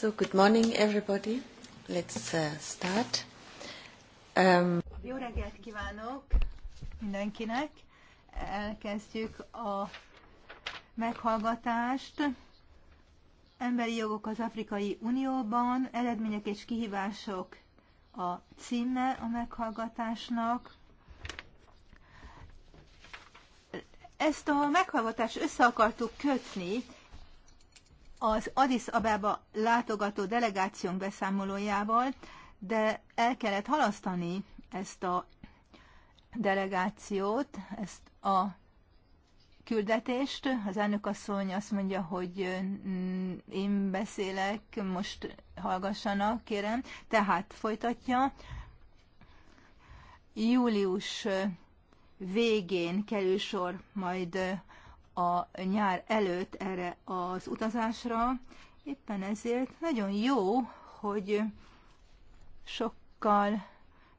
So, good morning everybody. Let's uh, start. Um... Jó reggelt kívánok mindenkinek. Elkezdjük a meghallgatást. Emberi jogok az Afrikai Unióban, eredmények és kihívások a címe a meghallgatásnak. Ezt a meghallgatást össze akartuk kötni az Addis Abeba látogató delegációnk beszámolójával, de el kellett halasztani ezt a delegációt, ezt a küldetést. Az asszony azt mondja, hogy mm, én beszélek, most hallgassanak, kérem. Tehát folytatja. Július végén kerül sor majd a nyár előtt erre az utazásra. Éppen ezért nagyon jó, hogy sokkal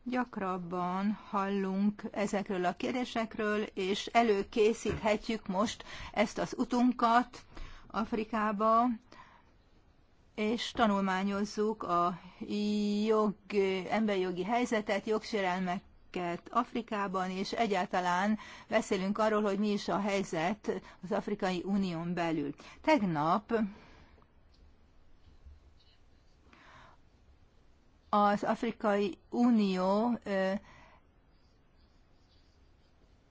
gyakrabban hallunk ezekről a kérdésekről, és előkészíthetjük most ezt az utunkat Afrikába, és tanulmányozzuk a jog, emberi jogi helyzetet, jogsérelmek helyzetüket Afrikában, és egyáltalán beszélünk arról, hogy mi is a helyzet az Afrikai Unión belül. Tegnap az Afrikai Unió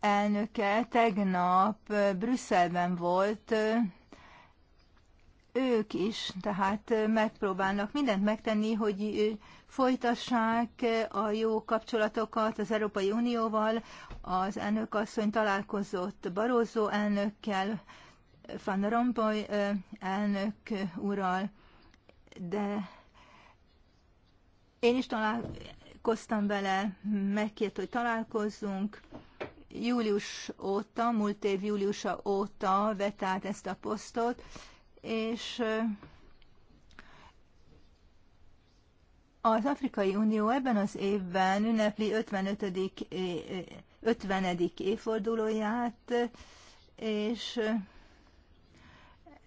elnöke tegnap Brüsszelben volt, ők is, tehát megpróbálnak mindent megtenni, hogy folytassák a jó kapcsolatokat az Európai Unióval. Az elnök asszony találkozott Barózó elnökkel, Van Rompuy elnök úrral, de én is találkoztam vele, megkért, hogy találkozzunk. Július óta, múlt év júliusa óta vett át ezt a posztot, és Az Afrikai Unió ebben az évben ünnepli 55. 50. évfordulóját, és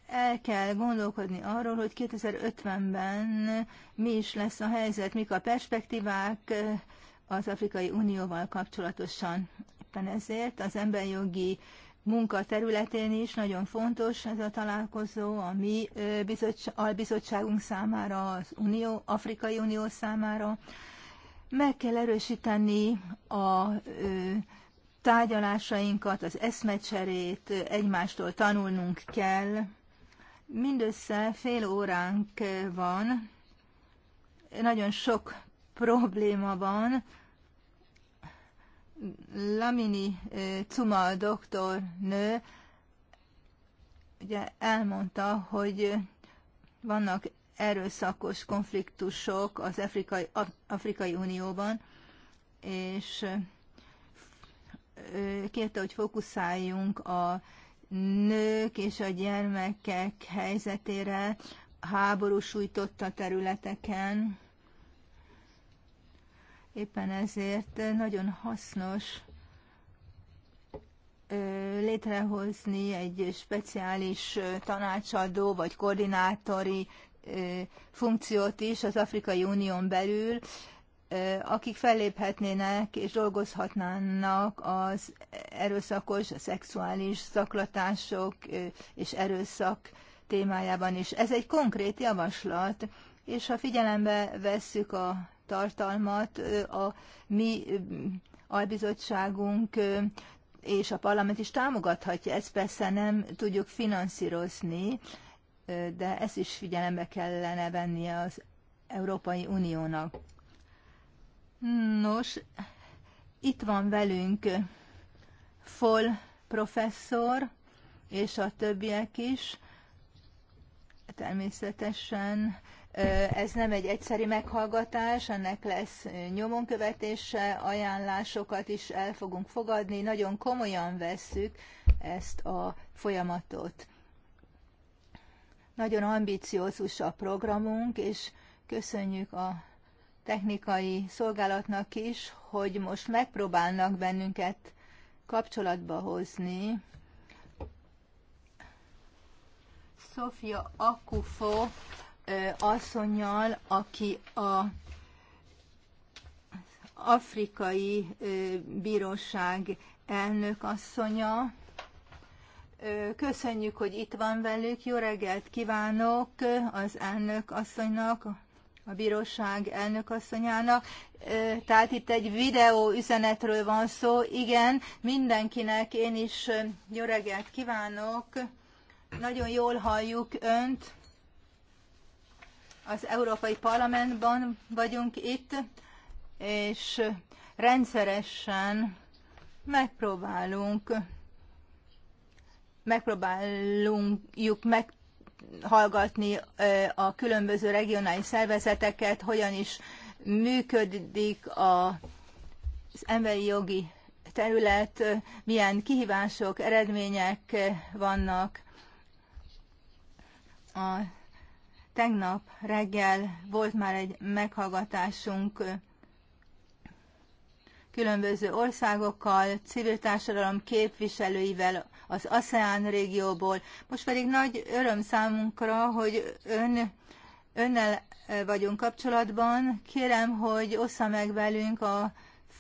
el kell gondolkodni arról, hogy 2050-ben mi is lesz a helyzet, mik a perspektívák az Afrikai Unióval kapcsolatosan. Éppen ezért az emberjogi munka területén is nagyon fontos ez a találkozó a mi albizottságunk számára, az Unió, Afrikai Unió számára. Meg kell erősíteni a tárgyalásainkat, az eszmecserét, egymástól tanulnunk kell. Mindössze fél óránk van, nagyon sok probléma van, Lamini eh, Cuma doktornő ugye elmondta, hogy vannak erőszakos konfliktusok az Afrikai, Afrikai Unióban, és eh, kérte, hogy fókuszáljunk a nők és a gyermekek helyzetére háború sújtotta területeken, Éppen ezért nagyon hasznos létrehozni egy speciális tanácsadó vagy koordinátori funkciót is az Afrikai Unión belül, akik felléphetnének és dolgozhatnának az erőszakos, a szexuális zaklatások és erőszak témájában is. Ez egy konkrét javaslat, és ha figyelembe vesszük a tartalmat a mi albizottságunk és a parlament is támogathatja, ezt persze nem tudjuk finanszírozni, de ezt is figyelembe kellene vennie az Európai Uniónak. Nos, itt van velünk Fol professzor és a többiek is. Természetesen ez nem egy egyszeri meghallgatás, ennek lesz nyomonkövetése, ajánlásokat is el fogunk fogadni, nagyon komolyan vesszük ezt a folyamatot. Nagyon ambiciózus a programunk, és köszönjük a technikai szolgálatnak is, hogy most megpróbálnak bennünket kapcsolatba hozni. Sofia Akufo asszonyjal, aki a afrikai bíróság elnök asszonya. Köszönjük, hogy itt van velük. Jó reggelt kívánok az elnök asszonynak, a bíróság asszonyának. Tehát itt egy videó üzenetről van szó. Igen, mindenkinek én is jó reggelt kívánok. Nagyon jól halljuk önt az Európai Parlamentban vagyunk itt, és rendszeresen megpróbálunk megpróbálunk meghallgatni a különböző regionális szervezeteket, hogyan is működik az emberi jogi terület, milyen kihívások, eredmények vannak a Tegnap reggel volt már egy meghallgatásunk különböző országokkal, civil társadalom képviselőivel az ASEAN régióból. Most pedig nagy öröm számunkra, hogy ön, önnel vagyunk kapcsolatban. Kérem, hogy ossza meg velünk a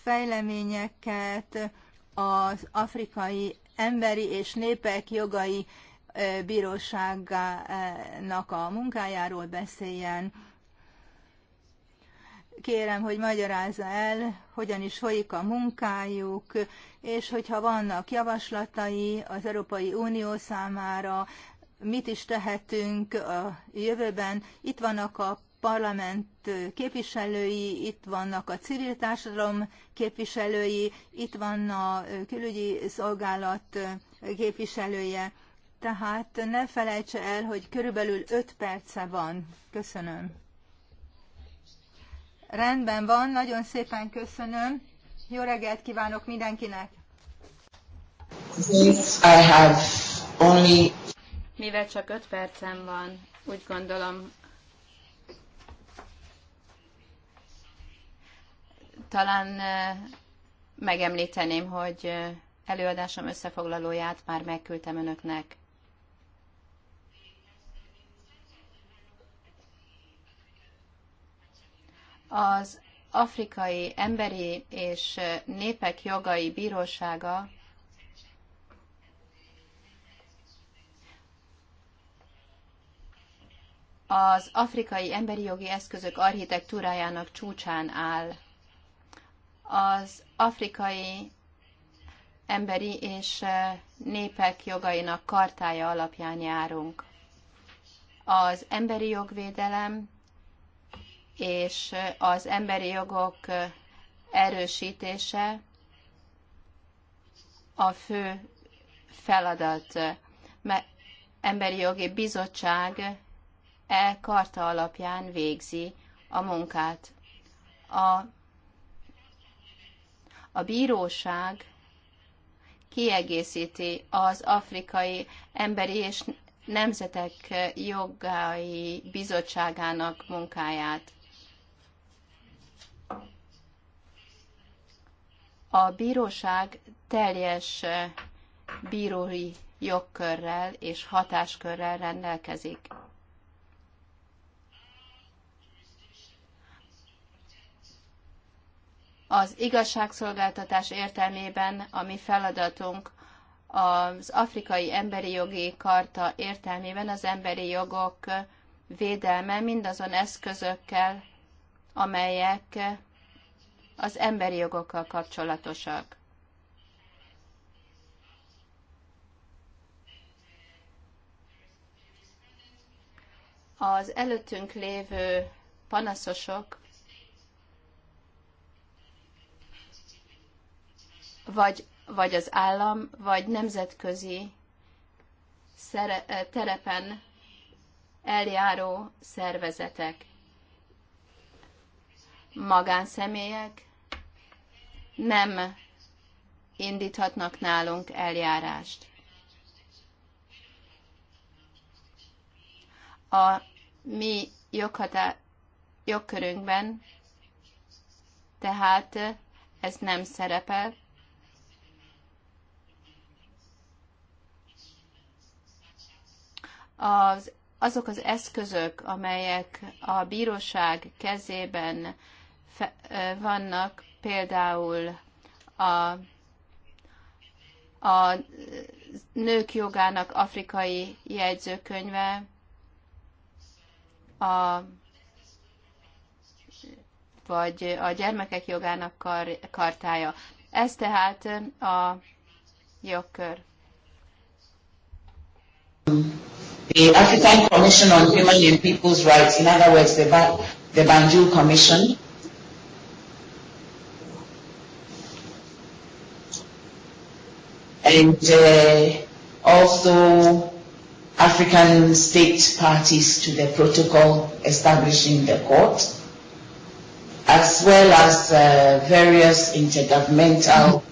fejleményeket az afrikai emberi és népek jogai bíróságának a munkájáról beszéljen. Kérem, hogy magyarázza el, hogyan is folyik a munkájuk, és hogyha vannak javaslatai az Európai Unió számára, mit is tehetünk a jövőben. Itt vannak a parlament képviselői, itt vannak a civil társadalom képviselői, itt van a külügyi szolgálat képviselője tehát ne felejtse el, hogy körülbelül 5 perce van. Köszönöm. Rendben van, nagyon szépen köszönöm. Jó reggelt kívánok mindenkinek! I have only... Mivel csak 5 percem van, úgy gondolom, talán eh, megemlíteném, hogy eh, előadásom összefoglalóját már megküldtem önöknek. Az Afrikai Emberi és Népek Jogai Bírósága az afrikai emberi jogi eszközök architektúrájának csúcsán áll. Az afrikai emberi és népek jogainak kartája alapján járunk. Az emberi jogvédelem és az emberi jogok erősítése a fő feladat. Mert emberi jogi bizottság e karta alapján végzi a munkát. A, a bíróság kiegészíti az afrikai emberi és nemzetek jogai bizottságának munkáját. a bíróság teljes bírói jogkörrel és hatáskörrel rendelkezik. Az igazságszolgáltatás értelmében a mi feladatunk az Afrikai Emberi Jogi Karta értelmében az emberi jogok védelme mindazon eszközökkel, amelyek az emberi jogokkal kapcsolatosak. Az előttünk lévő panaszosok vagy, vagy az állam, vagy nemzetközi szere, terepen eljáró szervezetek, magánszemélyek, nem indíthatnak nálunk eljárást. A mi joghatá, jogkörünkben tehát ez nem szerepel, az, azok az eszközök, amelyek a bíróság kezében fe, vannak, például a, a nők jogának afrikai jegyzőkönyve, a, vagy a gyermekek jogának kar, kartája. Ez tehát a jogkör. The African Commission on Women and People's Rights, in other words, the, ba- the Banjul Commission, and uh, also African state parties to the protocol establishing the court, as well as uh, various intergovernmental,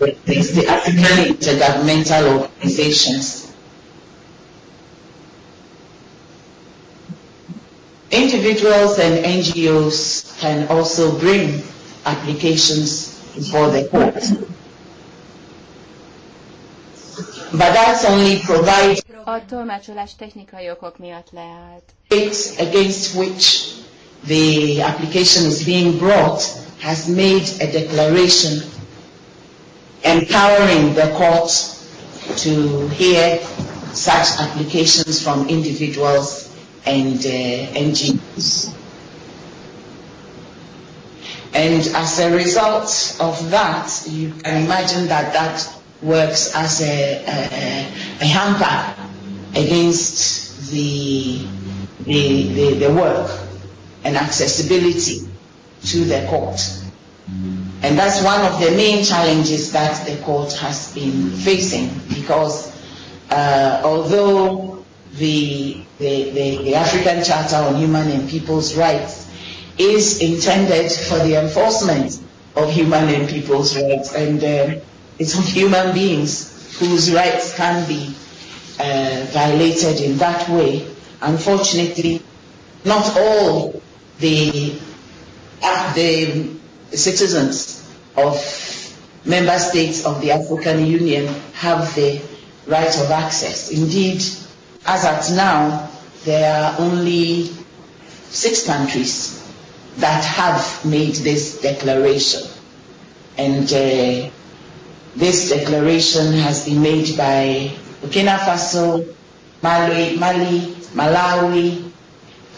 it's the African intergovernmental organizations. Individuals and NGOs can also bring applications before the court but that's only provided a tolmácsolás technikai okok miatt leállt. It's against which the application is being brought has made a declaration empowering the courts to hear such applications from individuals and uh, NGOs. And as a result of that, you can imagine that that works as a, a, a hamper against the, the, the, the work and accessibility to the court. And that's one of the main challenges that the court has been facing because uh, although the, the, the, the African Charter on Human and People's Rights is intended for the enforcement of human and people's rights, and uh, It's human beings whose rights can be uh, violated in that way. Unfortunately, not all the, uh, the citizens of member states of the African Union have the right of access. Indeed, as at now, there are only six countries that have made this declaration. And uh, This declaration has been made by Burkina Faso, Mali, Mali, Malawi,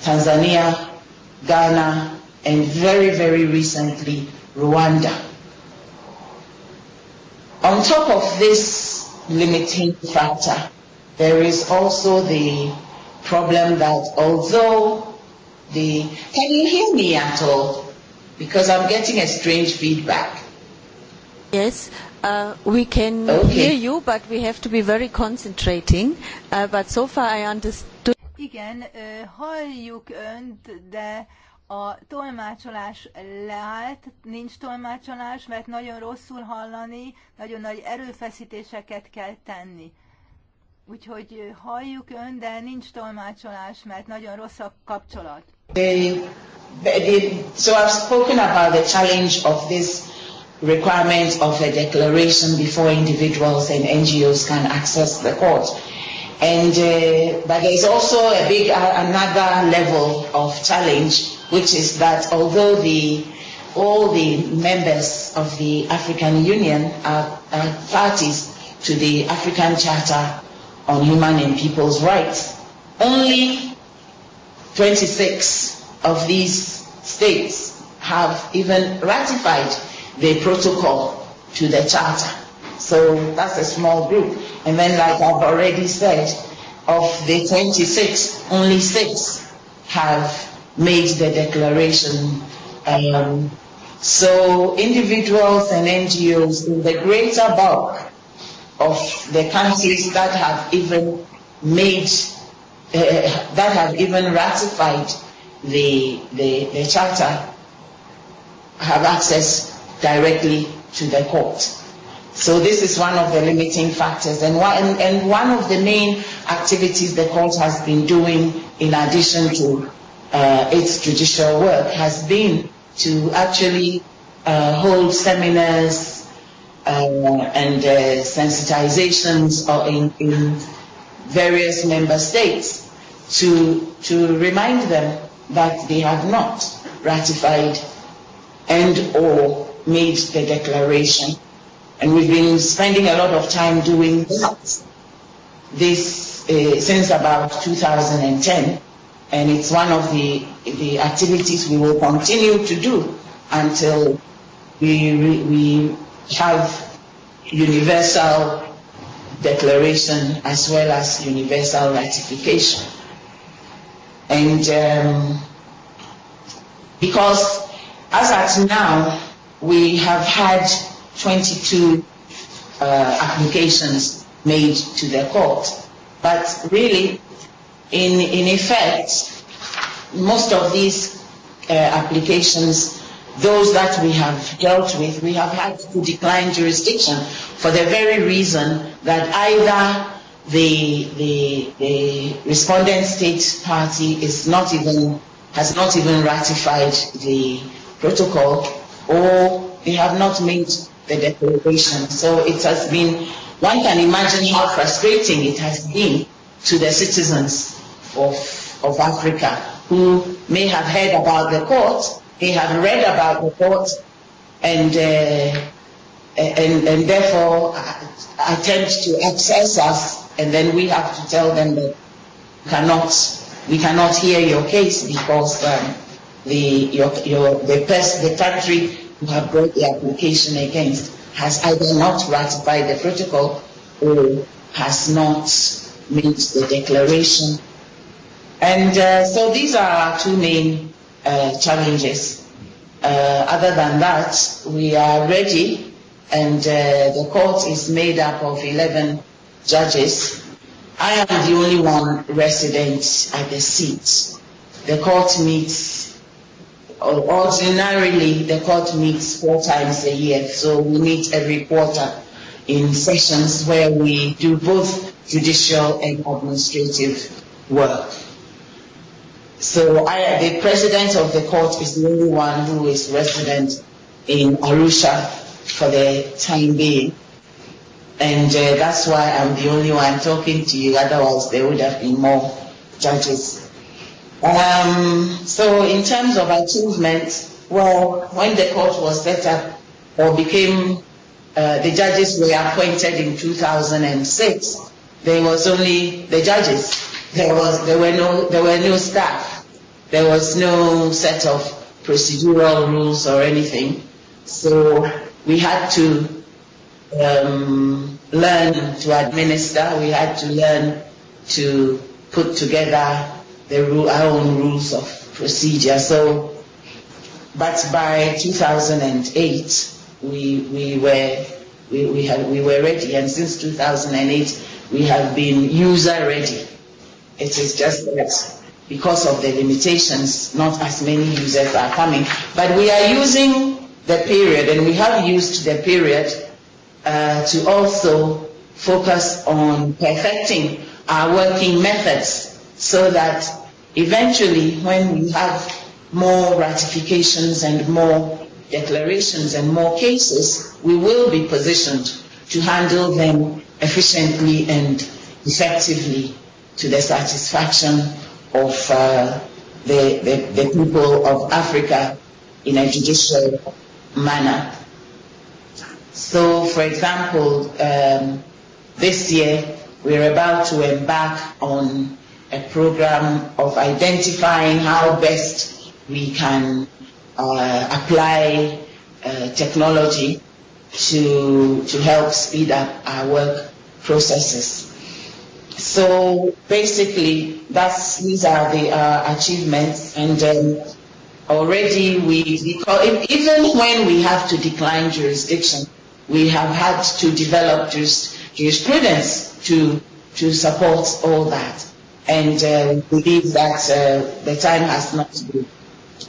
Tanzania, Ghana, and very, very recently, Rwanda. On top of this limiting factor, there is also the problem that although the, can you hear me at all? Because I'm getting a strange feedback. Yes, uh, we can okay. hear you, but we have to be very concentrating. Uh, but so far I understood. Igen, uh, halljuk önt, de a tolmácsolás leállt, nincs tolmácsolás, mert nagyon rosszul hallani, nagyon nagy erőfeszítéseket kell tenni. Úgyhogy uh, halljuk ön, de nincs tolmácsolás, mert nagyon rossz a kapcsolat. so I've spoken about the challenge of this requirements of a declaration before individuals and NGOs can access the court. And uh, but there is also a big uh, another level of challenge, which is that although the all the members of the African Union are, are parties to the African Charter on Human and People's Rights, only 26 of these states have even ratified the protocol to the charter. So that's a small group. And then, like I've already said, of the 26, only six have made the declaration. Um, so individuals and NGOs in the greater bulk of the countries that have even made, uh, that have even ratified the, the, the charter have access directly to the court. So this is one of the limiting factors and one, and, and one of the main activities the court has been doing in addition to uh, its judicial work has been to actually uh, hold seminars uh, and uh, sensitizations in, in various member states to, to remind them that they have not ratified and or made the declaration. And we've been spending a lot of time doing that this uh, since about 2010. And it's one of the, the activities we will continue to do until we, we have universal declaration as well as universal ratification. And um, because as at now, We have had 22 uh, applications made to the court. But really, in, in effect, most of these uh, applications, those that we have dealt with, we have had to decline jurisdiction for the very reason that either the, the, the respondent state party is not even, has not even ratified the protocol or they have not made the declaration. So it has been, one can imagine how frustrating it has been to the citizens of, of Africa who may have heard about the court, they have read about the court, and, uh, and, and therefore uh, attempt to access us, and then we have to tell them that we cannot, we cannot hear your case because um, the, your, your, the, pers- the country who have brought the application against has either not ratified the protocol or has not made the declaration. And uh, so these are our two main uh, challenges. Uh, other than that, we are ready, and uh, the court is made up of 11 judges. I am the only one resident at the seat. The court meets ordinarily the court meets four times a year, so we meet every quarter in sessions where we do both judicial and administrative work. So I, the president of the court is the only one who is resident in Arusha for the time being. And uh, that's why I'm the only one talking to you, otherwise there would have been more judges Um, so in terms of achievement, well, when the court was set up or became, uh, the judges were appointed in 2006. There was only the judges. There was there were no there were no staff. There was no set of procedural rules or anything. So we had to um, learn to administer. We had to learn to put together the rule, our own rules of procedure. So, but by 2008, we, we were we, we, had, we were ready, and since 2008, we have been user ready. It is just that because of the limitations, not as many users are coming. But we are using the period, and we have used the period uh, to also focus on perfecting our working methods so that Eventually, when we have more ratifications and more declarations and more cases, we will be positioned to handle them efficiently and effectively to the satisfaction of uh, the, the, the people of Africa in a judicial manner. So, for example, um, this year we're about to embark on a program of identifying how best we can uh, apply uh, technology to, to help speed up our work processes. So basically, that's, these are the uh, achievements and um, already we, because e, even when we have to decline jurisdiction, we have had to develop jurisprudence to, to support all that and uh, believe that uh, the time has not been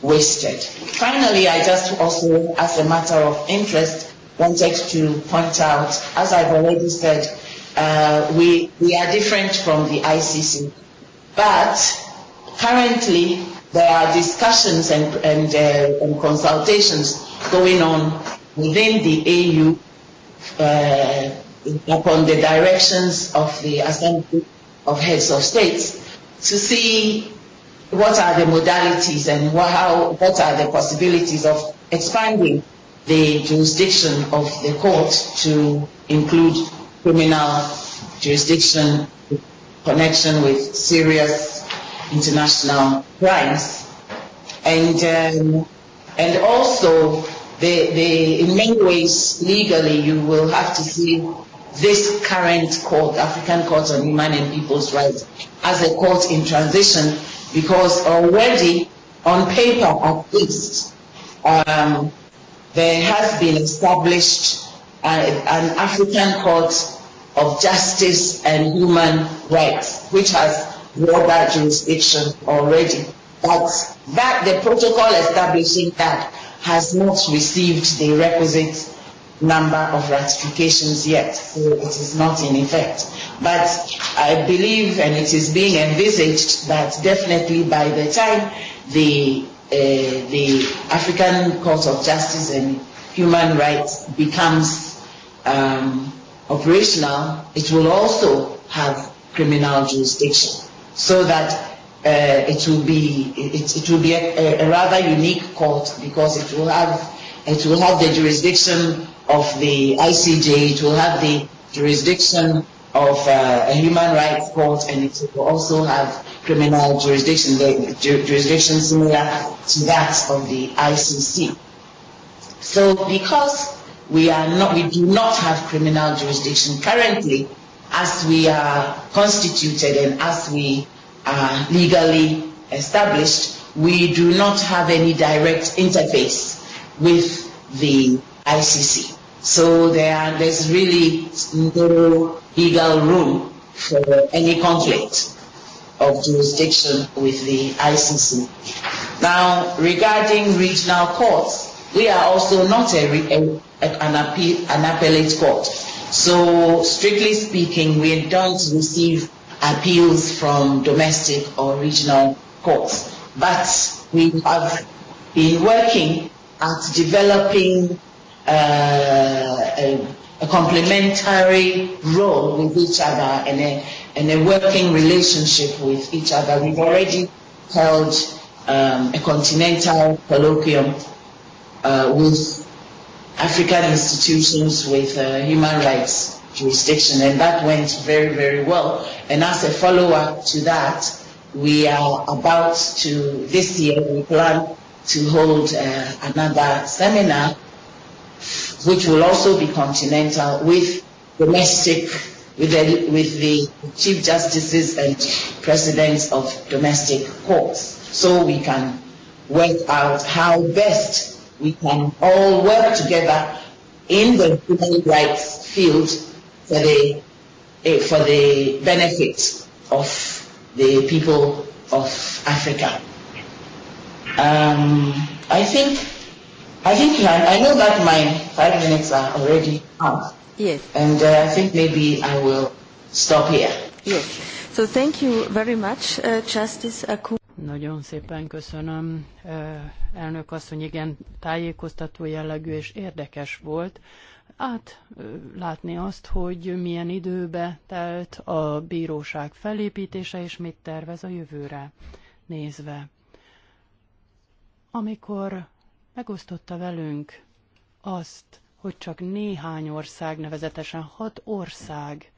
wasted. Finally, I just also, as a matter of interest, wanted to point out, as I've already said, uh, we, we are different from the ICC, but currently there are discussions and, and, uh, and consultations going on within the AU uh, upon the directions of the Assembly of heads of states to see what are the modalities and how, what are the possibilities of expanding the jurisdiction of the court to include criminal jurisdiction in connection with serious international crimes. And, um, and also, the, the, in many ways, legally, you will have to see this current court, African Court on Human and People's Rights, as a court in transition because already on paper at least um, there has been established uh, an African Court of Justice and Human Rights, which has broader jurisdiction already. But that the protocol establishing that has not received the requisite number of ratifications yet, so it is not in effect. But I believe, and it is being envisaged, that definitely by the time the, uh, the African Court of Justice and Human Rights becomes um, operational, it will also have criminal jurisdiction, so that uh, it will be, it, it will be a, a rather unique court because it will have It will have the jurisdiction of the ICJ. It will have the jurisdiction of uh, a human rights court, and it will also have criminal jurisdiction, the jurisdiction similar to that of the ICC. So, because we are not, we do not have criminal jurisdiction currently, as we are constituted and as we are legally established, we do not have any direct interface with the ICC. So there, there's really no legal room for any conflict of jurisdiction with the ICC. Now, regarding regional courts, we are also not a, a, an, appeal, an appellate court. So, strictly speaking, we don't receive appeals from domestic or regional courts. But we have been working at developing uh, a, a complementary role with each other and a, and a working relationship with each other. We've already held um, a continental colloquium uh, with African institutions with uh, human rights jurisdiction, and that went very, very well. And as a follow-up to that, we are about to, this year, we plan to hold uh, another seminar, which will also be continental with domestic, with the, with the chief justices and presidents of domestic courts, so we can work out how best we can all work together in the human rights field for the, eh, for the benefit of the people of Africa. Um, I think, I think I, I know that my five minutes are already up. Yes. And uh, I think maybe I will stop here. Yes. So thank you very much, uh, Justice Akum. Nagyon szépen köszönöm, uh, elnök asszony, igen, tájékoztató jellegű és érdekes volt át uh, látni azt, hogy milyen időbe telt a bíróság felépítése, és mit tervez a jövőre nézve amikor megosztotta velünk azt, hogy csak néhány ország, nevezetesen hat ország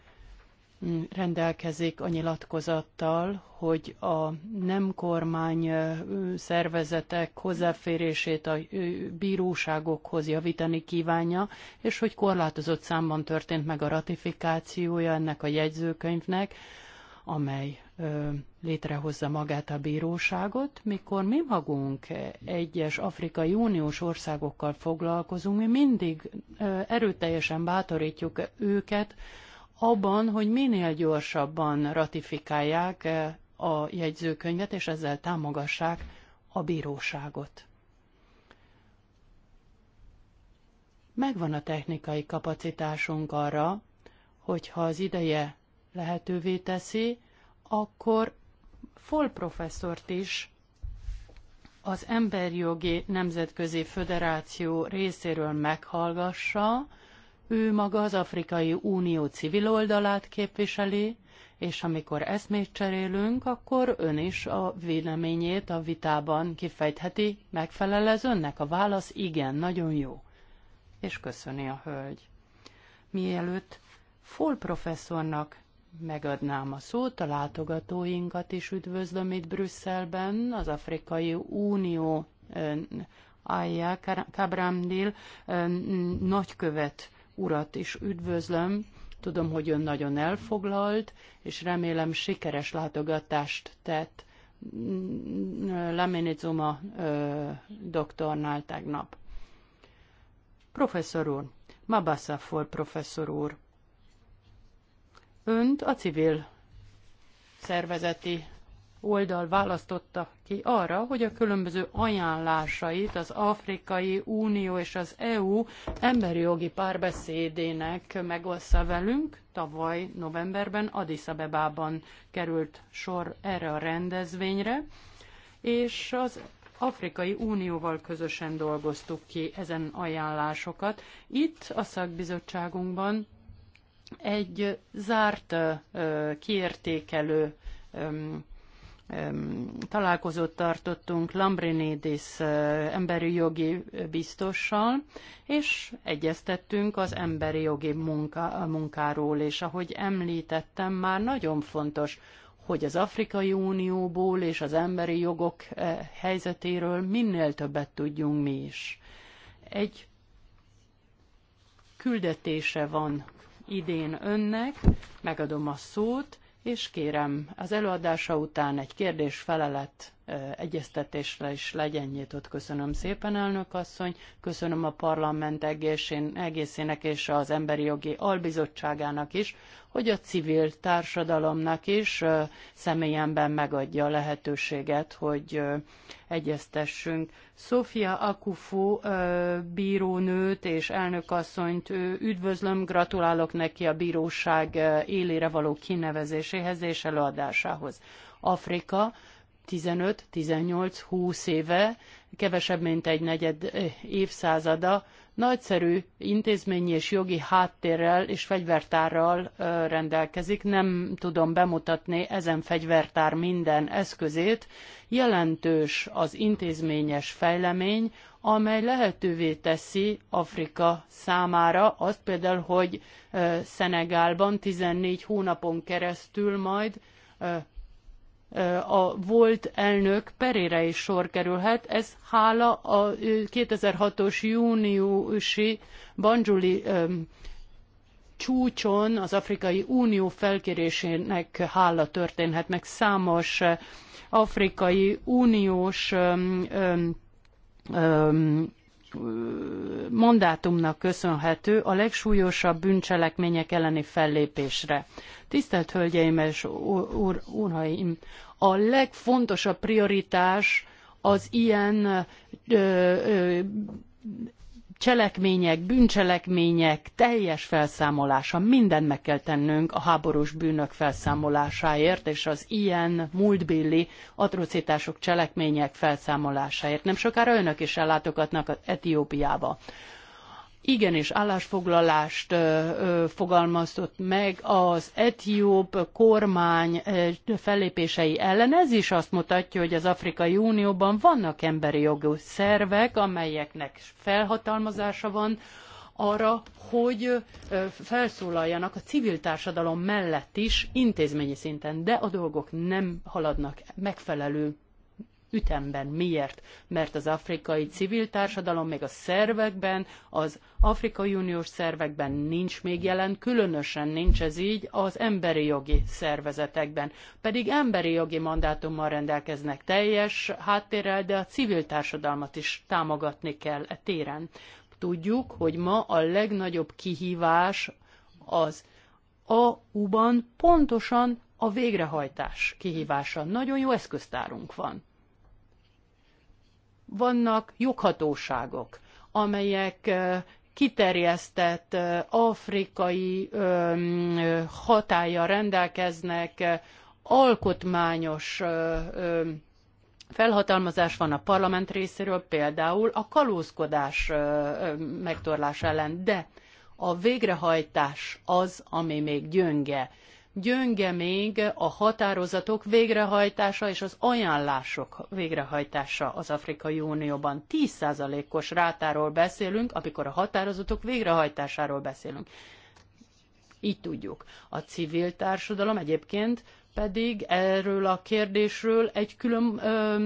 mm, rendelkezik a nyilatkozattal, hogy a nem kormány szervezetek hozzáférését a bíróságokhoz javítani kívánja, és hogy korlátozott számban történt meg a ratifikációja ennek a jegyzőkönyvnek, amely létrehozza magát a bíróságot, mikor mi magunk egyes Afrikai Uniós országokkal foglalkozunk, mi mindig erőteljesen bátorítjuk őket abban, hogy minél gyorsabban ratifikálják a jegyzőkönyvet, és ezzel támogassák a bíróságot. Megvan a technikai kapacitásunk arra, hogyha az ideje lehetővé teszi, akkor Fol professzort is az Emberjogi Nemzetközi Föderáció részéről meghallgassa, ő maga az Afrikai Unió civil oldalát képviseli, és amikor eszmét cserélünk, akkor ön is a véleményét a vitában kifejtheti, megfelel ez önnek? A válasz igen, nagyon jó. És köszöni a hölgy. Mielőtt Fol professzornak megadnám a szót, a látogatóinkat is üdvözlöm itt Brüsszelben, az Afrikai Unió Ayá Kabramdil nagykövet urat is üdvözlöm. Tudom, hogy ön nagyon elfoglalt, és remélem sikeres látogatást tett Laminizuma doktornál tegnap. Professzor úr, Mabassa for professzor úr, önt a civil szervezeti oldal választotta ki arra, hogy a különböző ajánlásait az Afrikai Unió és az EU emberi jogi párbeszédének megossza velünk. Tavaly novemberben Addis Abebában került sor erre a rendezvényre, és az Afrikai Unióval közösen dolgoztuk ki ezen ajánlásokat. Itt a szakbizottságunkban egy zárt kiértékelő találkozót tartottunk Lambrinidis emberi jogi biztossal, és egyeztettünk az emberi jogi munka, munkáról, és ahogy említettem, már nagyon fontos, hogy az Afrikai Unióból és az emberi jogok helyzetéről minél többet tudjunk mi is. Egy küldetése van idén önnek, megadom a szót, és kérem, az előadása után egy kérdés-felelet egyeztetésre is legyen nyitott. Köszönöm szépen, elnök asszony, köszönöm a parlament egészén, egészének és az Emberi Jogi Albizottságának is, hogy a civil társadalomnak is személyemben megadja a lehetőséget, hogy egyeztessünk. Sofia Akufu bírónőt és elnökasszonyt üdvözlöm, gratulálok neki a bíróság élére való kinevezéséhez és előadásához. Afrika 15-18-20 éve, kevesebb mint egy negyed évszázada nagyszerű intézményi és jogi háttérrel és fegyvertárral rendelkezik. Nem tudom bemutatni ezen fegyvertár minden eszközét. Jelentős az intézményes fejlemény, amely lehetővé teszi Afrika számára azt például, hogy Szenegálban 14 hónapon keresztül majd a volt elnök perére is sor kerülhet. Ez hála a 2006-os júniusi Banjuli csúcson az Afrikai Unió felkérésének hála történhet meg számos Afrikai Uniós öm, öm, mandátumnak köszönhető a legsúlyosabb bűncselekmények elleni fellépésre. Tisztelt Hölgyeim és Uraim! A legfontosabb prioritás az ilyen ö, ö, cselekmények, bűncselekmények teljes felszámolása, mindent meg kell tennünk a háborús bűnök felszámolásáért, és az ilyen múltbéli atrocitások, cselekmények felszámolásáért. Nem sokára önök is ellátogatnak Etiópiába igenis állásfoglalást fogalmazott meg az etióp kormány fellépései ellen. Ez is azt mutatja, hogy az Afrikai Unióban vannak emberi jogú szervek, amelyeknek felhatalmazása van arra, hogy felszólaljanak a civil társadalom mellett is intézményi szinten, de a dolgok nem haladnak megfelelő ütemben. Miért? Mert az afrikai civil társadalom még a szervekben, az Afrikai Uniós szervekben nincs még jelen, különösen nincs ez így az emberi jogi szervezetekben. Pedig emberi jogi mandátummal rendelkeznek teljes háttérrel, de a civil társadalmat is támogatni kell e téren. Tudjuk, hogy ma a legnagyobb kihívás az AU-ban pontosan a végrehajtás kihívása. Nagyon jó eszköztárunk van vannak joghatóságok, amelyek kiterjesztett afrikai hatája rendelkeznek, alkotmányos felhatalmazás van a parlament részéről, például a kalózkodás megtorlás ellen, de a végrehajtás az, ami még gyönge gyönge még a határozatok végrehajtása és az ajánlások végrehajtása az Afrikai Unióban. 10%-os rátáról beszélünk, amikor a határozatok végrehajtásáról beszélünk. Így tudjuk. A civil társadalom egyébként pedig erről a kérdésről egy külön ö,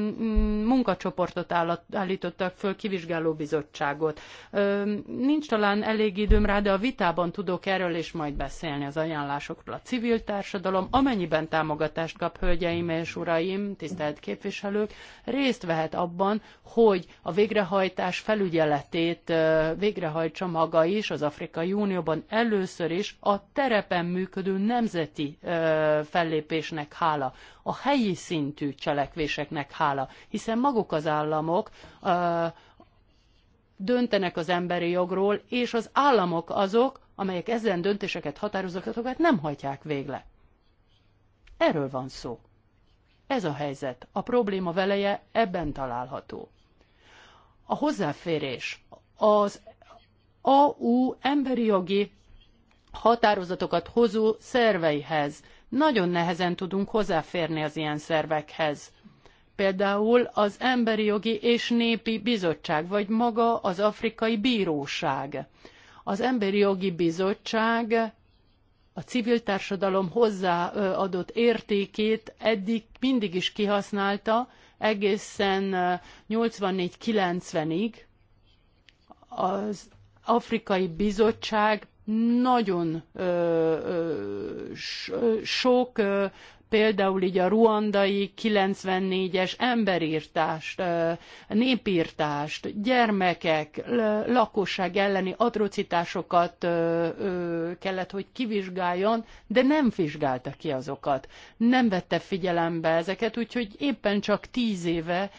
munkacsoportot állat, állítottak föl, kivizsgáló bizottságot. Ö, nincs talán elég időm rá, de a vitában tudok erről és majd beszélni az ajánlásokról. A civil társadalom, amennyiben támogatást kap, hölgyeim és uraim, tisztelt képviselők, részt vehet abban, hogy a végrehajtás felügyeletét ö, végrehajtsa maga is az Afrikai Unióban először is a terepen működő nemzeti ö, fellépés cselekvésnek hála, a helyi szintű cselekvéseknek hála, hiszen maguk az államok ö, döntenek az emberi jogról, és az államok azok, amelyek ezen döntéseket, határozatokat nem hajtják végre. Erről van szó. Ez a helyzet, a probléma veleje ebben található. A hozzáférés, az AU emberi jogi határozatokat hozó szerveihez nagyon nehezen tudunk hozzáférni az ilyen szervekhez. Például az Emberi Jogi és Népi Bizottság, vagy maga az Afrikai Bíróság. Az Emberi Jogi Bizottság a civil társadalom hozzáadott értékét eddig mindig is kihasználta, egészen 84-90-ig az Afrikai Bizottság nagyon ö, ö, sok ö, például így a ruandai 94-es emberírtást, népírtást, gyermekek, lakosság elleni atrocitásokat kellett, hogy kivizsgáljon, de nem vizsgálta ki azokat. Nem vette figyelembe ezeket, úgyhogy éppen csak tíz éve,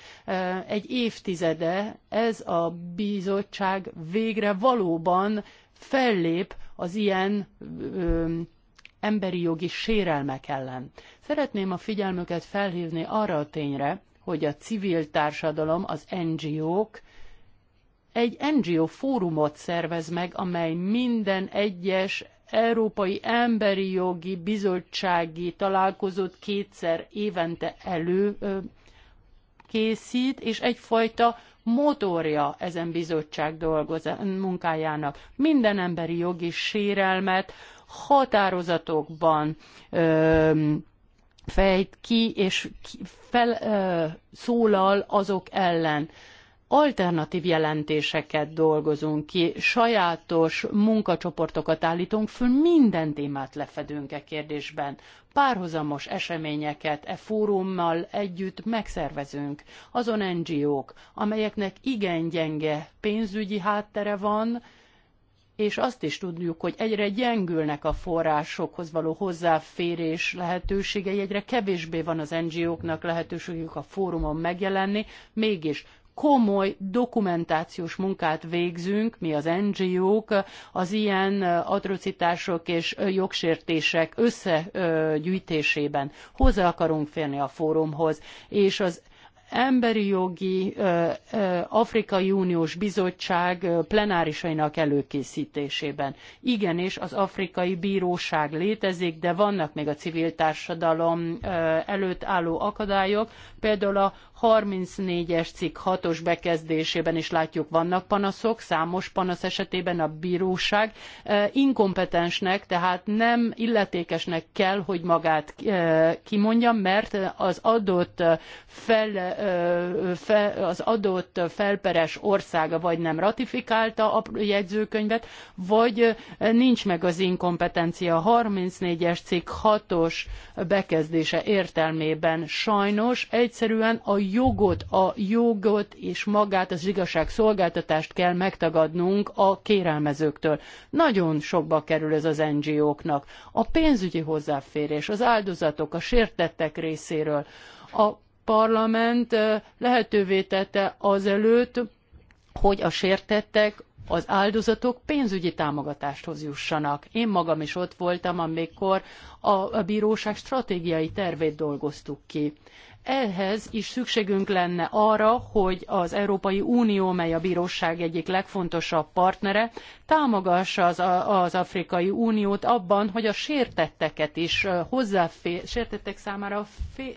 egy évtizede ez a bizottság végre valóban fellép az ilyen ö, emberi jogi sérelmek ellen. Szeretném a figyelmüket felhívni arra a tényre, hogy a civil társadalom, az NGO-k egy NGO fórumot szervez meg, amely minden egyes Európai Emberi Jogi Bizottsági találkozót kétszer évente elő ö, készít, és egyfajta motorja ezen bizottság dolgoz, munkájának. Minden emberi jogi sérelmet határozatokban ö, fejt ki, és fel, ö, szólal azok ellen alternatív jelentéseket dolgozunk ki, sajátos munkacsoportokat állítunk föl, minden témát lefedünk e kérdésben. Párhuzamos eseményeket e fórummal együtt megszervezünk. Azon NGO-k, amelyeknek igen gyenge pénzügyi háttere van, és azt is tudjuk, hogy egyre gyengülnek a forrásokhoz való hozzáférés lehetőségei, egyre kevésbé van az NGO-knak lehetőségük a fórumon megjelenni, mégis komoly dokumentációs munkát végzünk, mi az NGO-k, az ilyen atrocitások és jogsértések összegyűjtésében. Hozzá akarunk férni a fórumhoz, és az emberi jogi Afrikai Uniós Bizottság plenárisainak előkészítésében. Igen, és az Afrikai Bíróság létezik, de vannak még a civil társadalom előtt álló akadályok, például a 34-es cikk 6-os bekezdésében is látjuk, vannak panaszok, számos panasz esetében a bíróság e, inkompetensnek, tehát nem illetékesnek kell, hogy magát e, kimondja, mert az adott, e, fel, fel, az adott felperes országa vagy nem ratifikálta a jegyzőkönyvet, vagy nincs meg az inkompetencia. 34-es cikk 6-os bekezdése értelmében sajnos egyszerűen a jogot, a jogot és magát, az igazságszolgáltatást kell megtagadnunk a kérelmezőktől. Nagyon sokba kerül ez az NGO-knak. A pénzügyi hozzáférés, az áldozatok, a sértettek részéről, a parlament lehetővé tette azelőtt, hogy a sértettek az áldozatok pénzügyi támogatáshoz jussanak. Én magam is ott voltam, amikor a, a bíróság stratégiai tervét dolgoztuk ki ehhez is szükségünk lenne arra, hogy az Európai Unió, mely a bíróság egyik legfontosabb partnere, támogassa az, az Afrikai Uniót abban, hogy a sértetteket is hozzáfér, sértettek számára fér,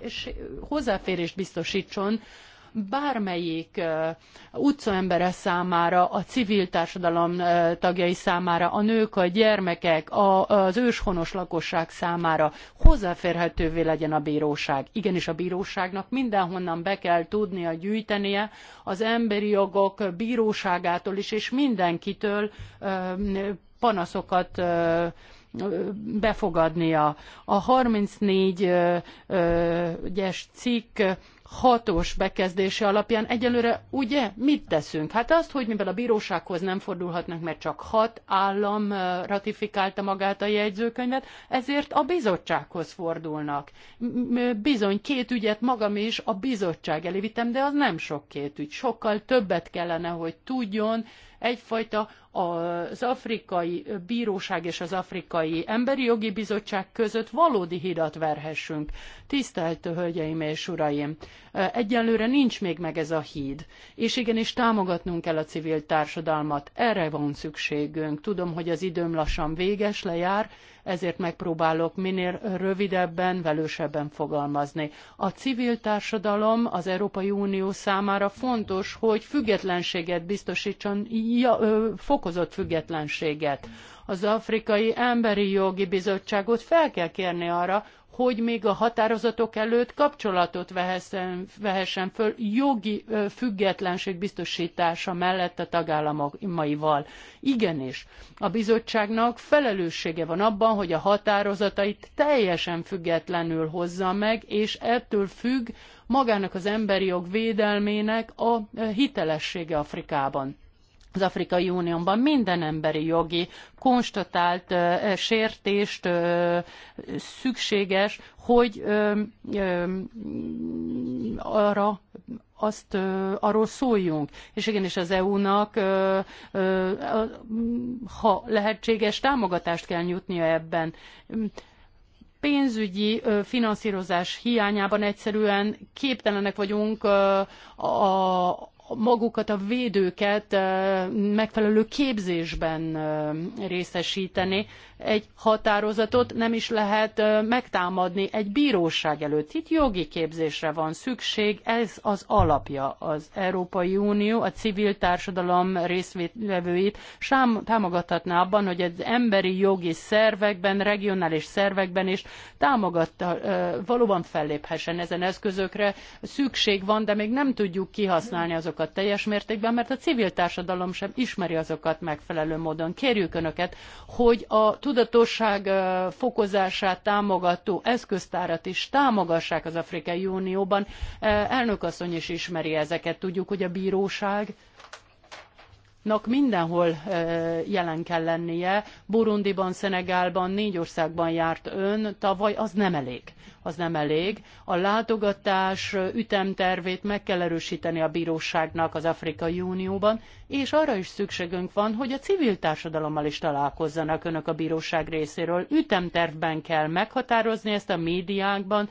hozzáférést biztosítson bármelyik utcaembere számára, a civil társadalom tagjai számára, a nők, a gyermekek, a, az őshonos lakosság számára hozzáférhetővé legyen a bíróság. Igenis a bíróságnak mindenhonnan be kell tudnia gyűjtenie az emberi jogok bíróságától is, és mindenkitől panaszokat befogadnia. A 34-es cikk hatos bekezdése alapján egyelőre ugye mit teszünk? Hát azt, hogy mivel a bírósághoz nem fordulhatnak, mert csak hat állam ratifikálta magát a jegyzőkönyvet, ezért a bizottsághoz fordulnak. Bizony két ügyet magam is a bizottság elé vittem, de az nem sok két ügy. Sokkal többet kellene, hogy tudjon, egyfajta az afrikai bíróság és az afrikai emberi jogi bizottság között valódi hidat verhessünk. Tisztelt Hölgyeim és Uraim! Egyelőre nincs még meg ez a híd, és igenis támogatnunk kell a civil társadalmat. Erre van szükségünk. Tudom, hogy az időm lassan véges, lejár, ezért megpróbálok minél rövidebben, velősebben fogalmazni. A civil társadalom az Európai Unió számára fontos, hogy függetlenséget biztosítson, ja, ö, fokozott függetlenséget. Az Afrikai Emberi Jogi Bizottságot fel kell kérni arra, hogy még a határozatok előtt kapcsolatot vehessen, vehessen föl jogi függetlenség biztosítása mellett a tagállamaival. Igenis, a bizottságnak felelőssége van abban, hogy a határozatait teljesen függetlenül hozza meg, és ettől függ magának az emberi jog védelmének a hitelessége Afrikában az Afrikai Unióban minden emberi jogi konstatált uh, sértést szükséges, hogy arra azt arról szóljunk. És igenis az EU-nak, ha lehetséges, támogatást kell nyújtnia ebben pénzügyi finanszírozás hiányában egyszerűen képtelenek vagyunk a, magukat a védőket megfelelő képzésben részesíteni. Egy határozatot nem is lehet megtámadni egy bíróság előtt. Itt jogi képzésre van szükség, ez az alapja az Európai Unió, a civil társadalom részvevőit támogathatná abban, hogy az emberi jogi szervekben, regionális szervekben is támogatta, valóban felléphessen ezen eszközökre. Szükség van, de még nem tudjuk kihasználni azokat azokat teljes mértékben, mert a civil társadalom sem ismeri azokat megfelelő módon. Kérjük Önöket, hogy a tudatosság fokozását támogató eszköztárat is támogassák az Afrikai Unióban. Elnök asszony is ismeri ezeket. Tudjuk, hogy a bíróság nak mindenhol jelen kell lennie. Burundiban, Szenegálban, négy országban járt ön, tavaly az nem elég. Az nem elég. A látogatás ütemtervét meg kell erősíteni a bíróságnak az Afrikai Unióban, és arra is szükségünk van, hogy a civil társadalommal is találkozzanak önök a bíróság részéről. Ütemtervben kell meghatározni ezt a médiákban,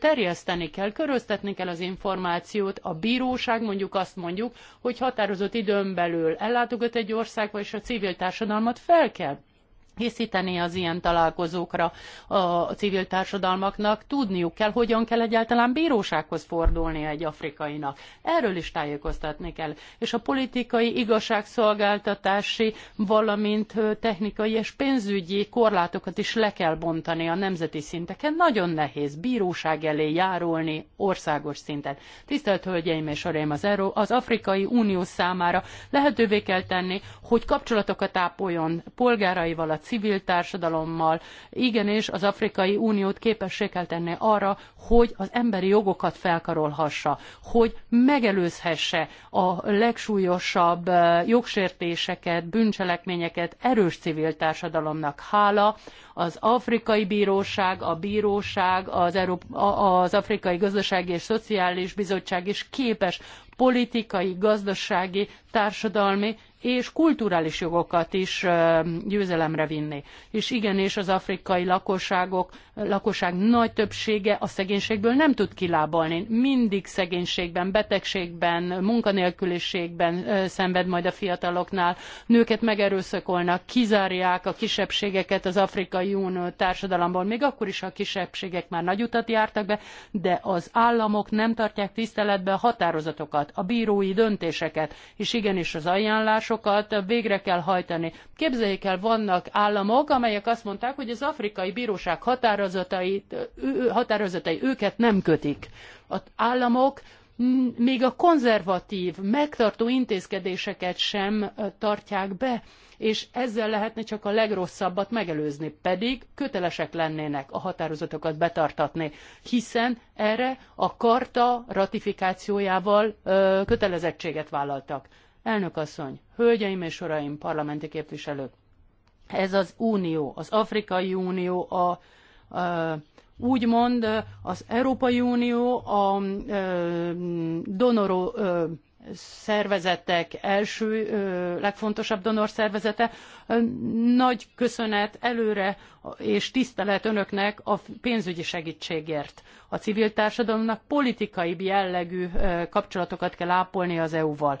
terjeszteni kell, köröztetni kell az információt. A bíróság mondjuk azt mondjuk, hogy határozott időn belül el ellátogat egy országba, és a civil társadalmat fel kell készíteni az ilyen találkozókra a civil társadalmaknak, tudniuk kell, hogyan kell egyáltalán bírósághoz fordulni egy afrikainak. Erről is tájékoztatni kell. És a politikai igazságszolgáltatási, valamint technikai és pénzügyi korlátokat is le kell bontani a nemzeti szinteken. Nagyon nehéz bíróság elé járulni országos szinten. Tisztelt Hölgyeim és Uraim, az, Euró- az Afrikai Unió számára lehetővé kell tenni, hogy kapcsolatokat ápoljon polgáraival, a civil társadalommal. Igenis, az Afrikai Uniót képessé kell tenni arra, hogy az emberi jogokat felkarolhassa, hogy megelőzhesse a legsúlyosabb eh, jogsértéseket, bűncselekményeket erős civil társadalomnak. Hála az Afrikai Bíróság, a Bíróság, az, az Afrikai Gazdasági és Szociális Bizottság is képes politikai, gazdasági, társadalmi és kulturális jogokat is győzelemre vinni. És igenis az afrikai lakosságok lakosság nagy többsége a szegénységből nem tud kilábalni. Mindig szegénységben, betegségben, munkanélküliségben szenved majd a fiataloknál. Nőket megerőszakolnak, kizárják a kisebbségeket az Afrikai Unió társadalomból, még akkor is, ha a kisebbségek már nagy utat jártak be, de az államok nem tartják tiszteletbe a határozatokat, a bírói döntéseket, és igenis az ajánlásokat végre kell hajtani. Képzeljék el, vannak államok, amelyek azt mondták, hogy az Afrikai Bíróság határozat határozatai, határozatai őket nem kötik. Az államok még a konzervatív, megtartó intézkedéseket sem tartják be, és ezzel lehetne csak a legrosszabbat megelőzni, pedig kötelesek lennének a határozatokat betartatni, hiszen erre a karta ratifikációjával ö, kötelezettséget vállaltak. Elnök asszony, hölgyeim és uraim, parlamenti képviselők, ez az unió, az Afrikai Unió, a úgymond az Európai Unió a donoró szervezetek első legfontosabb donor szervezete. Nagy köszönet előre és tisztelet önöknek a pénzügyi segítségért. A civil társadalomnak politikai jellegű kapcsolatokat kell ápolni az EU-val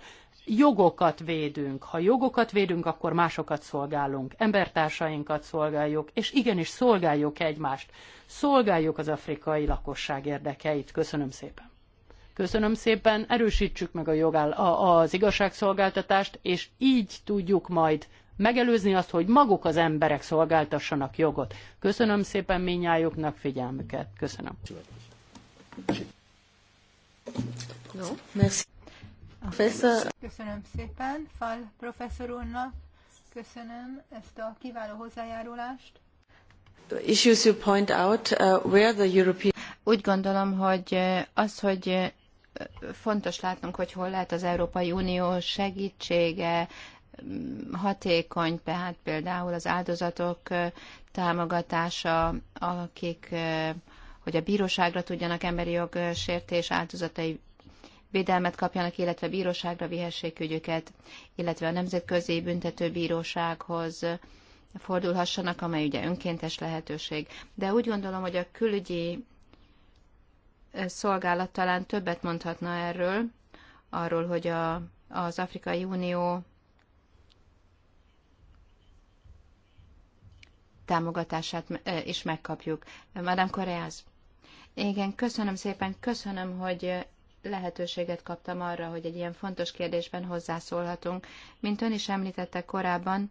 jogokat védünk. Ha jogokat védünk, akkor másokat szolgálunk, embertársainkat szolgáljuk, és igenis szolgáljuk egymást. Szolgáljuk az afrikai lakosság érdekeit. Köszönöm szépen. Köszönöm szépen, erősítsük meg a jogáll- a, az igazságszolgáltatást, és így tudjuk majd megelőzni azt, hogy maguk az emberek szolgáltassanak jogot. Köszönöm szépen minnyájuknak figyelmüket. Köszönöm. No, merci. Köszönöm szépen Fal professzor úrnak, köszönöm ezt a kiváló hozzájárulást. Issues you point out, uh, where the European... Úgy gondolom, hogy uh, az, hogy uh, fontos látnunk, hogy hol lehet az Európai Unió segítsége, mm, hatékony, tehát például az áldozatok támogatása, akik hogy a bíróságra tudjanak emberi jogsértés áldozatai védelmet kapjanak, illetve bíróságra vihessék ügyüket, illetve a Nemzetközi Büntetőbírósághoz fordulhassanak, amely ugye önkéntes lehetőség. De úgy gondolom, hogy a külügyi szolgálat talán többet mondhatna erről, arról, hogy a, az Afrikai Unió támogatását is megkapjuk. Madame Koreáz. Igen, köszönöm szépen, köszönöm, hogy lehetőséget kaptam arra, hogy egy ilyen fontos kérdésben hozzászólhatunk. Mint ön is említette korábban,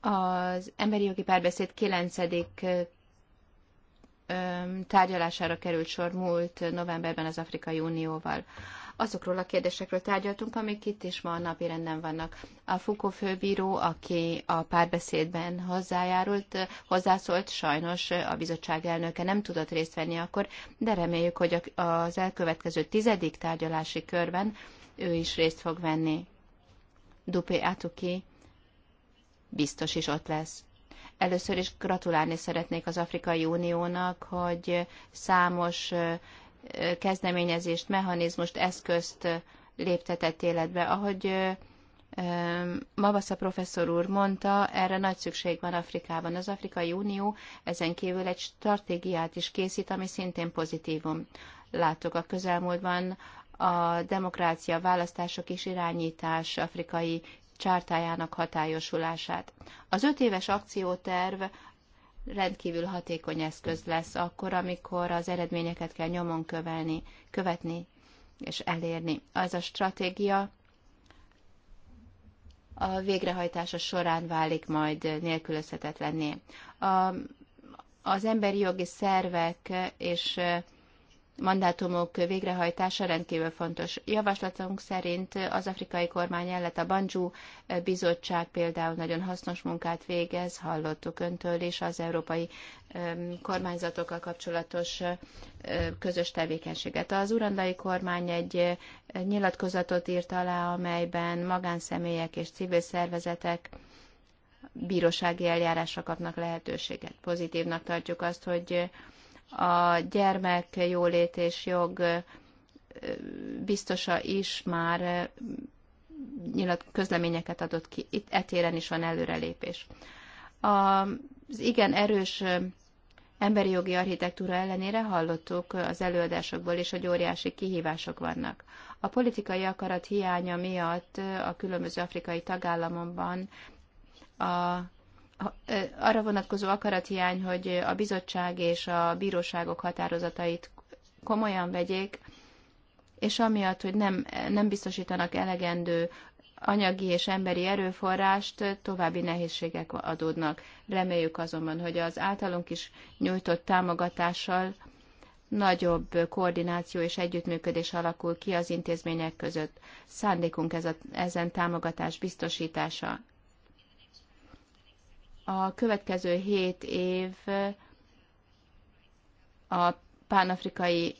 az emberi jogi párbeszéd 9. tárgyalására került sor múlt novemberben az Afrikai Unióval azokról a kérdésekről tárgyaltunk, amik itt is ma a napi renden vannak. A Fukó főbíró, aki a párbeszédben hozzájárult, hozzászólt, sajnos a bizottság elnöke nem tudott részt venni akkor, de reméljük, hogy az elkövetkező tizedik tárgyalási körben ő is részt fog venni. Dupé Atuki biztos is ott lesz. Először is gratulálni szeretnék az Afrikai Uniónak, hogy számos kezdeményezést, mechanizmust, eszközt léptetett életbe. Ahogy Mavasza professzor úr mondta, erre nagy szükség van Afrikában. Az Afrikai Unió ezen kívül egy stratégiát is készít, ami szintén pozitívum. Látok a közelmúltban a demokrácia, választások és irányítás afrikai csártájának hatályosulását. Az öt éves akcióterv rendkívül hatékony eszköz lesz akkor, amikor az eredményeket kell nyomon kövelni, követni és elérni. Az a stratégia a végrehajtása során válik majd nélkülözhetetlenné. A, az emberi jogi szervek és mandátumok végrehajtása rendkívül fontos. Javaslatunk szerint az afrikai kormány ellet a Banjú bizottság például nagyon hasznos munkát végez, hallottuk öntől és az európai kormányzatokkal kapcsolatos közös tevékenységet. Az urandai kormány egy nyilatkozatot írt alá, amelyben magánszemélyek és civil szervezetek bírósági eljárásra kapnak lehetőséget. Pozitívnak tartjuk azt, hogy a gyermek jólét és jog biztosa is már nyilat közleményeket adott ki. Itt etéren is van előrelépés. Az igen erős emberi jogi architektúra ellenére hallottuk az előadásokból is, hogy óriási kihívások vannak. A politikai akarat hiánya miatt a különböző afrikai tagállamokban a arra vonatkozó akarathiány, hogy a bizottság és a bíróságok határozatait komolyan vegyék, és amiatt, hogy nem, nem biztosítanak elegendő anyagi és emberi erőforrást, további nehézségek adódnak. Reméljük azonban, hogy az általunk is nyújtott támogatással nagyobb koordináció és együttműködés alakul ki az intézmények között. Szándékunk ez a, ezen támogatás biztosítása a következő hét év a pánafrikai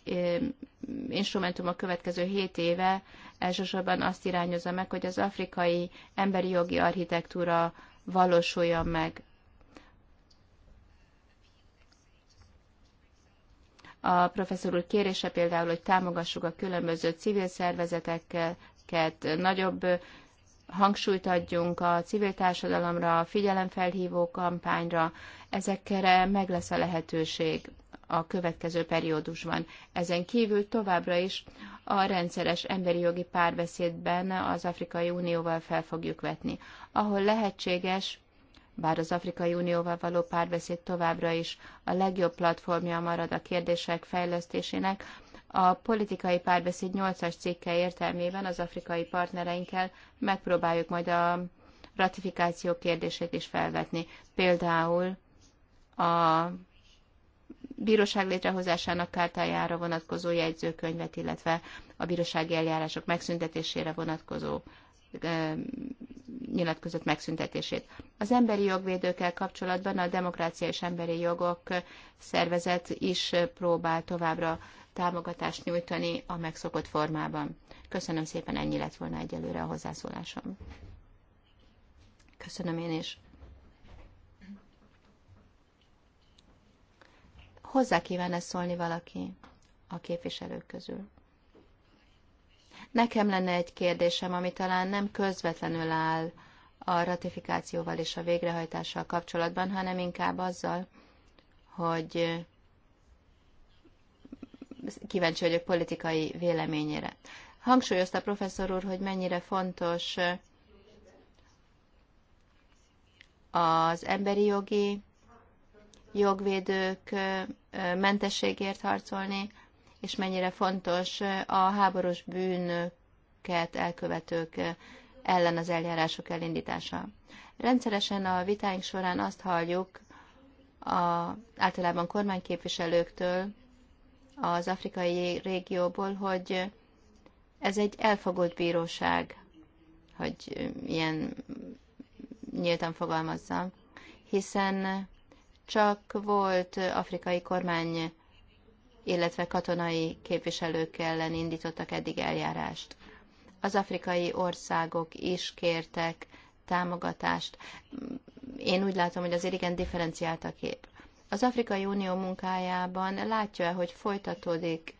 instrumentum a következő hét éve elsősorban azt irányozza meg, hogy az afrikai emberi jogi architektúra valósuljon meg. A professzor úr kérése például, hogy támogassuk a különböző civil szervezeteket, nagyobb hangsúlyt adjunk a civil társadalomra, a figyelemfelhívó kampányra, ezekre meg lesz a lehetőség a következő periódusban. Ezen kívül továbbra is a rendszeres emberi jogi párbeszédben az Afrikai Unióval fel fogjuk vetni, ahol lehetséges, bár az Afrikai Unióval való párbeszéd továbbra is a legjobb platformja marad a kérdések fejlesztésének, a politikai párbeszéd 8-as cikke értelmében az afrikai partnereinkkel megpróbáljuk majd a ratifikáció kérdését is felvetni. Például a bíróság létrehozásának kártájára vonatkozó jegyzőkönyvet, illetve a bírósági eljárások megszüntetésére vonatkozó nyilatkozat megszüntetését. Az emberi jogvédőkkel kapcsolatban a Demokrácia és Emberi Jogok szervezet is próbál továbbra támogatást nyújtani a megszokott formában. Köszönöm szépen, ennyi lett volna egyelőre a hozzászólásom. Köszönöm én is. Hozzá kívánne szólni valaki a képviselők közül? Nekem lenne egy kérdésem, ami talán nem közvetlenül áll a ratifikációval és a végrehajtással kapcsolatban, hanem inkább azzal, hogy kíváncsi vagyok politikai véleményére. Hangsúlyozta a professzor úr, hogy mennyire fontos az emberi jogi jogvédők mentességért harcolni, és mennyire fontos a háborús bűnöket elkövetők ellen az eljárások elindítása. Rendszeresen a vitáink során azt halljuk a, általában kormányképviselőktől, az afrikai régióból, hogy ez egy elfogult bíróság, hogy ilyen nyíltan fogalmazzam, hiszen csak volt afrikai kormány, illetve katonai képviselők ellen indítottak eddig eljárást. Az afrikai országok is kértek támogatást. Én úgy látom, hogy azért igen differenciált a kép. Az Afrikai Unió munkájában látja-e, hogy folytatódik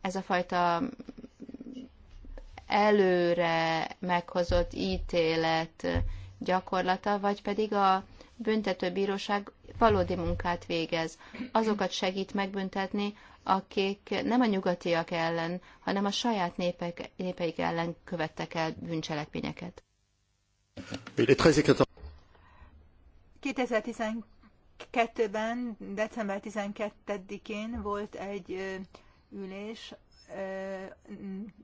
ez a fajta előre meghozott ítélet gyakorlata, vagy pedig a büntetőbíróság valódi munkát végez. Azokat segít megbüntetni, akik nem a nyugatiak ellen, hanem a saját népek, népeik ellen követtek el bűncselekményeket. 2012-ben, december 12-én volt egy ülés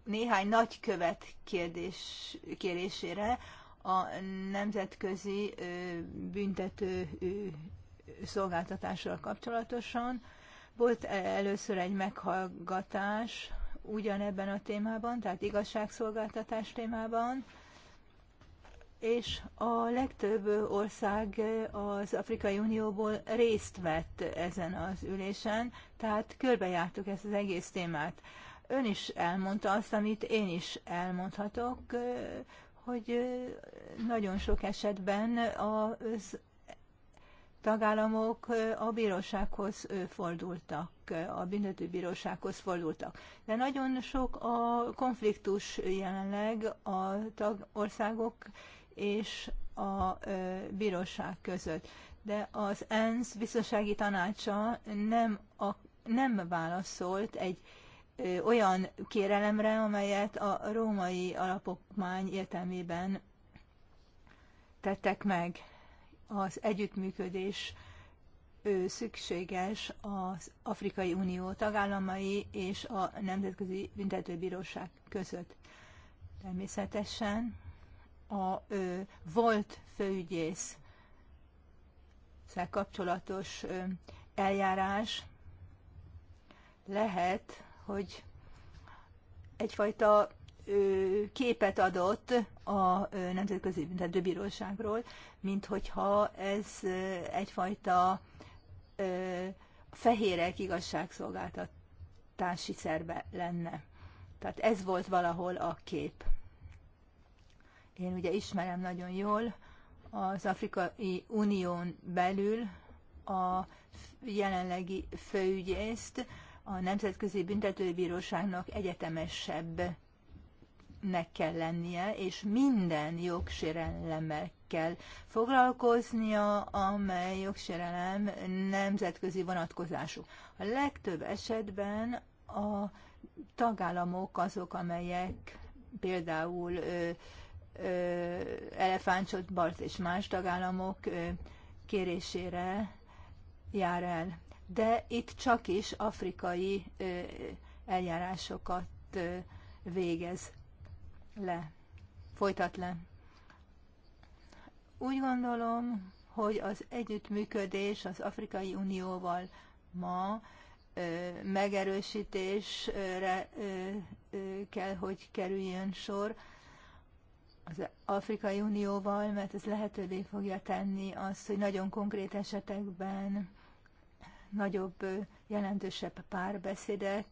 néhány nagykövet kérdés, kérésére a nemzetközi büntető szolgáltatással kapcsolatosan. Volt e, először egy meghallgatás ugyanebben a témában, tehát igazságszolgáltatás témában, és a legtöbb ország az Afrikai Unióból részt vett ezen az ülésen, tehát körbejártuk ezt az egész témát. Ön is elmondta azt, amit én is elmondhatok, hogy nagyon sok esetben az tagállamok a bírósághoz fordultak, a büntetőbírósághoz fordultak. De nagyon sok a konfliktus jelenleg a tagországok és a bíróság között. De az ENSZ biztonsági tanácsa nem, a, nem válaszolt egy ö, olyan kérelemre, amelyet a római alapokmány értelmében tettek meg. Az együttműködés ö, szükséges az Afrikai Unió tagállamai és a Nemzetközi Büntetőbíróság között. Természetesen a ö, volt főügyész kapcsolatos ö, eljárás lehet, hogy egyfajta ö, képet adott a ö, Nemzetközi Büntetőbíróságról, mint hogyha ez ö, egyfajta ö, fehérek igazságszolgáltatási szerve lenne. Tehát ez volt valahol a kép én ugye ismerem nagyon jól az Afrikai Unión belül a jelenlegi főügyészt, a Nemzetközi Büntetőbíróságnak egyetemesebbnek kell lennie, és minden jogsérelemmel kell foglalkoznia, amely jogsérelem nemzetközi vonatkozású. A legtöbb esetben a tagállamok azok, amelyek például ö, Barc és más tagállamok kérésére jár el. De itt csak is afrikai eljárásokat végez le, folytat le. Úgy gondolom, hogy az együttműködés az Afrikai Unióval ma megerősítésre kell, hogy kerüljön sor az Afrikai Unióval, mert ez lehetővé fogja tenni azt, hogy nagyon konkrét esetekben nagyobb, jelentősebb párbeszédet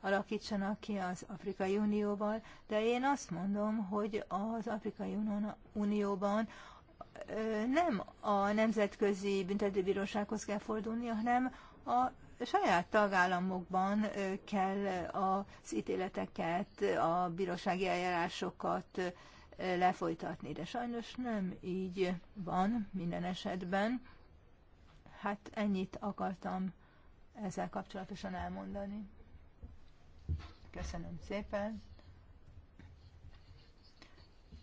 alakítsanak ki az Afrikai Unióval, de én azt mondom, hogy az Afrikai Unióban nem a Nemzetközi Büntetőbírósághoz kell fordulni, hanem a saját tagállamokban kell az ítéleteket, a bírósági eljárásokat lefolytatni, de sajnos nem így van minden esetben. Hát ennyit akartam ezzel kapcsolatosan elmondani. Köszönöm szépen.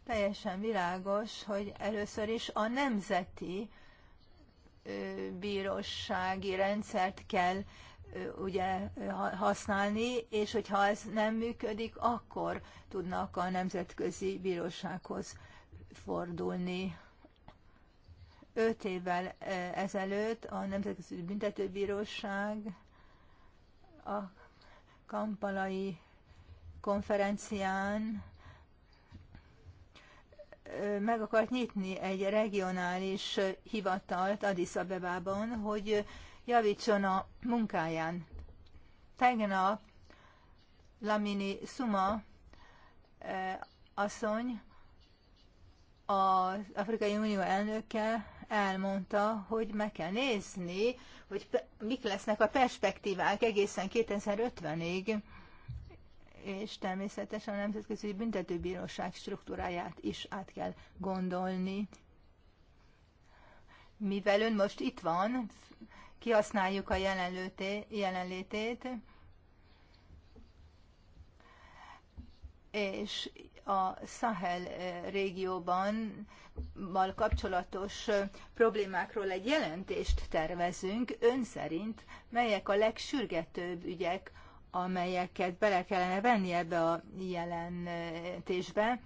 Teljesen világos, hogy először is a nemzeti bírósági rendszert kell ugye használni, és hogyha ez nem működik, akkor tudnak a Nemzetközi Bírósághoz fordulni. Öt évvel ezelőtt a Nemzetközi Büntetőbíróság a kampalai konferencián meg akart nyitni egy regionális hivatalt Addis Abebában, hogy javítson a munkáján. Tegnap Lamini Suma eh, asszony az Afrikai Unió elnöke elmondta, hogy meg kell nézni, hogy mik lesznek a perspektívák egészen 2050-ig, és természetesen a Nemzetközi Büntetőbíróság struktúráját is át kell gondolni. Mivel ön most itt van, kihasználjuk a jelenlétét, és a Sahel eh, régióban val kapcsolatos eh, problémákról egy jelentést tervezünk. Ön szerint melyek a legsürgetőbb ügyek, amelyeket bele kellene venni ebbe a jelentésbe,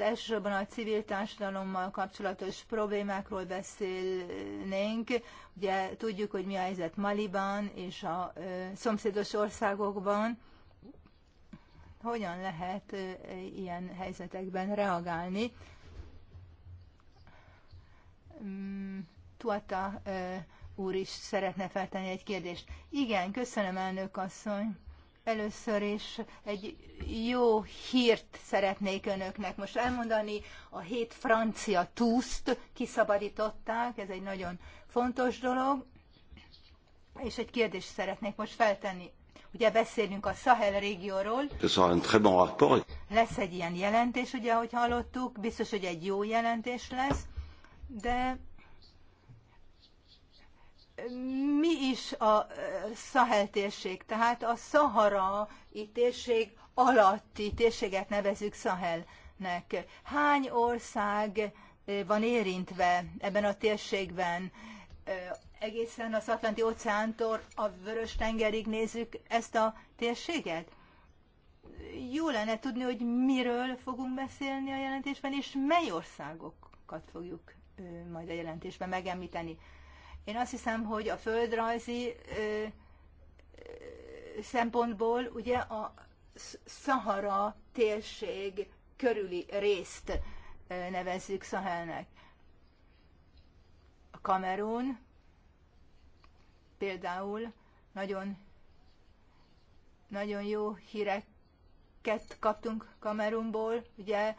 elsősorban a civil társadalommal kapcsolatos problémákról beszélnénk. Ugye tudjuk, hogy mi a helyzet Maliban és a ö, szomszédos országokban. Hogyan lehet ö, ilyen helyzetekben reagálni? Mm, Tuata ö, úr is szeretne feltenni egy kérdést. Igen, köszönöm, elnök asszony. Először is egy jó hírt szeretnék önöknek most elmondani. A hét francia túszt kiszabadították, ez egy nagyon fontos dolog. És egy kérdést szeretnék most feltenni. Ugye beszélünk a Sahel régióról. Lesz egy ilyen jelentés, ugye, ahogy hallottuk, biztos, hogy egy jó jelentés lesz, de mi is a eh, Szahel térség, tehát a szahara térség alatti térséget nevezük Szahelnek. Hány ország eh, van érintve ebben a térségben? Eh, egészen az Atlanti óceántól a Vörös tengerig nézzük ezt a térséget? Jó lenne tudni, hogy miről fogunk beszélni a jelentésben, és mely országokat fogjuk majd a jelentésben megemlíteni. Én azt hiszem, hogy a földrajzi ö, szempontból ugye a Szahara térség körüli részt nevezzük Szahelnek. A Kamerun például nagyon, nagyon jó híreket kaptunk Kamerunból. Ugye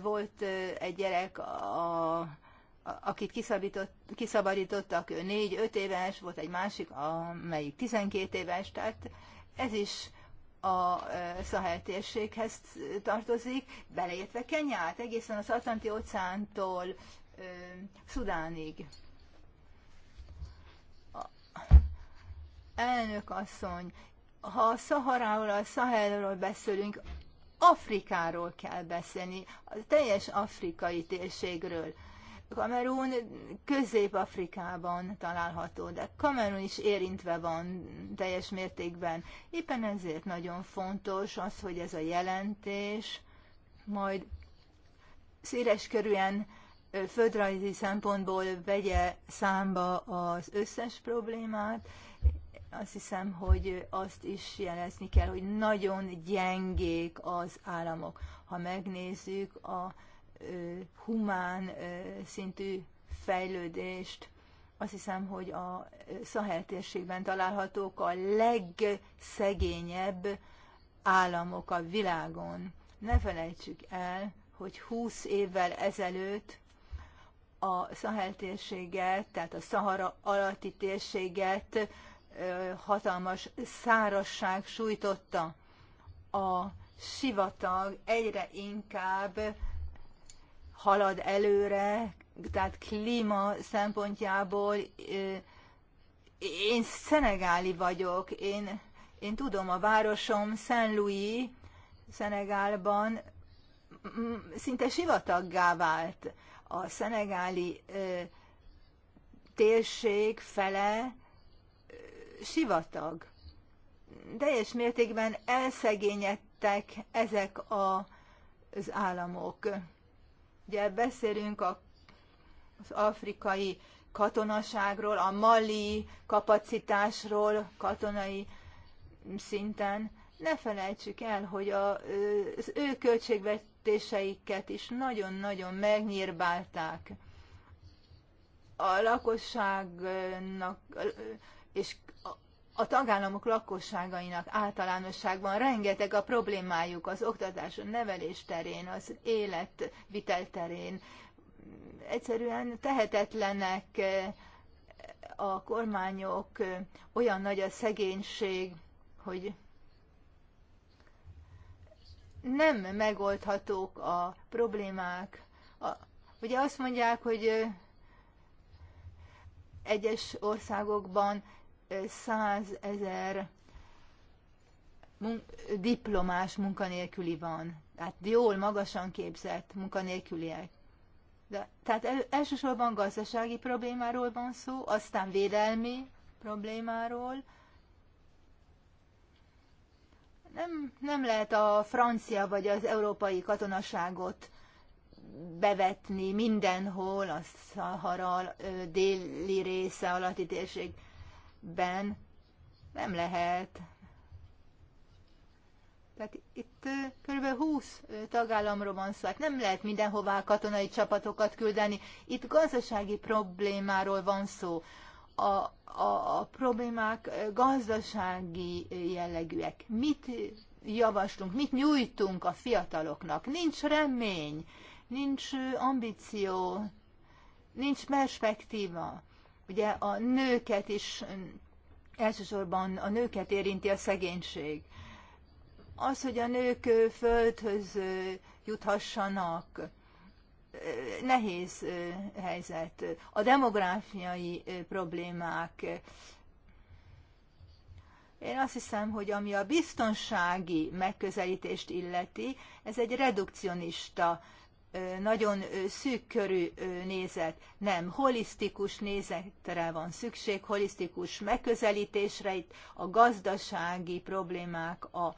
volt egy gyerek a akit kiszabított, kiszabadítottak, ő 4-5 éves, volt egy másik, amelyik 12 éves, tehát ez is a e, Szahel térséghez tartozik, beleértve Kenyát, egészen az Atlanti óceántól e, Szudánig. Elnök asszony, ha a Szaharáról, a Szahelről beszélünk, Afrikáról kell beszélni, a teljes afrikai térségről. Kamerun Közép-Afrikában található, de Kamerun is érintve van teljes mértékben. Éppen ezért nagyon fontos az, hogy ez a jelentés majd széles körűen földrajzi szempontból vegye számba az összes problémát. Azt hiszem, hogy azt is jelezni kell, hogy nagyon gyengék az államok. Ha megnézzük a humán szintű fejlődést. Azt hiszem, hogy a Szahel térségben találhatók a legszegényebb államok a világon. Ne felejtsük el, hogy 20 évvel ezelőtt a Szahel térséget, tehát a Szahara alatti térséget hatalmas szárasság sújtotta. A sivatag egyre inkább halad előre, tehát klíma szempontjából én szenegáli vagyok, én, én tudom, a városom Saint Louis, Szenegálban szinte sivataggá vált. A szenegáli ö, térség fele ö, sivatag. Teljes mértékben elszegényedtek ezek a, az államok. Ugye beszélünk a, az afrikai katonaságról, a mali kapacitásról katonai szinten. Ne felejtsük el, hogy a, az ő költségvetéseiket is nagyon-nagyon megnyírbálták. A lakosságnak és a tagállamok lakosságainak általánosságban rengeteg a problémájuk az oktatáson, nevelés terén, az életvitel terén. Egyszerűen tehetetlenek eh, a kormányok, eh, olyan nagy a szegénység, hogy nem megoldhatók a problémák. A, ugye azt mondják, hogy eh, egyes országokban 100 mun- diplomás munkanélküli van. Tehát jól, magasan képzett munkanélküliek. De, tehát el, elsősorban gazdasági problémáról van szó, aztán védelmi problémáról. Nem, nem lehet a francia vagy az európai katonaságot bevetni mindenhol, a Szahara déli része alatti térség ben nem lehet. Tehát itt kb. 20 tagállamról van szó, hát nem lehet mindenhová katonai csapatokat küldeni. Itt gazdasági problémáról van szó. A, a, a problémák gazdasági jellegűek. Mit javaslunk, mit nyújtunk a fiataloknak? Nincs remény, nincs ambíció, nincs perspektíva. Ugye a nőket is, elsősorban a nőket érinti a szegénység. Az, hogy a nők földhöz juthassanak, nehéz helyzet. A demográfiai problémák. Én azt hiszem, hogy ami a biztonsági megközelítést illeti, ez egy redukcionista nagyon szűk körű nézet. Nem, holisztikus nézetre van szükség, holisztikus megközelítésre, itt a gazdasági problémák, a,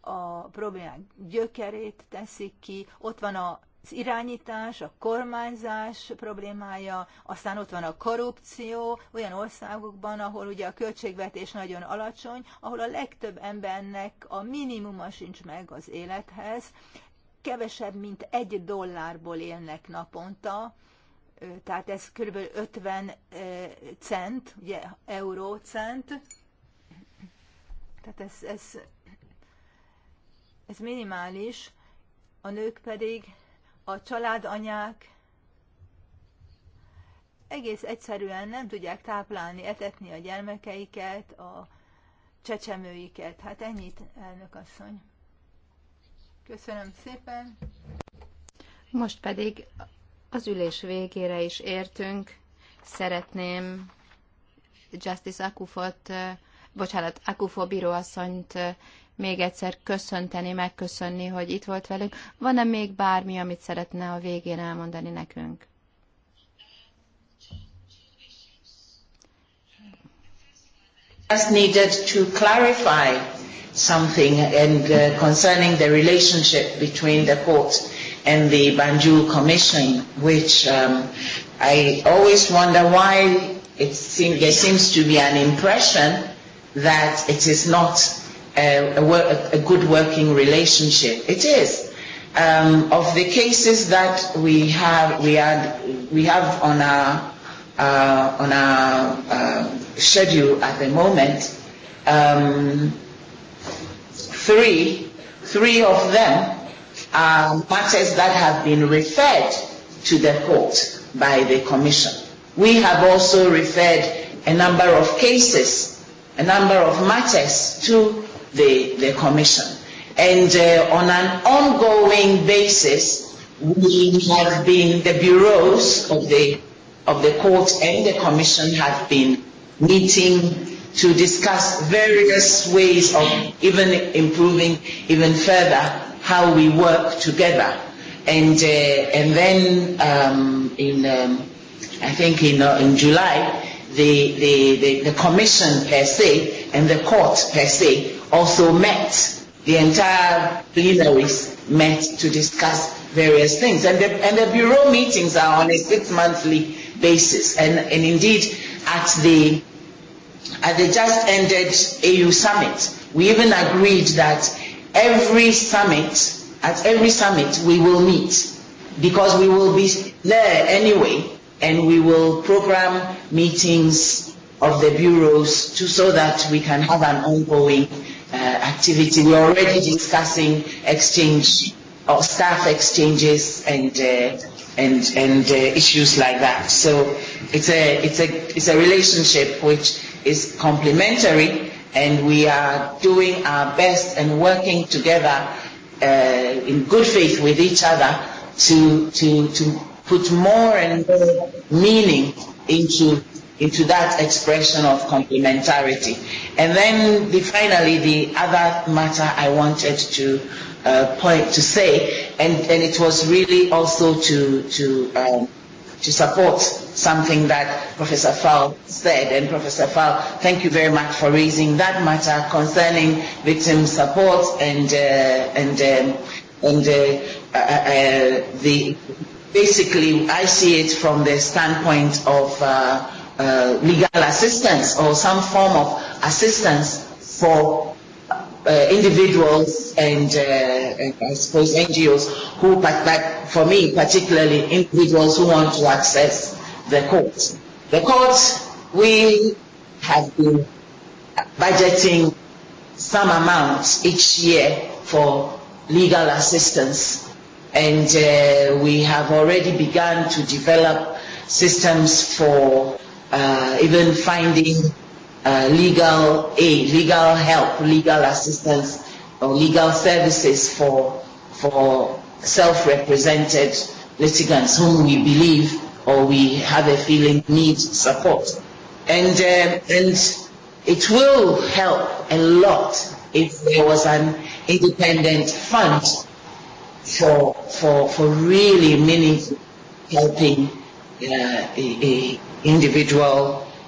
a problémák gyökerét teszik ki, ott van a az irányítás, a kormányzás problémája, aztán ott van a korrupció olyan országokban, ahol ugye a költségvetés nagyon alacsony, ahol a legtöbb embernek a minimuma sincs meg az élethez kevesebb, mint egy dollárból élnek naponta, tehát ez kb. 50 cent, ugye eurócent, tehát ez, ez, ez minimális, a nők pedig a családanyák egész egyszerűen nem tudják táplálni, etetni a gyermekeiket, a csecsemőiket. Hát ennyit, elnök asszony. Köszönöm szépen. Most pedig az ülés végére is értünk. Szeretném Justice Akufot, eh, bocsánat, Akufo bíróasszonyt eh, még egyszer köszönteni, megköszönni, hogy itt volt velünk. Van-e még bármi, amit szeretne a végén elmondani nekünk? Just needed to clarify something and uh, concerning the relationship between the court and the Banjul Commission, which um, I always wonder why it seem, there seems to be an impression that it is not a, a, wor- a good working relationship. It is. Um, of the cases that we have, we, had, we have on our, uh, on our uh, schedule at the moment, um, three, three of them are matters that have been referred to the court by the commission. We have also referred a number of cases, a number of matters to the, the commission. And uh, on an ongoing basis, we have been, the bureaus of the, of the court and the commission have been meeting to discuss various ways of even improving even further how we work together. And, uh, and then um, in, um, I think in, uh, in July, the, the, the, the commission per se and the court per se also met. The entire plenaries met to discuss various things. And the, and the bureau meetings are on a six monthly basis. And, and indeed, at the at the just ended AU summit, we even agreed that every summit, at every summit, we will meet because we will be there anyway and we will program meetings of the bureaus to, so that we can have an ongoing uh, activity. We're already discussing exchange or uh, staff exchanges and uh, and and uh, issues like that. So it's a it's a it's a relationship which is complementary and we are doing our best and working together uh, in good faith with each other to, to, to put more and more meaning into, into that expression of complementarity. And then the, finally, the other matter I wanted to uh, point to say, and, and it was really also to, to um, to support something that Professor Fowl said. And Professor Fowl, thank you very much for raising that matter concerning victim support and uh, and um, and uh, uh, uh, the basically I see it from the standpoint of uh, uh, legal assistance or some form of assistance for uh, individuals and, uh, and I suppose NGOs who, but for me particularly, individuals who want to access the court. The court, we have been budgeting some amount each year for legal assistance and uh, we have already begun to develop systems for uh, even finding Uh, legal aid, legal help, legal assistance, or legal services for, for self-represented litigants whom we believe or we have a feeling need support. And, uh, and it will help a lot if there was an independent fund for, for, for really meaningful helping uh, a, a individual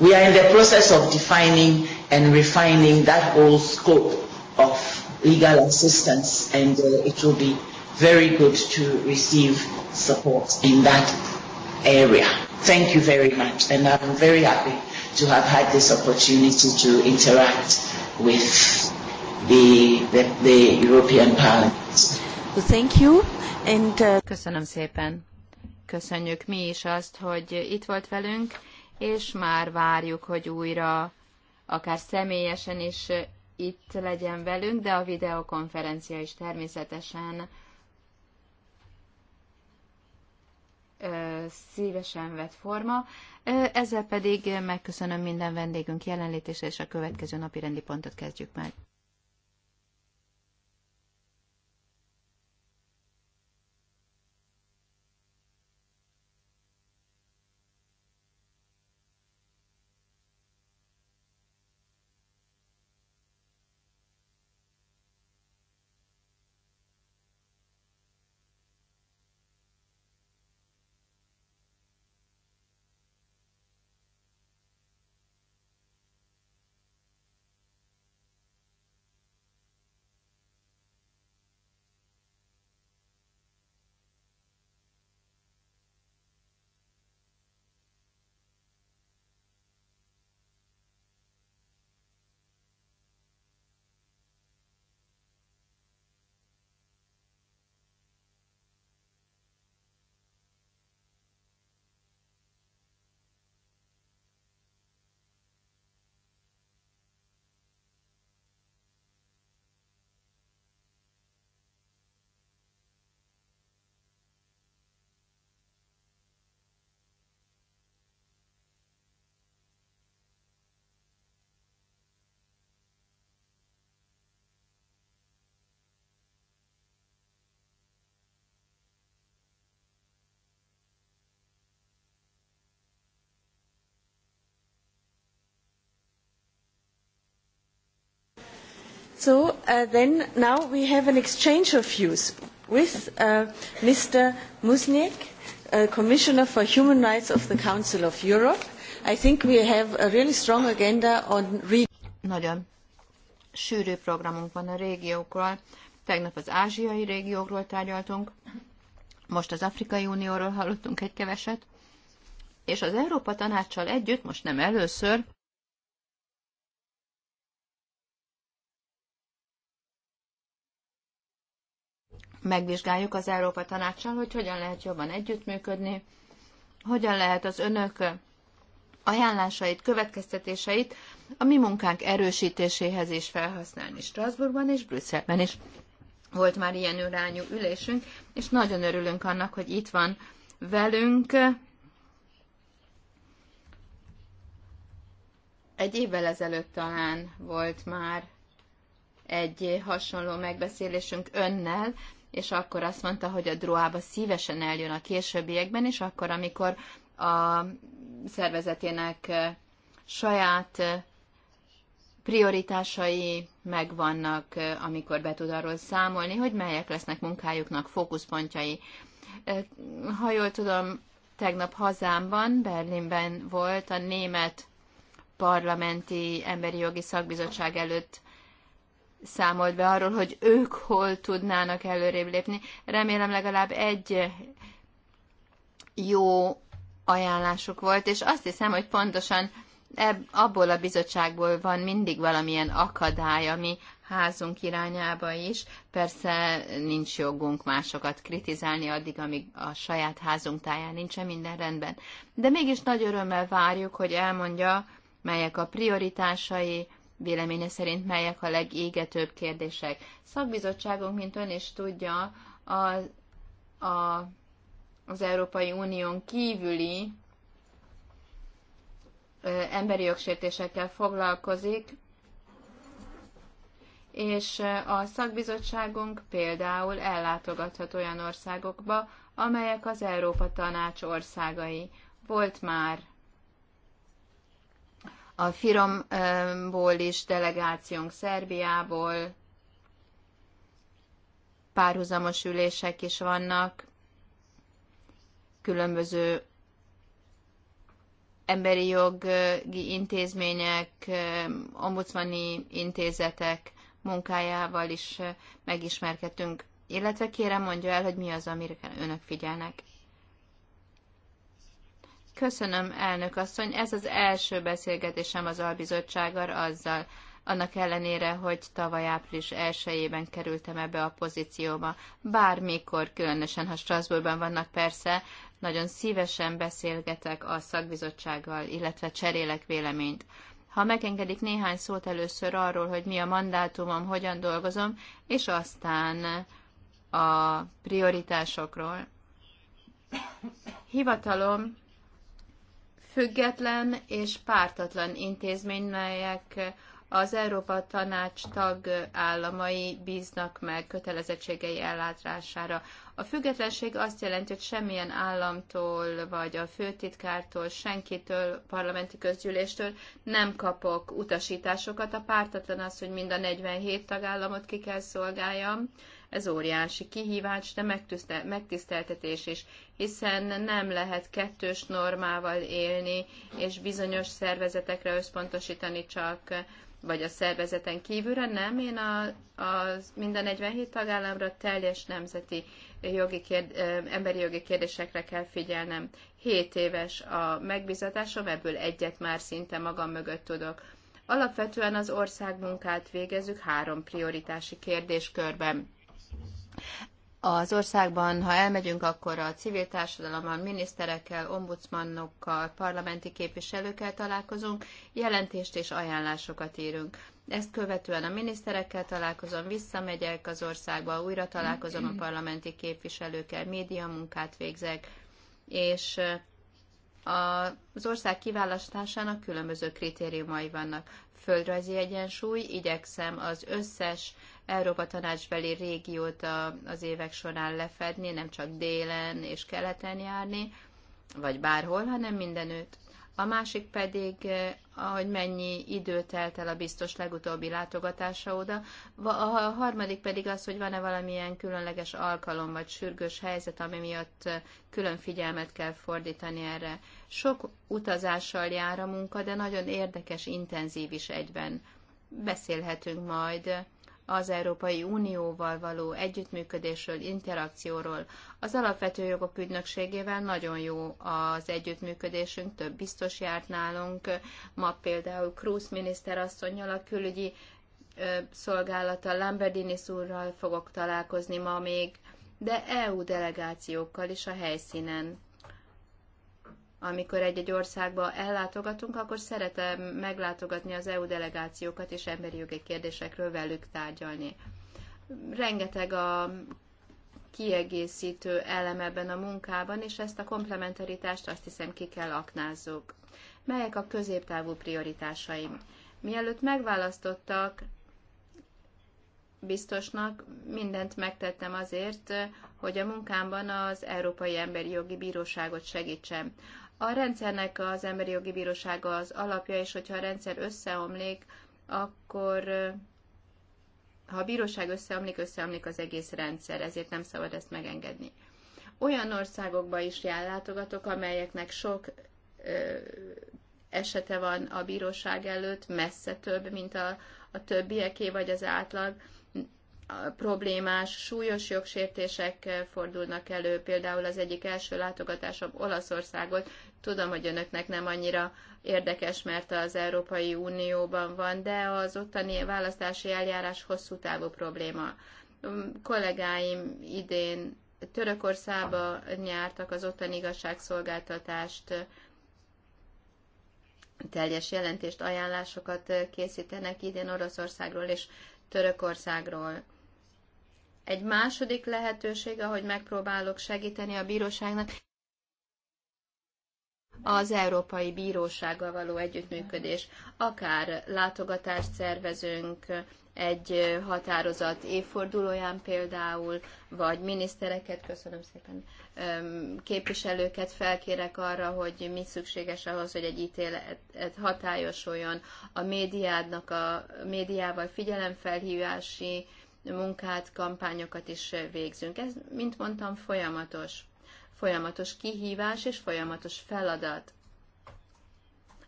We are in the process of defining and refining that whole scope of legal assistance and uh, it will be very good to receive support in that area. Thank you very much and I'm very happy to have had this opportunity to interact with the, the, the European Parliament. Well, thank you and uh... Köszönöm szépen. Köszönjük mi is azt, hogy itt volt velünk és már várjuk, hogy újra akár személyesen is eh, itt legyen velünk, de a videokonferencia is természetesen eh, szívesen vett forma. Eh, ezzel pedig megköszönöm minden vendégünk jelenlétését, és a következő napi rendi pontot kezdjük meg. So uh, then now we have an exchange of views with uh, Mr. Musniek, uh, Commissioner for Human Rights of the Council of Europe. I think we have a really strong agenda on Nagyon sűrű programunk van a régiókról. Tegnap az ázsiai régiókról tárgyaltunk, most az Afrikai Unióról hallottunk egy keveset, és az Európa Tanácssal együtt, most nem először, megvizsgáljuk az Európa Tanácssal, hogy hogyan lehet jobban együttműködni, hogyan lehet az önök ajánlásait, következtetéseit a mi munkánk erősítéséhez is felhasználni Strasbourgban és Brüsszelben is. Volt már ilyen irányú ülésünk, és nagyon örülünk annak, hogy itt van velünk egy évvel ezelőtt talán volt már egy hasonló megbeszélésünk önnel, és akkor azt mondta, hogy a Droába szívesen eljön a későbbiekben, és akkor, amikor a szervezetének saját prioritásai megvannak, amikor be tud arról számolni, hogy melyek lesznek munkájuknak fókuszpontjai. Ha jól tudom, tegnap hazámban, Berlinben volt a német parlamenti emberi jogi szakbizottság előtt számolt be arról, hogy ők hol tudnának előrébb lépni. Remélem legalább egy jó ajánlásuk volt, és azt hiszem, hogy pontosan ebb, abból a bizottságból van mindig valamilyen akadály, ami házunk irányába is. Persze nincs jogunk másokat kritizálni addig, amíg a saját házunk táján nincsen minden rendben. De mégis nagy örömmel várjuk, hogy elmondja, melyek a prioritásai, véleménye szerint melyek a legégetőbb kérdések. Szakbizottságunk, mint ön is tudja, a, a, az Európai Unión kívüli ö, emberi jogsértésekkel foglalkozik, és a szakbizottságunk például ellátogathat olyan országokba, amelyek az Európa Tanács országai. Volt már a Firomból is delegációnk Szerbiából, párhuzamos ülések is vannak, különböző emberi jogi intézmények, ombudsmani intézetek munkájával is megismerkedtünk. Illetve kérem mondja el, hogy mi az, amire önök figyelnek. Köszönöm, elnök asszony. Ez az első beszélgetésem az albizottsággal azzal, annak ellenére, hogy tavaly április elsőjében kerültem ebbe a pozícióba. Bármikor, különösen ha Strasbourgban vannak persze, nagyon szívesen beszélgetek a szakbizottsággal, illetve cserélek véleményt. Ha megengedik néhány szót először arról, hogy mi a mandátumom, hogyan dolgozom, és aztán a prioritásokról. Hivatalom független és pártatlan intézmény, melyek az Európa Tanács tag államai bíznak meg kötelezettségei ellátására. A függetlenség azt jelenti, hogy semmilyen államtól, vagy a főtitkártól, senkitől, parlamenti közgyűléstől nem kapok utasításokat. A pártatlan az, hogy mind a 47 tagállamot ki kell szolgáljam, ez óriási kihívás, de megtiszteltetés is, hiszen nem lehet kettős normával élni, és bizonyos szervezetekre összpontosítani csak, vagy a szervezeten kívülre, nem, én a, a minden 47 tagállamra teljes nemzeti jogi kérd, emberi jogi kérdésekre kell figyelnem. 7 éves a megbizatásom, ebből egyet már szinte magam mögött tudok. Alapvetően az ország munkát végezzük három prioritási kérdéskörben az országban, ha elmegyünk, akkor a civil társadalommal, miniszterekkel, ombudsmannokkal, parlamenti képviselőkkel találkozunk, jelentést és ajánlásokat írunk. Ezt követően a miniszterekkel találkozom, visszamegyek az országba, újra találkozom a parlamenti képviselőkkel, média munkát végzek, és az ország kiválasztásának különböző kritériumai vannak. Földrajzi egyensúly, igyekszem az összes Európa tanácsbeli régiót az évek során lefedni, nem csak délen és keleten járni, vagy bárhol, hanem mindenütt. A másik pedig, eh, hogy mennyi idő telt el a biztos legutóbbi látogatása oda. A harmadik pedig az, hogy van-e valamilyen különleges alkalom vagy sürgős helyzet, ami miatt eh, külön figyelmet kell fordítani erre. Sok utazással jár a munka, de nagyon érdekes, intenzív is egyben. Beszélhetünk majd eh, az Európai Unióval való együttműködésről, interakcióról. Az alapvető jogok ügynökségével nagyon jó az együttműködésünk, több biztos járt nálunk. Ma például Krúz asszonynal a külügyi szolgálata Lamberdinis úrral fogok találkozni ma még, de EU delegációkkal is a helyszínen amikor egy-egy országba ellátogatunk, akkor szeretem meglátogatni az EU delegációkat és emberi jogi kérdésekről velük tárgyalni. Rengeteg a kiegészítő elem ebben a munkában, és ezt a komplementaritást azt hiszem ki kell aknázzuk. Melyek a középtávú prioritásaim? Mielőtt megválasztottak biztosnak, mindent megtettem azért, hogy a munkámban az Európai Emberi Jogi Bíróságot segítsem. A rendszernek az emberi jogi bírósága az alapja, és hogyha a rendszer összeomlik, akkor ha a bíróság összeomlik, összeomlik az egész rendszer, ezért nem szabad ezt megengedni. Olyan országokba is jellátogatok, amelyeknek sok ö, esete van a bíróság előtt, messze több, mint a, a többieké vagy az átlag, problémás, súlyos jogsértések fordulnak elő. Például az egyik első látogatásom Olaszországot. Tudom, hogy önöknek nem annyira érdekes, mert az Európai Unióban van, de az ottani választási eljárás hosszú távú probléma. Mm, kollégáim idén Törökországba nyártak, az ottani igazságszolgáltatást teljes jelentést, ajánlásokat készítenek idén Oroszországról és Törökországról. Egy második lehetőség, ahogy megpróbálok segíteni a bíróságnak, az Európai Bírósággal való együttműködés. Akár látogatást szervezünk egy határozat évfordulóján például, vagy minisztereket, köszönöm szépen, képviselőket felkérek arra, hogy mi szükséges ahhoz, hogy egy ítélet hatályosuljon a médiádnak a médiával figyelemfelhívási munkát, kampányokat is végzünk. Ez, mint mondtam, folyamatos. Folyamatos kihívás és folyamatos feladat.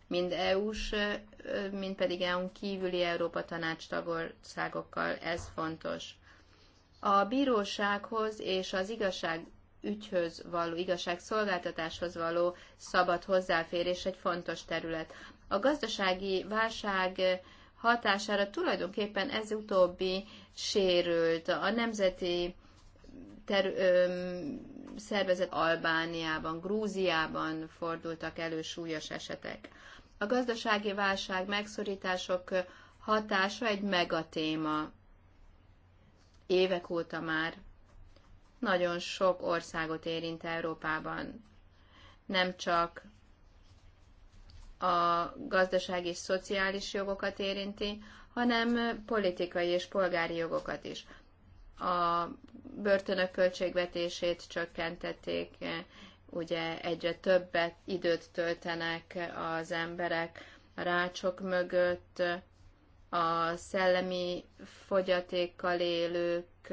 Mind EU-s, mind pedig EU-n kívüli Európa Tanács tagországokkal ez fontos. A bírósághoz és az igazság ügyhöz való, igazságszolgáltatáshoz való szabad hozzáférés egy fontos terület. A gazdasági válság hatására tulajdonképpen ez utóbbi sérült. A nemzeti ter- szervezet Albániában, Grúziában fordultak elő súlyos esetek. A gazdasági válság, megszorítások hatása egy megatéma. Évek óta már nagyon sok országot érint Európában. Nem csak a gazdasági és szociális jogokat érinti, hanem politikai és polgári jogokat is. A börtönök költségvetését csökkentették, ugye egyre többet időt töltenek az emberek a rácsok mögött, a szellemi fogyatékkal élők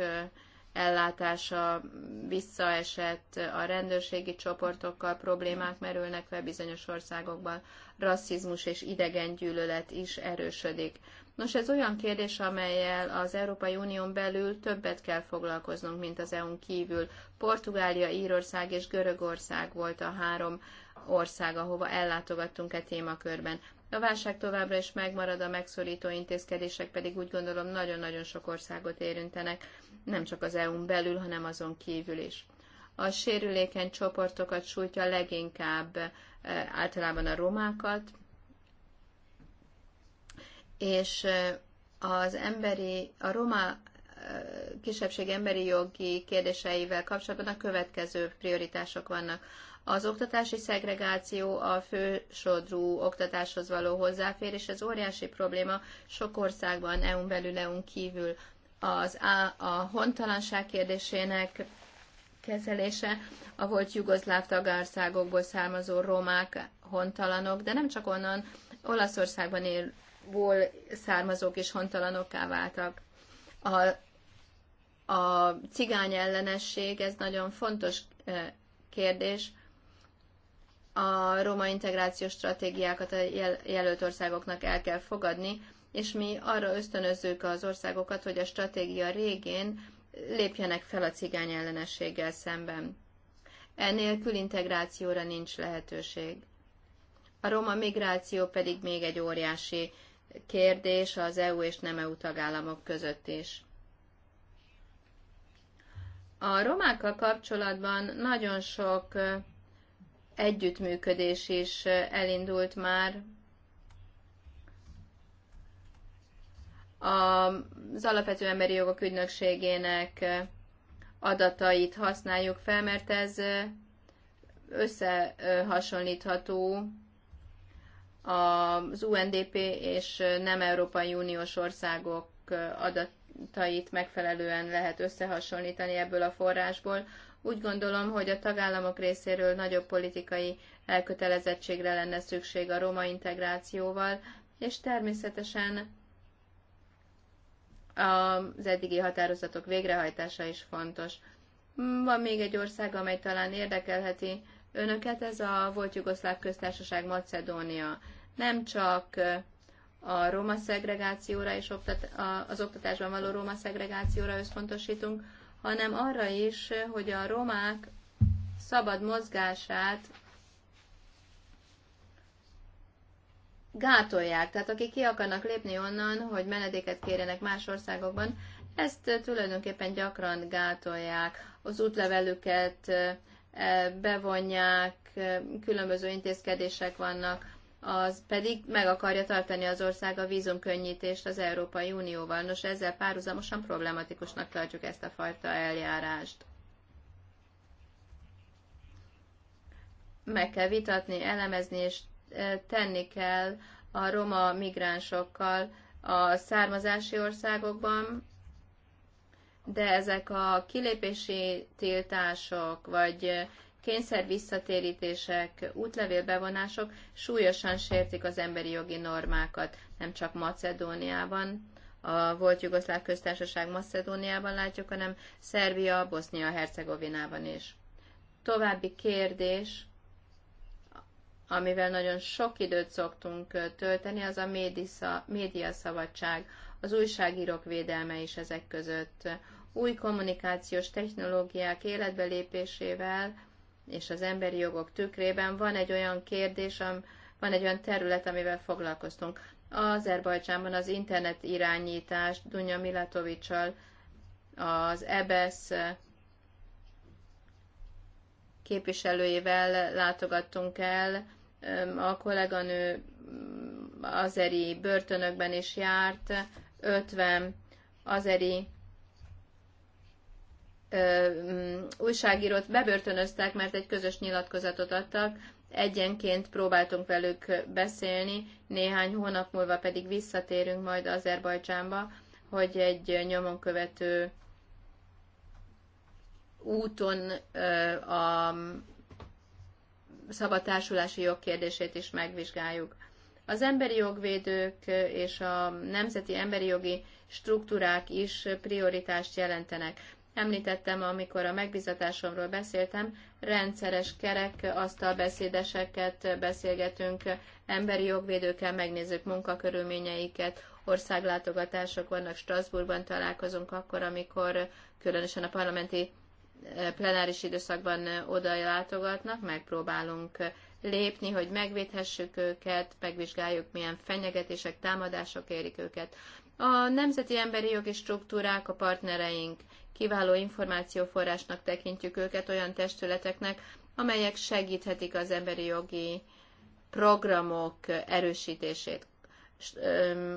ellátása visszaesett, a rendőrségi csoportokkal problémák merülnek fel bizonyos országokban, rasszizmus és idegengyűlölet is erősödik. Nos, ez olyan kérdés, amelyel az Európai Unión belül többet kell foglalkoznunk, mint az EU-n kívül. Portugália, Írország és Görögország volt a három ország, ahova ellátogattunk e témakörben. A válság továbbra is megmarad, a megszorító intézkedések pedig úgy gondolom nagyon-nagyon sok országot érintenek, nem csak az EU-n belül, hanem azon kívül is. A sérülékeny csoportokat sújtja leginkább eh, általában a romákat, és eh, az emberi, a roma eh, kisebbség emberi jogi kérdéseivel kapcsolatban a következő prioritások vannak. Az oktatási szegregáció a fősodrú oktatáshoz való hozzáférés, ez óriási probléma sok országban, EU-n belül, EU-n kívül. Az a, a hontalanság kérdésének kezelése, a volt jugoszláv tagországokból származó romák hontalanok, de nem csak onnan, Olaszországban élból származók is hontalanokká váltak. A, a cigány ellenesség, ez nagyon fontos eh, kérdés, a roma integrációs stratégiákat a jel jelölt országoknak el kell fogadni, és mi arra ösztönözzük az országokat, hogy a stratégia régén lépjenek fel a cigány ellenességgel szemben. Enélkül integrációra nincs lehetőség. A roma migráció pedig még egy óriási kérdés az EU és nem EU tagállamok között is. A romákkal kapcsolatban nagyon sok együttműködés is elindult már az alapvető emberi jogok ügynökségének adatait használjuk fel, mert ez összehasonlítható az UNDP és nem Európai Uniós országok adatait megfelelően lehet összehasonlítani ebből a forrásból. Úgy gondolom, hogy a tagállamok részéről nagyobb politikai elkötelezettségre lenne szükség a roma integrációval, és természetesen az eddigi határozatok végrehajtása is fontos. Van még egy ország, amely talán érdekelheti önöket, ez a volt Jugoszláv köztársaság Macedónia. Nem csak a roma szegregációra és az oktatásban való roma szegregációra összpontosítunk, hanem arra is, hogy a romák szabad mozgását gátolják. Tehát akik ki akarnak lépni onnan, hogy menedéket kérjenek más országokban, ezt tulajdonképpen gyakran gátolják. Az útlevelüket eh, bevonják, eh, különböző intézkedések vannak, az pedig meg akarja tartani az ország a vízumkönnyítést az Európai Unióval. Nos, ezzel párhuzamosan problematikusnak tartjuk ezt a fajta eljárást. Meg kell vitatni, elemezni, és e, tenni kell a roma migránsokkal a származási országokban, de ezek a kilépési tiltások, vagy kényszer visszatérítések, útlevélbevonások súlyosan sértik az emberi jogi normákat, nem csak Macedóniában, a volt Jugoszláv köztársaság Macedóniában látjuk, hanem Szerbia, Bosznia-Hercegovinában is. További kérdés, amivel nagyon sok időt szoktunk tölteni, az a médiaszabadság, az újságírók védelme is ezek között. Új kommunikációs technológiák életbelépésével és az emberi jogok tükrében van egy olyan kérdés, van egy olyan terület, amivel foglalkoztunk. Azerbajdzsánban az internet irányítás Dunja Milatovicsal az EBS e képviselőjével látogattunk el, a kolléganő azeri börtönökben is járt, 50 azeri Mm, újságírót bebörtönöztek, mert egy közös nyilatkozatot adtak, egyenként próbáltunk velük beszélni, néhány hónap múlva pedig visszatérünk majd Azerbajcsánba, hogy egy nyomon követő úton a szabadtársulási jog kérdését is megvizsgáljuk. Az emberi jogvédők és a nemzeti emberi jogi struktúrák is prioritást jelentenek. Említettem, amikor a megbizatásomról beszéltem, rendszeres kerek, asztal beszédeseket beszélgetünk, emberi jogvédőkkel megnézzük munkakörülményeiket, országlátogatások vannak Strasbourgban, találkozunk akkor, amikor különösen a parlamenti eh, plenáris időszakban eh, oda látogatnak, megpróbálunk eh, lépni, hogy megvédhessük őket, megvizsgáljuk, milyen fenyegetések, támadások érik őket. A nemzeti emberi jogi struktúrák a partnereink. Kiváló információforrásnak tekintjük őket olyan testületeknek, amelyek segíthetik az emberi jogi programok erősítését.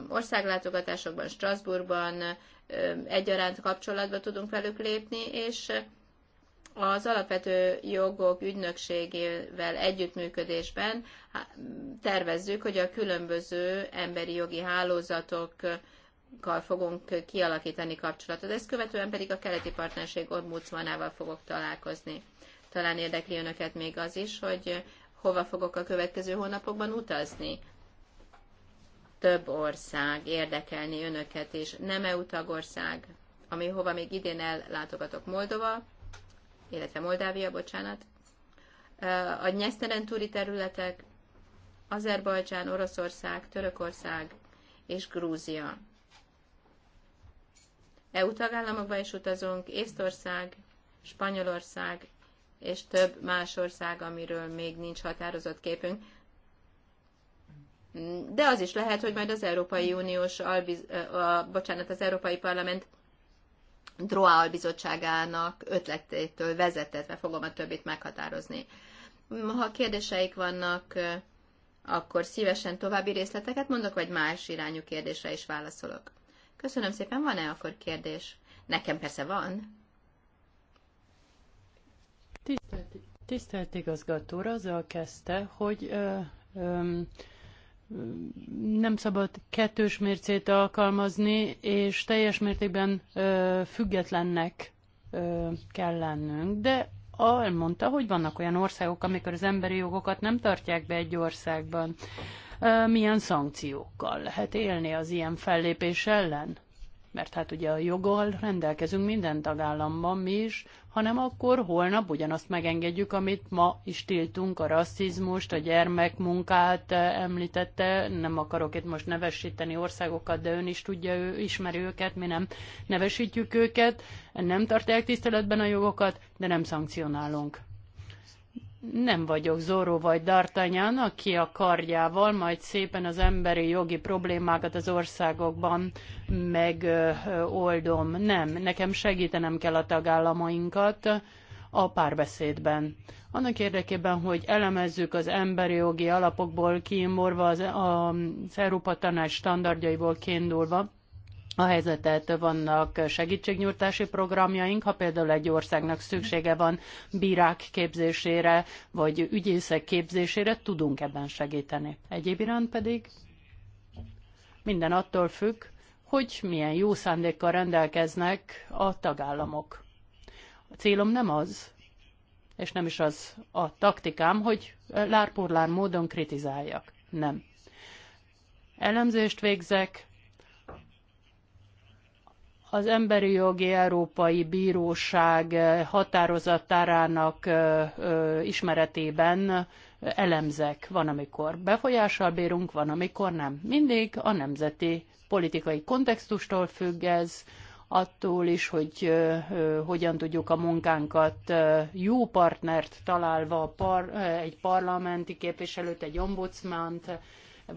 Országlátogatásokban, Strasbourgban egyaránt kapcsolatba tudunk velük lépni, és az alapvető jogok ügynökségével együttműködésben tervezzük, hogy a különböző emberi jogi hálózatok kal fogunk kialakítani kapcsolatot. Ezt követően pedig a keleti partnerség ombudsmanával fogok találkozni. Talán érdekli önöket még az is, hogy hova fogok a következő hónapokban utazni. Több ország érdekelni önöket is. Nem EU tagország, ami hova még idén ellátogatok Moldova, illetve Moldávia, bocsánat. A Nyeszteren túri területek, Azerbajdzsán, Oroszország, Törökország és Grúzia EU tagállamokba is utazunk, Észtország, Spanyolország és több más ország, amiről még nincs határozott képünk. De az is lehet, hogy majd az Európai Uniós, albiz, a, bocsánat, az Európai Parlament DROA albizottságának ötletétől vezetetve fogom a többit meghatározni. Ha kérdéseik vannak, akkor szívesen további részleteket mondok, vagy más irányú kérdésre is válaszolok. Köszönöm szépen, van-e akkor kérdés? Nekem persze van. Tisztelt, tisztelt igazgató, azzal kezdte, hogy ö, ö, nem szabad kettős mércét alkalmazni, és teljes mértékben ö, függetlennek ö, kell lennünk. De elmondta, hogy vannak olyan országok, amikor az emberi jogokat nem tartják be egy országban milyen szankciókkal lehet élni az ilyen fellépés ellen? Mert hát ugye a joggal rendelkezünk minden tagállamban mi is, hanem akkor holnap ugyanazt megengedjük, amit ma is tiltunk, a rasszizmust, a gyermekmunkát említette, nem akarok itt most nevesíteni országokat, de ön is tudja, ő ismeri őket, mi nem nevesítjük őket, nem tartják tiszteletben a jogokat, de nem szankcionálunk nem vagyok Zoró vagy Dartanyán, aki a kardjával majd szépen az emberi jogi problémákat az országokban megoldom. Nem, nekem segítenem kell a tagállamainkat a párbeszédben. Annak érdekében, hogy elemezzük az emberi jogi alapokból kiimorva, az, az Európa Tanács standardjaiból kiindulva, a helyzetet, vannak segítségnyújtási programjaink, ha például egy országnak szüksége van bírák képzésére, vagy ügyészek képzésére, tudunk ebben segíteni. Egyéb iránt pedig minden attól függ, hogy milyen jó szándékkal rendelkeznek a tagállamok. A célom nem az, és nem is az a taktikám, hogy lárpurlár módon kritizáljak. Nem. Elemzést végzek, az Emberi Jogi Európai Bíróság eh, határozatárának eh, eh, ismeretében elemzek. Van, amikor befolyással bírunk, van, amikor nem. Mindig a nemzeti politikai kontextustól függ ez, attól is, hogy hogyan tudjuk a munkánkat jó partnert találva, egy parlamenti képviselőt, egy ombudsmant,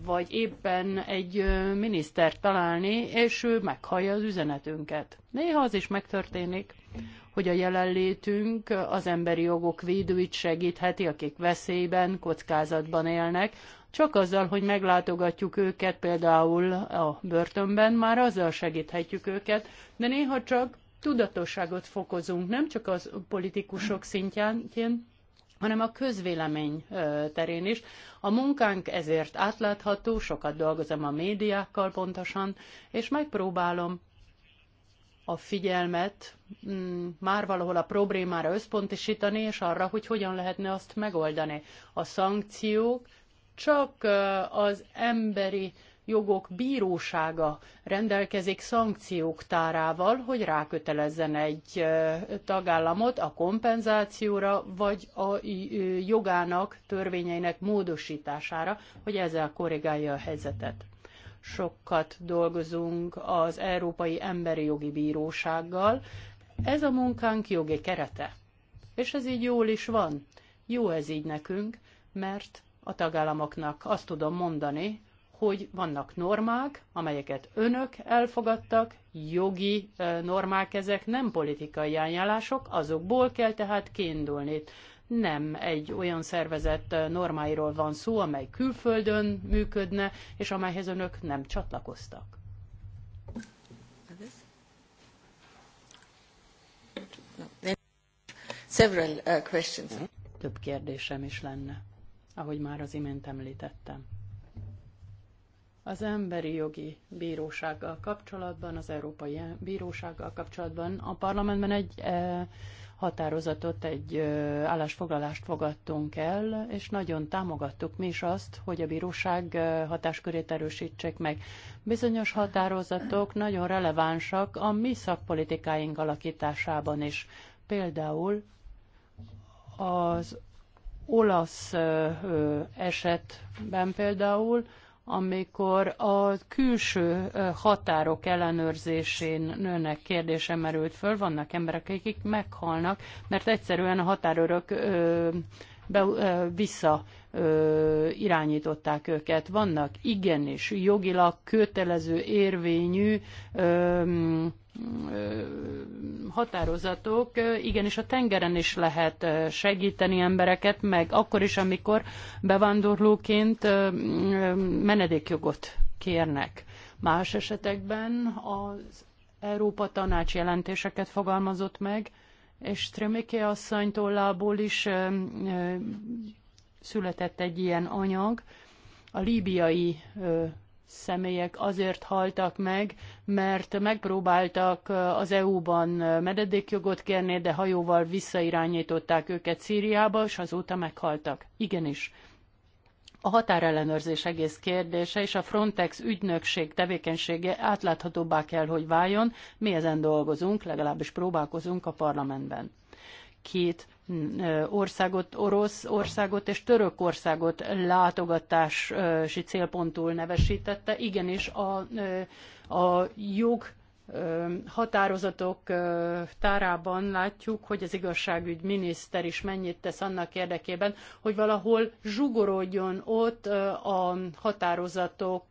vagy éppen egy minisztert találni, és ő meghallja az üzenetünket. Néha az is megtörténik, hogy a jelenlétünk az emberi jogok védőit segítheti, akik veszélyben, kockázatban élnek, csak azzal, hogy meglátogatjuk őket például a börtönben, már azzal segíthetjük őket, de néha csak tudatosságot fokozunk, nem csak az politikusok szintjén, hanem a közvélemény terén is. A munkánk ezért átlátható, sokat dolgozom a médiákkal pontosan, és megpróbálom a figyelmet mm, már valahol a problémára összpontosítani, és arra, hogy hogyan lehetne azt megoldani. A szankciók csak az emberi jogok bírósága rendelkezik szankciók tárával, hogy rákötelezzen egy tagállamot a kompenzációra, vagy a jogának, törvényeinek módosítására, hogy ezzel korrigálja a helyzetet. Sokat dolgozunk az Európai Emberi Jogi Bírósággal. Ez a munkánk jogi kerete. És ez így jól is van. Jó ez így nekünk, mert a tagállamoknak azt tudom mondani, hogy vannak normák, amelyeket önök elfogadtak, jogi normák ezek, nem politikai ajánlások, azokból kell tehát kiindulni. Nem egy olyan szervezet normáiról van szó, amely külföldön működne, és amelyhez önök nem csatlakoztak. Several uh, questions. Több kérdésem is lenne, ahogy már az imént említettem az emberi jogi bírósággal kapcsolatban, az Európai Bírósággal kapcsolatban a parlamentben egy eh, határozatot, egy eh, állásfoglalást fogadtunk el, és nagyon támogattuk mi is azt, hogy a bíróság eh, hatáskörét erősítsék meg. Bizonyos határozatok nagyon relevánsak a mi szakpolitikáink alakításában is. Például az olasz esetben például amikor a külső határok ellenőrzésén nőnek kérdése merült föl, vannak emberek, akik meghalnak, mert egyszerűen a határőrök vissza ö, irányították őket. Vannak igenis jogilag kötelező érvényű ö, határozatok igenis a tengeren is lehet segíteni embereket, meg akkor is, amikor bevándorlóként menedékjogot kérnek. Más esetekben az Európa Tanács jelentéseket fogalmazott meg, és Treméké asszony tollából is született egy ilyen anyag, a líbiai személyek azért haltak meg, mert megpróbáltak eh, az EU-ban eh, mededékjogot kérni, de hajóval visszairányították őket Szíriába, és azóta meghaltak. Igenis. A határellenőrzés egész kérdése és a Frontex ügynökség tevékenysége átláthatóbbá kell, hogy váljon. Mi ezen dolgozunk, legalábbis próbálkozunk a parlamentben két országot, orosz országot és török országot látogatási célpontul nevesítette. Igenis a, a jog határozatok tárában látjuk, hogy az igazságügy miniszter is mennyit tesz annak érdekében, hogy valahol zsugorodjon ott a határozatok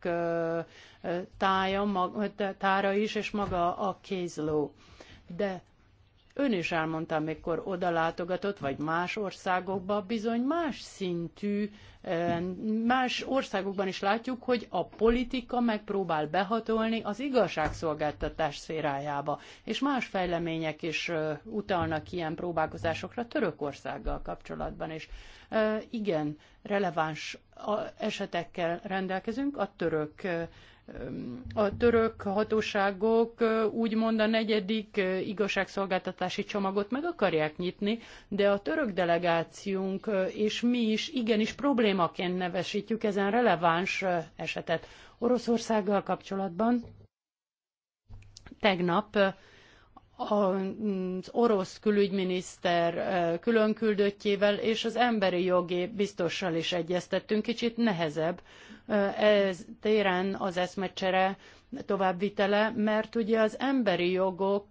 tája, tára is, és maga a case law. De Ön is elmondta, amikor oda látogatott, vagy más országokba, bizony más szintű, eh, más országokban is látjuk, hogy a politika megpróbál behatolni az igazságszolgáltatás szférájába, és más fejlemények is eh, utalnak ilyen próbálkozásokra Törökországgal kapcsolatban is. Eh, igen, releváns esetekkel rendelkezünk, a török a török hatóságok úgymond a negyedik igazságszolgáltatási csomagot meg akarják nyitni, de a török delegációnk és mi is igenis problémaként nevesítjük ezen releváns esetet. Oroszországgal kapcsolatban tegnap az orosz külügyminiszter különküldöttjével és az emberi jogi biztossal is egyeztettünk, kicsit nehezebb ez téren az eszmecsere továbbvitele, mert ugye az emberi jogok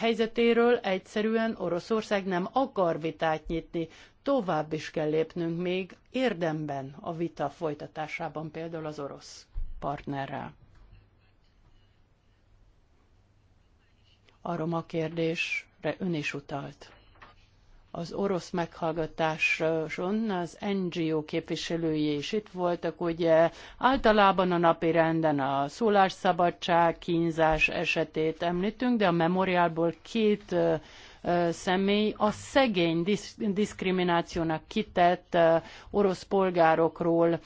helyzetéről egyszerűen Oroszország nem akar vitát nyitni. Tovább is kell lépnünk még érdemben a vita folytatásában például az orosz partnerrel. a roma kérdésre ön is utalt. Az orosz meghallgatáson az NGO képviselői is itt voltak, ugye általában a napi renden a szólásszabadság, kínzás esetét említünk, de a memoriálból két személy a szegény diszkriminációnak kitett orosz polgárokról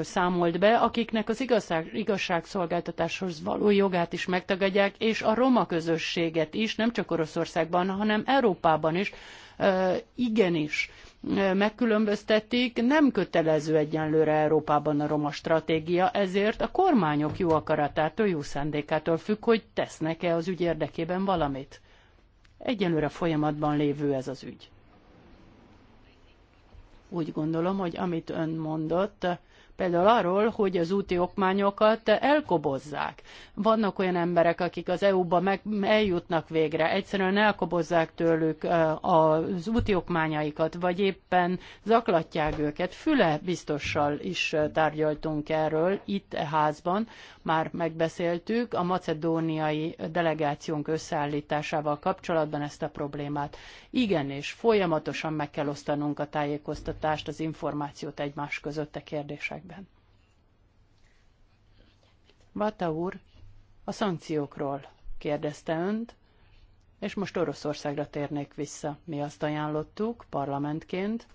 számolt be, akiknek az igazság, igazságszolgáltatáshoz való jogát is megtagadják, és a roma közösséget is, nem csak Oroszországban, hanem Európában is, igenis megkülönböztetik, nem kötelező egyenlőre Európában a roma stratégia, ezért a kormányok jó akaratától, jó szándékától függ, hogy tesznek-e az ügy érdekében valamit. Egyelőre folyamatban lévő ez az ügy. Úgy gondolom, hogy amit ön mondott, például arról, hogy az úti okmányokat elkobozzák. Vannak olyan emberek, akik az EU-ba meg, eljutnak végre, egyszerűen elkobozzák tőlük az úti okmányaikat, vagy éppen zaklatják őket. Füle biztossal is tárgyaltunk erről itt e házban, már megbeszéltük a macedóniai delegációnk összeállításával kapcsolatban ezt a problémát. Igen, és folyamatosan meg kell osztanunk a tájékoztatást, az információt egymás között a kérdések években. Vata úr a szankciókról kérdezte önt, és most Oroszországra térnék vissza. Mi azt ajánlottuk parlamentként,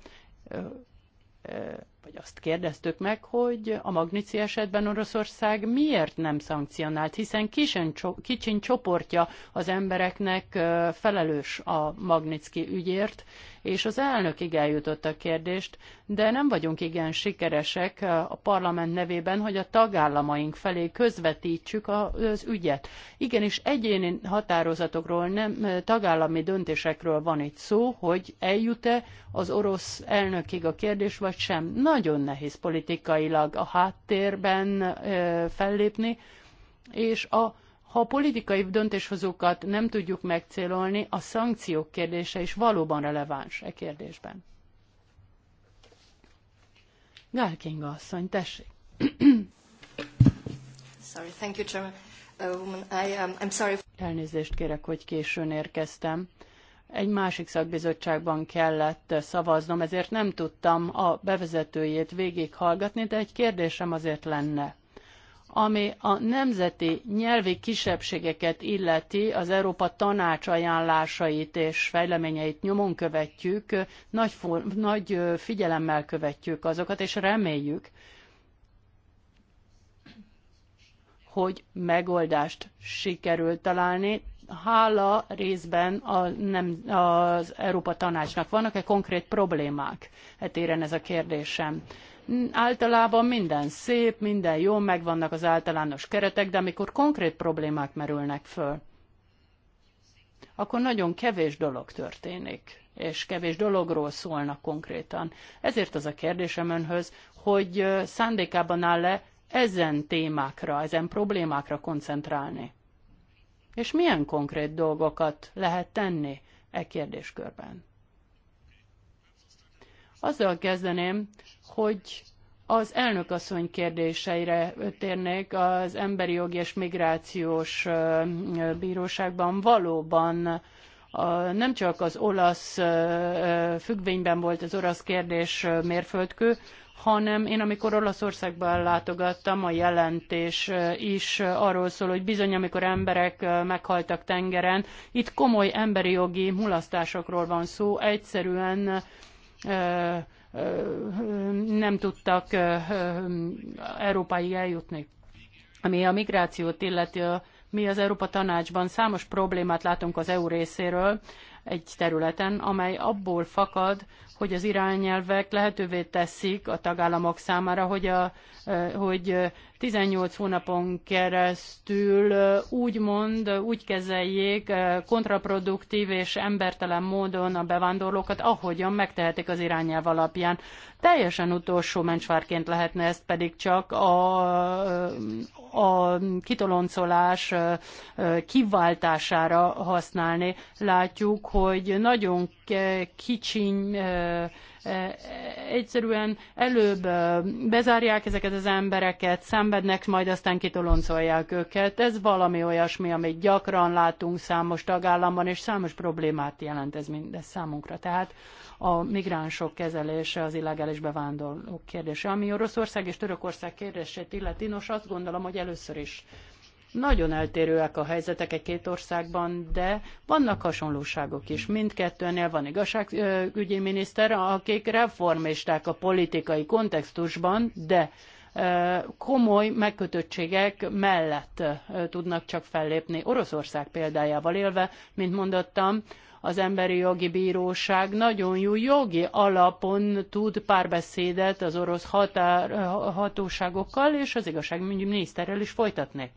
vagy azt kérdeztük meg, hogy a Magnici esetben Oroszország miért nem szankcionált, hiszen kicsin, csoportja az embereknek felelős a Magnitsky ügyért, és az elnökig eljutott a kérdést, de nem vagyunk igen sikeresek a parlament nevében, hogy a tagállamaink felé közvetítsük az ügyet. Igenis egyéni határozatokról, nem tagállami döntésekről van itt szó, hogy eljut-e az orosz elnökig a kérdés, vagy sem. Nagyon nehéz politikailag a háttérben fellépni, és a ha a politikai döntéshozókat nem tudjuk megcélolni, a szankciók kérdése is valóban releváns e kérdésben. Gál Kinga asszony, tessék. sorry, thank you, Chairman. Uh, I, um, I'm sorry. Elnézést kérek, hogy későn érkeztem. Egy másik szakbizottságban kellett szavaznom, ezért nem tudtam a bevezetőjét végighallgatni, de egy kérdésem azért lenne ami a nemzeti nyelvi kisebbségeket illeti, az Európa Tanács ajánlásait és fejleményeit nyomon követjük, nagy, nagy figyelemmel követjük azokat, és reméljük, hogy megoldást sikerült találni. Hála részben a, nem, az Európa Tanácsnak vannak-e konkrét problémák? e hát téren ez a kérdésem. Általában minden szép, minden jó, megvannak az általános keretek, de amikor konkrét problémák merülnek föl, akkor nagyon kevés dolog történik, és kevés dologról szólnak konkrétan. Ezért az a kérdésem önhöz, hogy szándékában áll-e ezen témákra, ezen problémákra koncentrálni? És milyen konkrét dolgokat lehet tenni e kérdéskörben? Azzal kezdeném, hogy az elnökasszony kérdéseire térnék az Emberi Jogi és Migrációs Bíróságban valóban nem csak az olasz függvényben volt az olasz kérdés mérföldkő, hanem én amikor Olaszországban látogattam, a jelentés is arról szól, hogy bizony, amikor emberek meghaltak tengeren, itt komoly emberi jogi mulasztásokról van szó, egyszerűen nem tudtak Európáig eljutni. Ami a migrációt illeti, mi az Európa Tanácsban számos problémát látunk az EU részéről egy területen, amely abból fakad, hogy az irányelvek lehetővé teszik a tagállamok számára, hogy, a, hogy 18 hónapon keresztül úgymond úgy kezeljék kontraproduktív és embertelen módon a bevándorlókat, ahogyan megtehetik az irányelv alapján. Teljesen utolsó mencsvárként lehetne ezt pedig csak a, a kitoloncolás kiváltására használni. Látjuk, hogy nagyon kicsiny egyszerűen előbb bezárják ezeket az embereket, szenvednek, majd aztán kitoloncolják őket. Ez valami olyasmi, amit gyakran látunk számos tagállamban, és számos problémát jelent ez mindez számunkra. Tehát a migránsok kezelése, az illegális bevándorlók kérdése. Ami Oroszország és Törökország kérdését illeti, nos azt gondolom, hogy először is nagyon eltérőek a helyzetek egy két országban, de vannak hasonlóságok is. Mindkettőnél van igazságügyi miniszter, akik reformisták a politikai kontextusban, de komoly megkötöttségek mellett tudnak csak fellépni. Oroszország példájával élve, mint mondottam, az Emberi Jogi Bíróság nagyon jó jogi alapon tud párbeszédet az orosz határ, hatóságokkal és az igazságügyi miniszterrel is folytatni.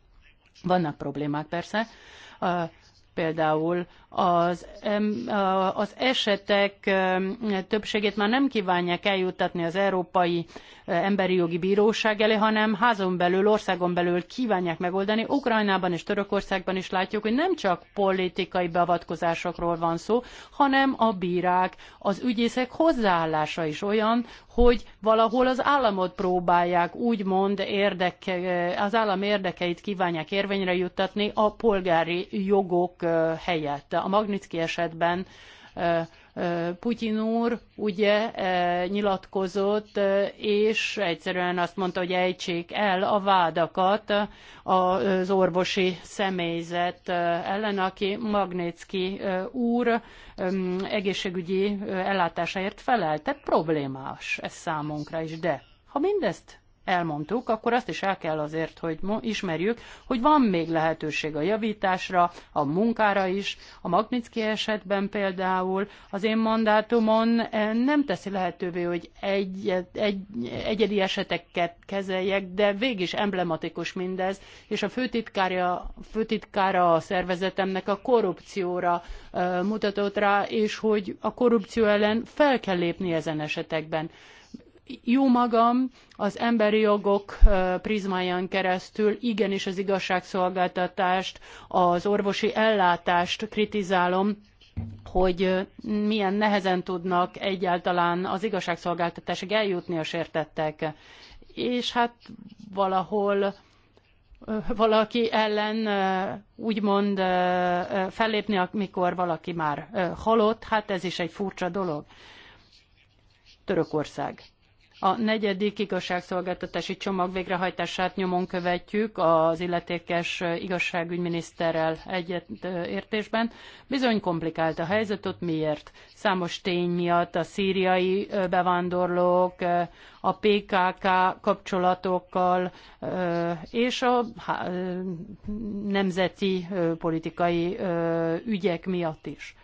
Vannak problémák persze, például az, az esetek többségét már nem kívánják eljuttatni az Európai eh, Emberi Jogi Bíróság elé, hanem házon belül, országon belül kívánják megoldani. Ukrajnában és Törökországban is látjuk, hogy nem csak politikai beavatkozásokról van szó, hanem a bírák, az ügyészek hozzáállása is olyan, hogy valahol az államot próbálják úgymond érdeke, az állam érdekeit kívánják érvényre juttatni a polgári jogok eh, helyett. A Magnitsky esetben eh, Putyin úr ugye nyilatkozott, és egyszerűen azt mondta, hogy ejtsék el a vádakat az orvosi személyzet ellen, aki Magnitsky úr egészségügyi ellátásáért felel. Tehát problémás ez számunkra is, de ha mindezt elmondtuk, akkor azt is el kell azért, hogy ismerjük, hogy van még lehetőség a javításra, a munkára is. A Magnitsky esetben például az én mandátumon eh, nem teszi lehetővé, hogy egy, egy, egyedi eseteket kezeljek, de végig emblematikus mindez, és a főtitkára, főtitkára a szervezetemnek a korrupcióra eh, mutatott rá, és hogy a korrupció ellen fel kell lépni ezen esetekben jó magam az emberi jogok prizmáján keresztül igenis az igazságszolgáltatást, az orvosi ellátást kritizálom, hogy milyen nehezen tudnak egyáltalán az igazságszolgáltatásig eljutni a sértettek. És hát valahol valaki ellen úgymond fellépni, amikor valaki már halott, hát ez is egy furcsa dolog. Törökország. A negyedik igazságszolgáltatási csomag végrehajtását nyomon követjük az illetékes igazságügyminiszterrel egyetértésben. Bizony komplikált a helyzet ott, miért? Számos tény miatt a szíriai bevándorlók, a PKK kapcsolatokkal és a nemzeti politikai ügyek miatt is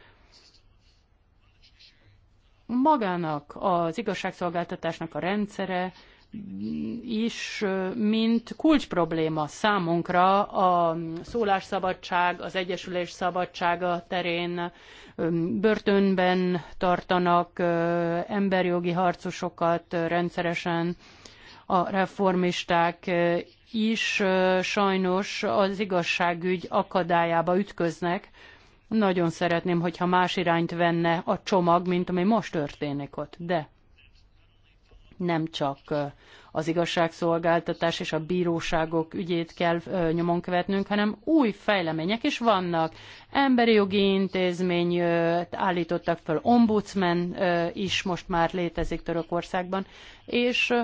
magának az igazságszolgáltatásnak a rendszere is, mint kulcsprobléma számunkra a szólásszabadság, az egyesülés szabadsága terén börtönben tartanak emberjogi harcosokat rendszeresen a reformisták is sajnos az igazságügy akadályába ütköznek, nagyon szeretném, hogyha más irányt venne a csomag, mint ami most történik ott. De nem csak az igazságszolgáltatás és a bíróságok ügyét kell nyomon követnünk, hanem új fejlemények is vannak. Emberi jogi intézmény állítottak föl, ombudsman is most már létezik Törökországban, és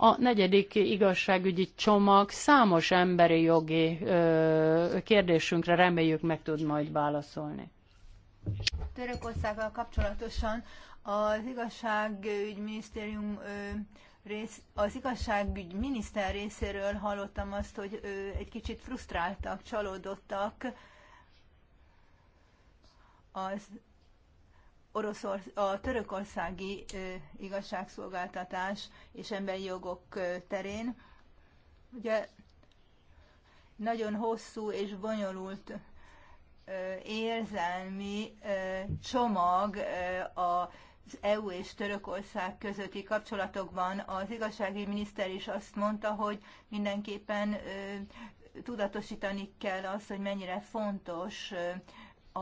a negyedik igazságügyi csomag számos emberi jogi kérdésünkre reméljük meg tud majd válaszolni. Törökországgal kapcsolatosan az igazságügyminisztérium rész, az igazságügy miniszter részéről hallottam azt, hogy ő egy kicsit frusztráltak, csalódottak az Oroszorsz, a törökországi igazságszolgáltatás és emberi jogok terén. Ugye nagyon hosszú és bonyolult érzelmi csomag az EU és Törökország közötti kapcsolatokban. Az igazsági miniszter is azt mondta, hogy mindenképpen tudatosítani kell azt, hogy mennyire fontos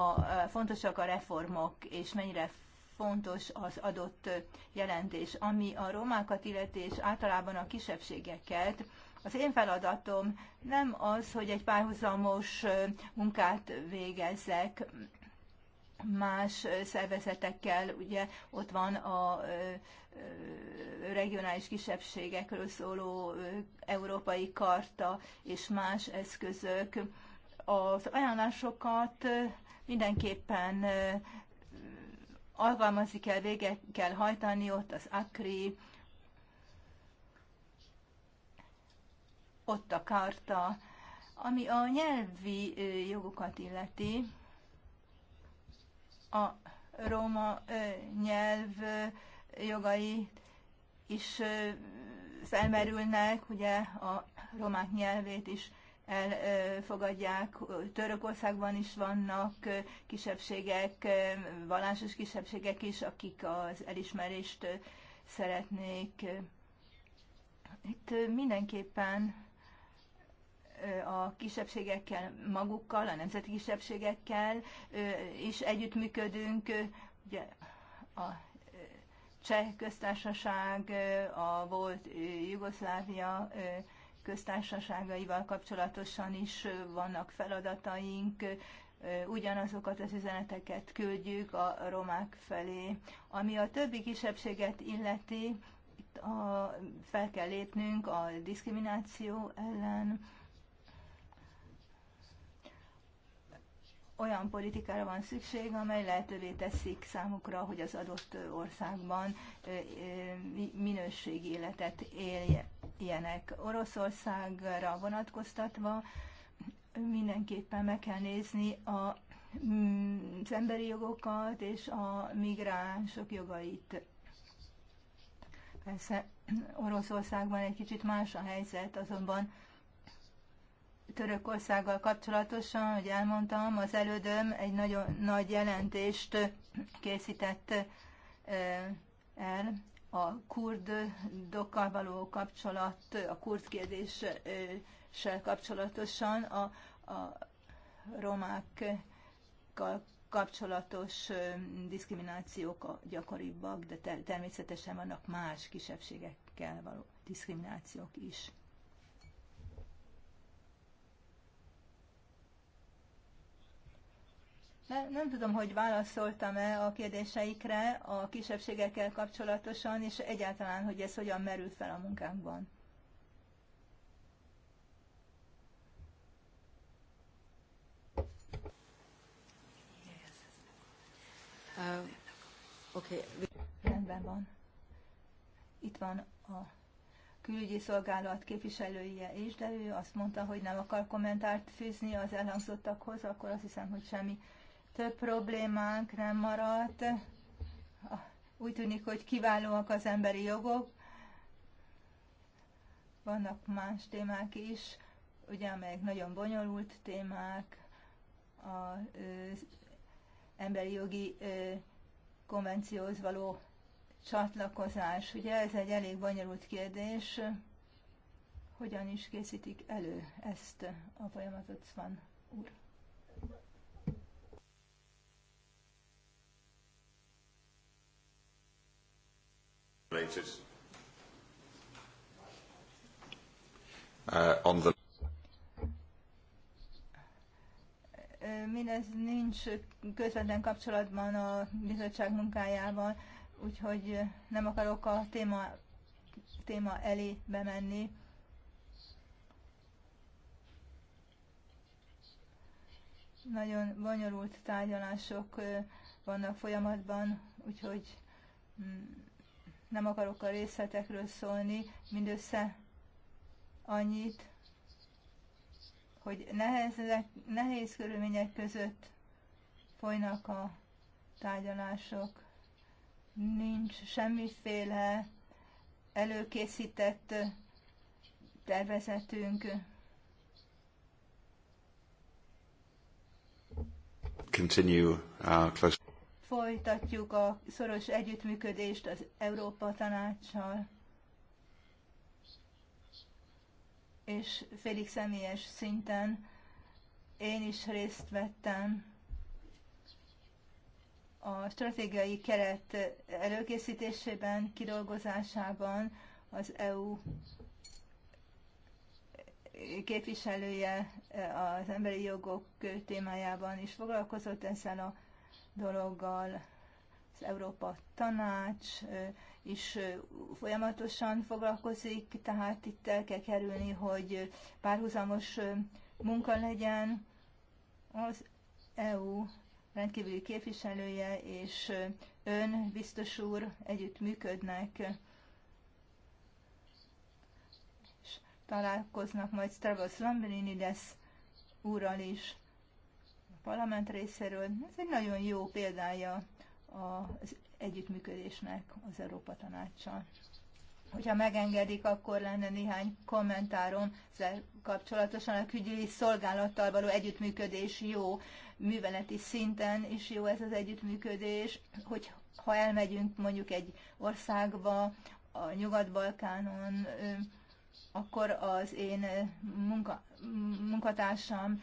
a, fontosak a reformok, és mennyire fontos az adott jelentés. Ami a romákat illeti, és általában a kisebbségeket, az én feladatom nem az, hogy egy párhuzamos munkát végezzek más szervezetekkel, ugye ott van a regionális kisebbségekről szóló európai karta és más eszközök. Az ajánlásokat mindenképpen alkalmazni kell, vége kell hajtani ott az Akri, ott a karta, ami a nyelvi jogokat illeti, a roma nyelv jogai is felmerülnek, ugye a romák nyelvét is elfogadják. Törökországban is vannak kisebbségek, vallásos kisebbségek is, akik az elismerést szeretnék. Itt mindenképpen a kisebbségekkel magukkal, a nemzeti kisebbségekkel is együttműködünk. Ugye a Cseh köztársaság, a volt Jugoszlávia köztársaságaival kapcsolatosan is vannak feladataink, ugyanazokat az üzeneteket küldjük a romák felé. Ami a többi kisebbséget illeti, itt a, fel kell lépnünk a diszkrimináció ellen, olyan politikára van szükség, amely lehetővé teszik számukra, hogy az adott országban minőségi életet élje, ilyenek. Oroszországra vonatkoztatva mindenképpen meg kell nézni a, az mm, emberi jogokat és a migránsok jogait. Persze Oroszországban egy kicsit más a helyzet, azonban Törökországgal kapcsolatosan, hogy elmondtam, az elődöm egy nagyon nagy jelentést készített el a kurdokkal való kapcsolat, a kurd kérdéssel kapcsolatosan, a, a romákkal kapcsolatos diszkriminációk a gyakoribbak, de természetesen vannak más kisebbségekkel való diszkriminációk is. Ne, nem tudom, hogy válaszoltam-e a kérdéseikre a kisebbségekkel kapcsolatosan, és egyáltalán, hogy ez hogyan merül fel a munkánkban. Uh, okay. Rendben van. Itt van a külügyi szolgálat képviselője is, de ő azt mondta, hogy nem akar kommentárt fűzni az elhangzottakhoz, akkor azt hiszem, hogy semmi több problémánk nem maradt. Úgy tűnik, hogy kiválóak az emberi jogok. Vannak más témák is, ugye, amelyek nagyon bonyolult témák, az emberi jogi konvencióhoz való csatlakozás. Ugye ez egy elég bonyolult kérdés. Hogyan is készítik elő ezt a folyamatot, van úr? Voted. Uh, on the... Mindez nincs közvetlen kapcsolatban a bizottság munkájával, úgyhogy nem akarok a téma, téma elé bemenni. Nagyon bonyolult tárgyalások vannak folyamatban, úgyhogy mm, nem akarok a részletekről szólni, mindössze annyit, hogy nehéz, nehéz körülmények között folynak a tárgyalások. Nincs semmiféle előkészített tervezetünk. Continue uh, close Folytatjuk a szoros együttműködést az Európa Tanácssal, és félig személyes szinten én is részt vettem a stratégiai keret előkészítésében, kidolgozásában az EU képviselője eh, az emberi jogok témájában is foglalkozott ezzel a dologgal. Az Európa Tanács is folyamatosan foglalkozik, tehát itt el kell kerülni, hogy párhuzamos munka legyen. Az EU rendkívüli képviselője és ön, biztos úr, együtt működnek, és találkoznak majd Stavros Lambrinidis úrral is parlament részéről. Ez egy nagyon jó példája az együttműködésnek az Európa Tanácssal. Hogyha megengedik, akkor lenne néhány kommentárom ezzel kapcsolatosan a külügyi szolgálattal való együttműködés jó műveleti szinten is jó ez az együttműködés, hogy ha elmegyünk mondjuk egy országba, a Nyugat-Balkánon, akkor az én munka, munkatársam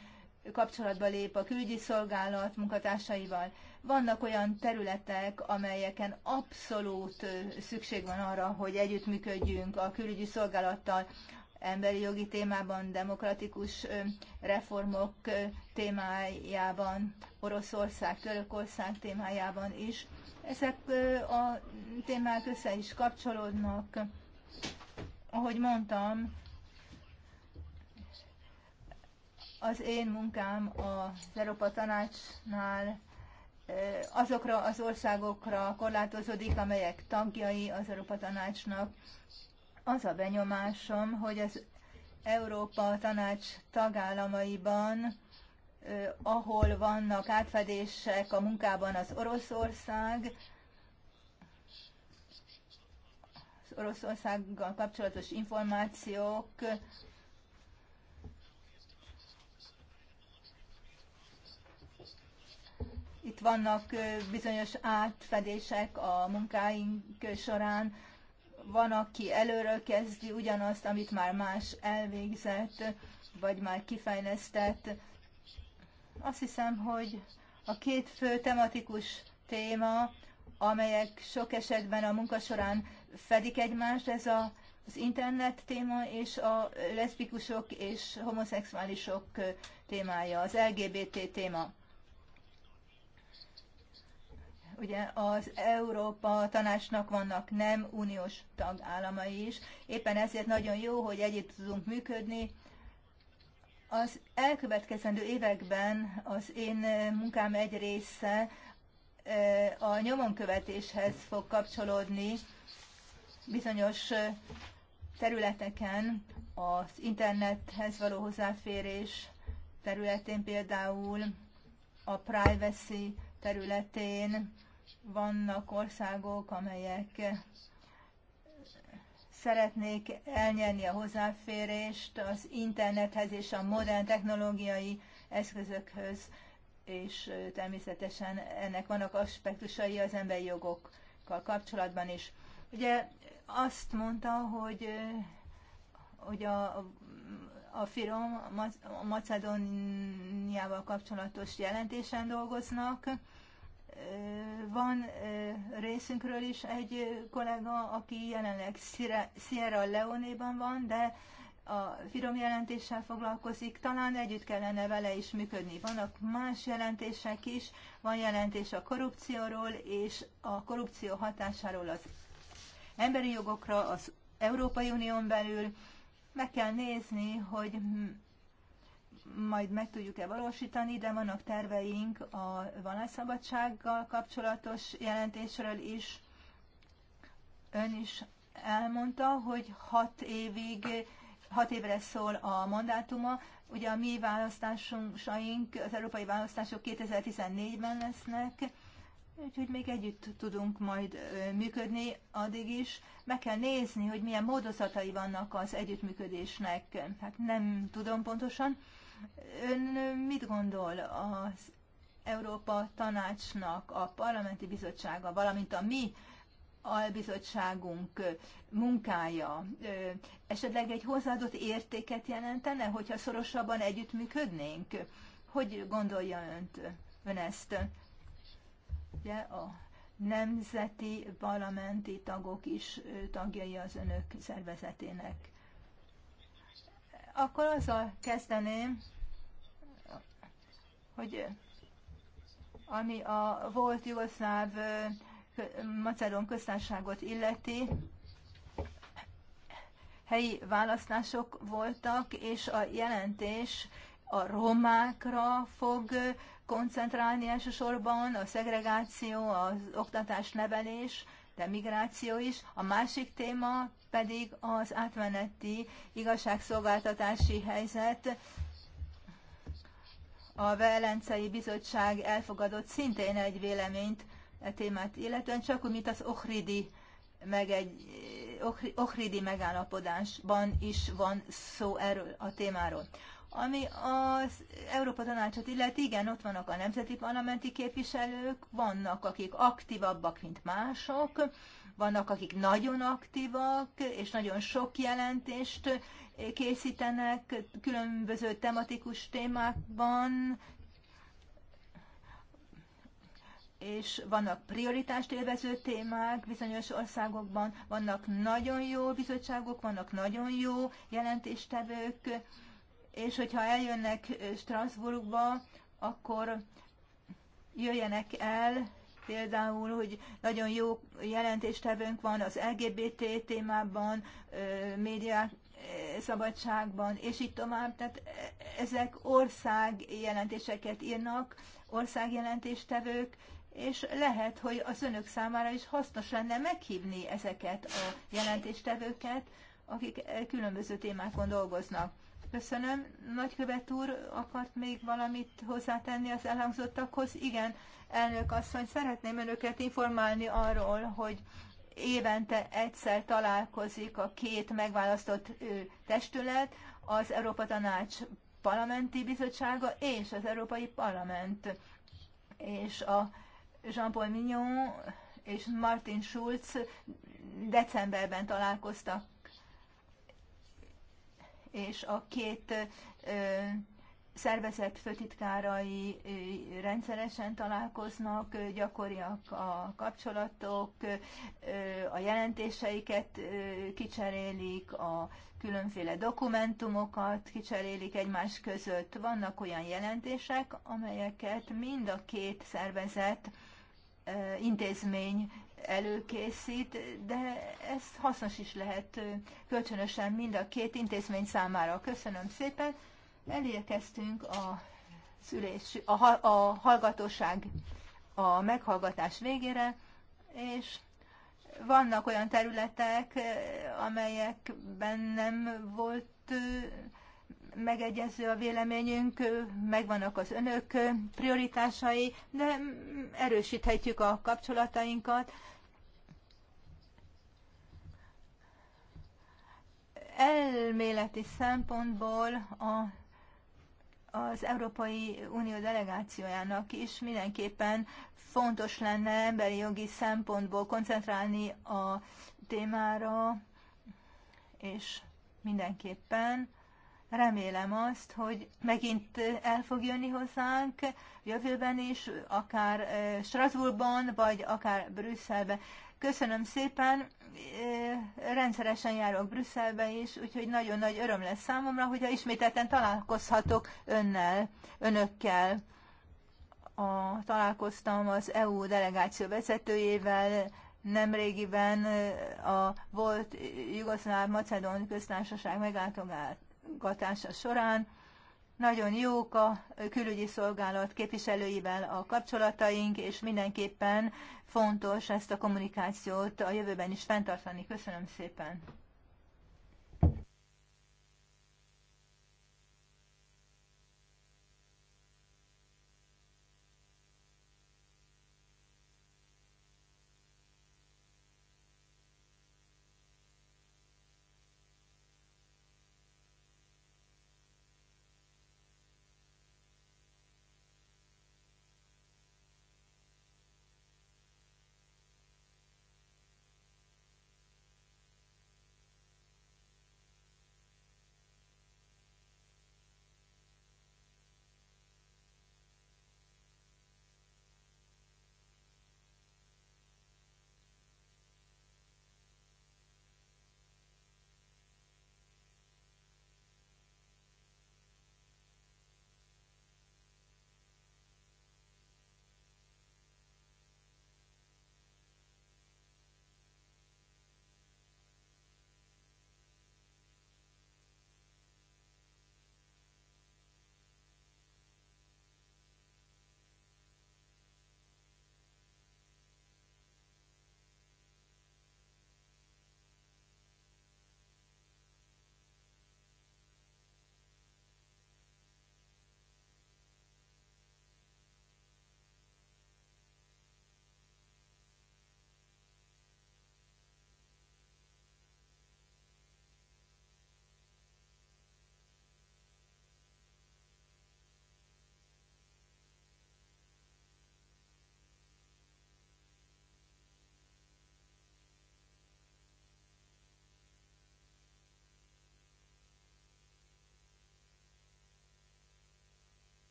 kapcsolatba lép a külügyi szolgálat munkatársaival. Vannak olyan területek, amelyeken abszolút szükség van arra, hogy együttműködjünk a külügyi szolgálattal, emberi jogi témában, demokratikus reformok témájában, Oroszország, Törökország témájában is. Ezek a témák össze is kapcsolódnak. Ahogy mondtam, Az én munkám az Európa Tanácsnál azokra az országokra korlátozódik, amelyek tagjai az Európa Tanácsnak. Az a benyomásom, hogy az Európa Tanács tagállamaiban, ahol vannak átfedések a munkában az Oroszország, az Oroszországgal kapcsolatos információk Itt vannak bizonyos átfedések a munkáink során. Van, aki előről kezdi ugyanazt, amit már más elvégzett, vagy már kifejlesztett. Azt hiszem, hogy a két fő tematikus téma, amelyek sok esetben a munka során fedik egymást, ez a, az internet téma és a leszbikusok és homoszexuálisok témája, az LGBT téma. Ugye az Európa tanácsnak vannak nem uniós tagállamai is, éppen ezért nagyon jó, hogy együtt tudunk működni. Az elkövetkezendő években az én munkám egy része e, a nyomonkövetéshez fog kapcsolódni bizonyos e, területeken, az internethez való hozzáférés területén például, a privacy területén, vannak országok, amelyek szeretnék elnyerni a hozzáférést az internethez és a modern technológiai eszközökhöz, és természetesen ennek vannak aspektusai az emberi jogokkal kapcsolatban is. Ugye azt mondta, hogy, hogy a, a FIROM a Macedóniával kapcsolatos jelentésen dolgoznak, van részünkről is egy kollega, aki jelenleg Sierra Leone-ban van, de a firom jelentéssel foglalkozik, talán együtt kellene vele is működni. Vannak más jelentések is, van jelentés a korrupcióról és a korrupció hatásáról az emberi jogokra, az Európai Unión belül. Meg kell nézni, hogy majd meg tudjuk-e valósítani, de vannak terveink a vallásszabadsággal kapcsolatos jelentésről is. Ön is elmondta, hogy hat évig, hat évre szól a mandátuma. Ugye a mi választásunk, az európai választások 2014-ben lesznek, úgyhogy még együtt tudunk majd működni addig is. Meg kell nézni, hogy milyen módozatai vannak az együttműködésnek. Hát nem tudom pontosan. Ön mit gondol az Európa Tanácsnak, a Parlamenti Bizottsága, valamint a mi albizottságunk munkája esetleg egy hozzáadott értéket jelentene, hogyha szorosabban együttműködnénk? Hogy gondolja önt, ön ezt? Ugye a nemzeti parlamenti tagok is tagjai az önök szervezetének. Akkor azzal kezdeném, hogy ami a volt jugoszláv Macedón köztársaságot illeti, helyi választások voltak, és a jelentés a romákra fog koncentrálni elsősorban, a szegregáció, az oktatás nevelés, de migráció is. A másik téma pedig az átmeneti igazságszolgáltatási helyzet, a Velencei Bizottság elfogadott szintén egy véleményt e témát illetően, csak úgy, mint az Ohridi, meg egy, Ohridi megállapodásban is van szó erről a témáról. Ami az Európa Tanácsot illeti, igen, ott vannak a nemzeti parlamenti képviselők, vannak, akik aktívabbak, mint mások, vannak, akik nagyon aktívak, és nagyon sok jelentést készítenek különböző tematikus témákban, és vannak prioritást élvező témák bizonyos országokban, vannak nagyon jó bizottságok, vannak nagyon jó jelentéstevők, és hogyha eljönnek Strasbourgba, akkor jöjjenek el, például, hogy nagyon jó jelentéstevőnk van az LGBT témában, médiák, szabadságban, és így tovább. Tehát ezek ország jelentéseket írnak, országjelentéstevők, és lehet, hogy az önök számára is hasznos lenne meghívni ezeket a jelentéstevőket, akik különböző témákon dolgoznak. Köszönöm. Nagykövet úr akart még valamit hozzátenni az elhangzottakhoz? Igen, elnök asszony, szeretném önöket informálni arról, hogy évente egyszer találkozik a két megválasztott testület, az Európa Tanács parlamenti bizottsága és az Európai Parlament. És a Jean-Paul Mignon és Martin Schulz decemberben találkoztak, és a két szervezet főtitkárai rendszeresen találkoznak, gyakoriak a kapcsolatok, a jelentéseiket kicserélik, a különféle dokumentumokat kicserélik egymás között. Vannak olyan jelentések, amelyeket mind a két szervezet intézmény előkészít, de ezt hasznos is lehet kölcsönösen mind a két intézmény számára. Köszönöm szépen! Elérkeztünk a, szülés, a, a hallgatóság a meghallgatás végére, és vannak olyan területek, amelyekben nem volt megegyező a véleményünk, megvannak az önök prioritásai, de erősíthetjük a kapcsolatainkat. Elméleti szempontból a az Európai Unió delegációjának is mindenképpen fontos lenne emberi jogi szempontból koncentrálni a témára, és mindenképpen remélem azt, hogy megint el fog jönni hozzánk jövőben is, akár eh, Strasbourgban, vagy akár Brüsszelben. Köszönöm szépen, Eh, rendszeresen járok Brüsszelbe is, úgyhogy nagyon nagy öröm lesz számomra, hogyha ismételten találkozhatok önnel, önökkel. A, találkoztam az EU delegáció vezetőjével, nemrégiben eh, a volt Jugoszláv Macedón köztársaság meglátogatása során, nagyon jók a külügyi szolgálat képviselőivel a kapcsolataink, és mindenképpen fontos ezt a kommunikációt a jövőben is fenntartani. Köszönöm szépen!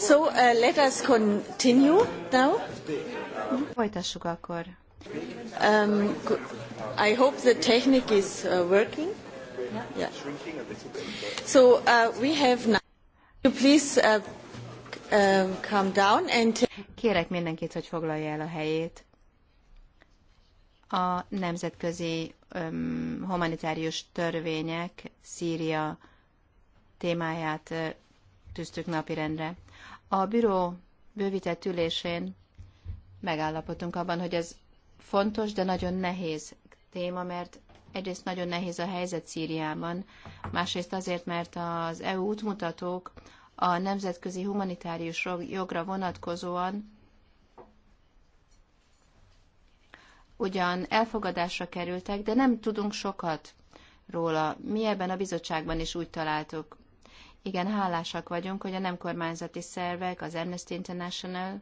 So uh, let us continue now. Folytassuk akkor. Um, I hope the technique is uh, working. Yeah. So uh, we have now. You please uh, um, come down and. Kérek mindenkit, hogy foglalja el a helyét. A nemzetközi um, humanitárius törvények Szíria témáját uh, tűztük napirendre. A büró bővített ülésén megállapodtunk abban, hogy ez fontos, de nagyon nehéz téma, mert egyrészt nagyon nehéz a helyzet Szíriában, másrészt azért, mert az EU útmutatók a nemzetközi humanitárius jogra vonatkozóan ugyan elfogadásra kerültek, de nem tudunk sokat róla. Mi ebben a bizottságban is úgy találtuk, igen, hálásak vagyunk, hogy a nem kormányzati szervek, az Amnesty International,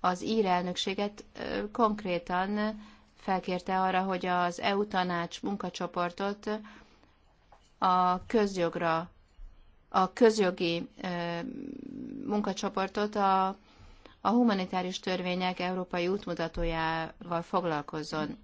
az ír elnökséget konkrétan felkérte arra, hogy az EU tanács munkacsoportot a közjogra, a közjogi munkacsoportot a, a humanitárius törvények európai útmutatójával foglalkozzon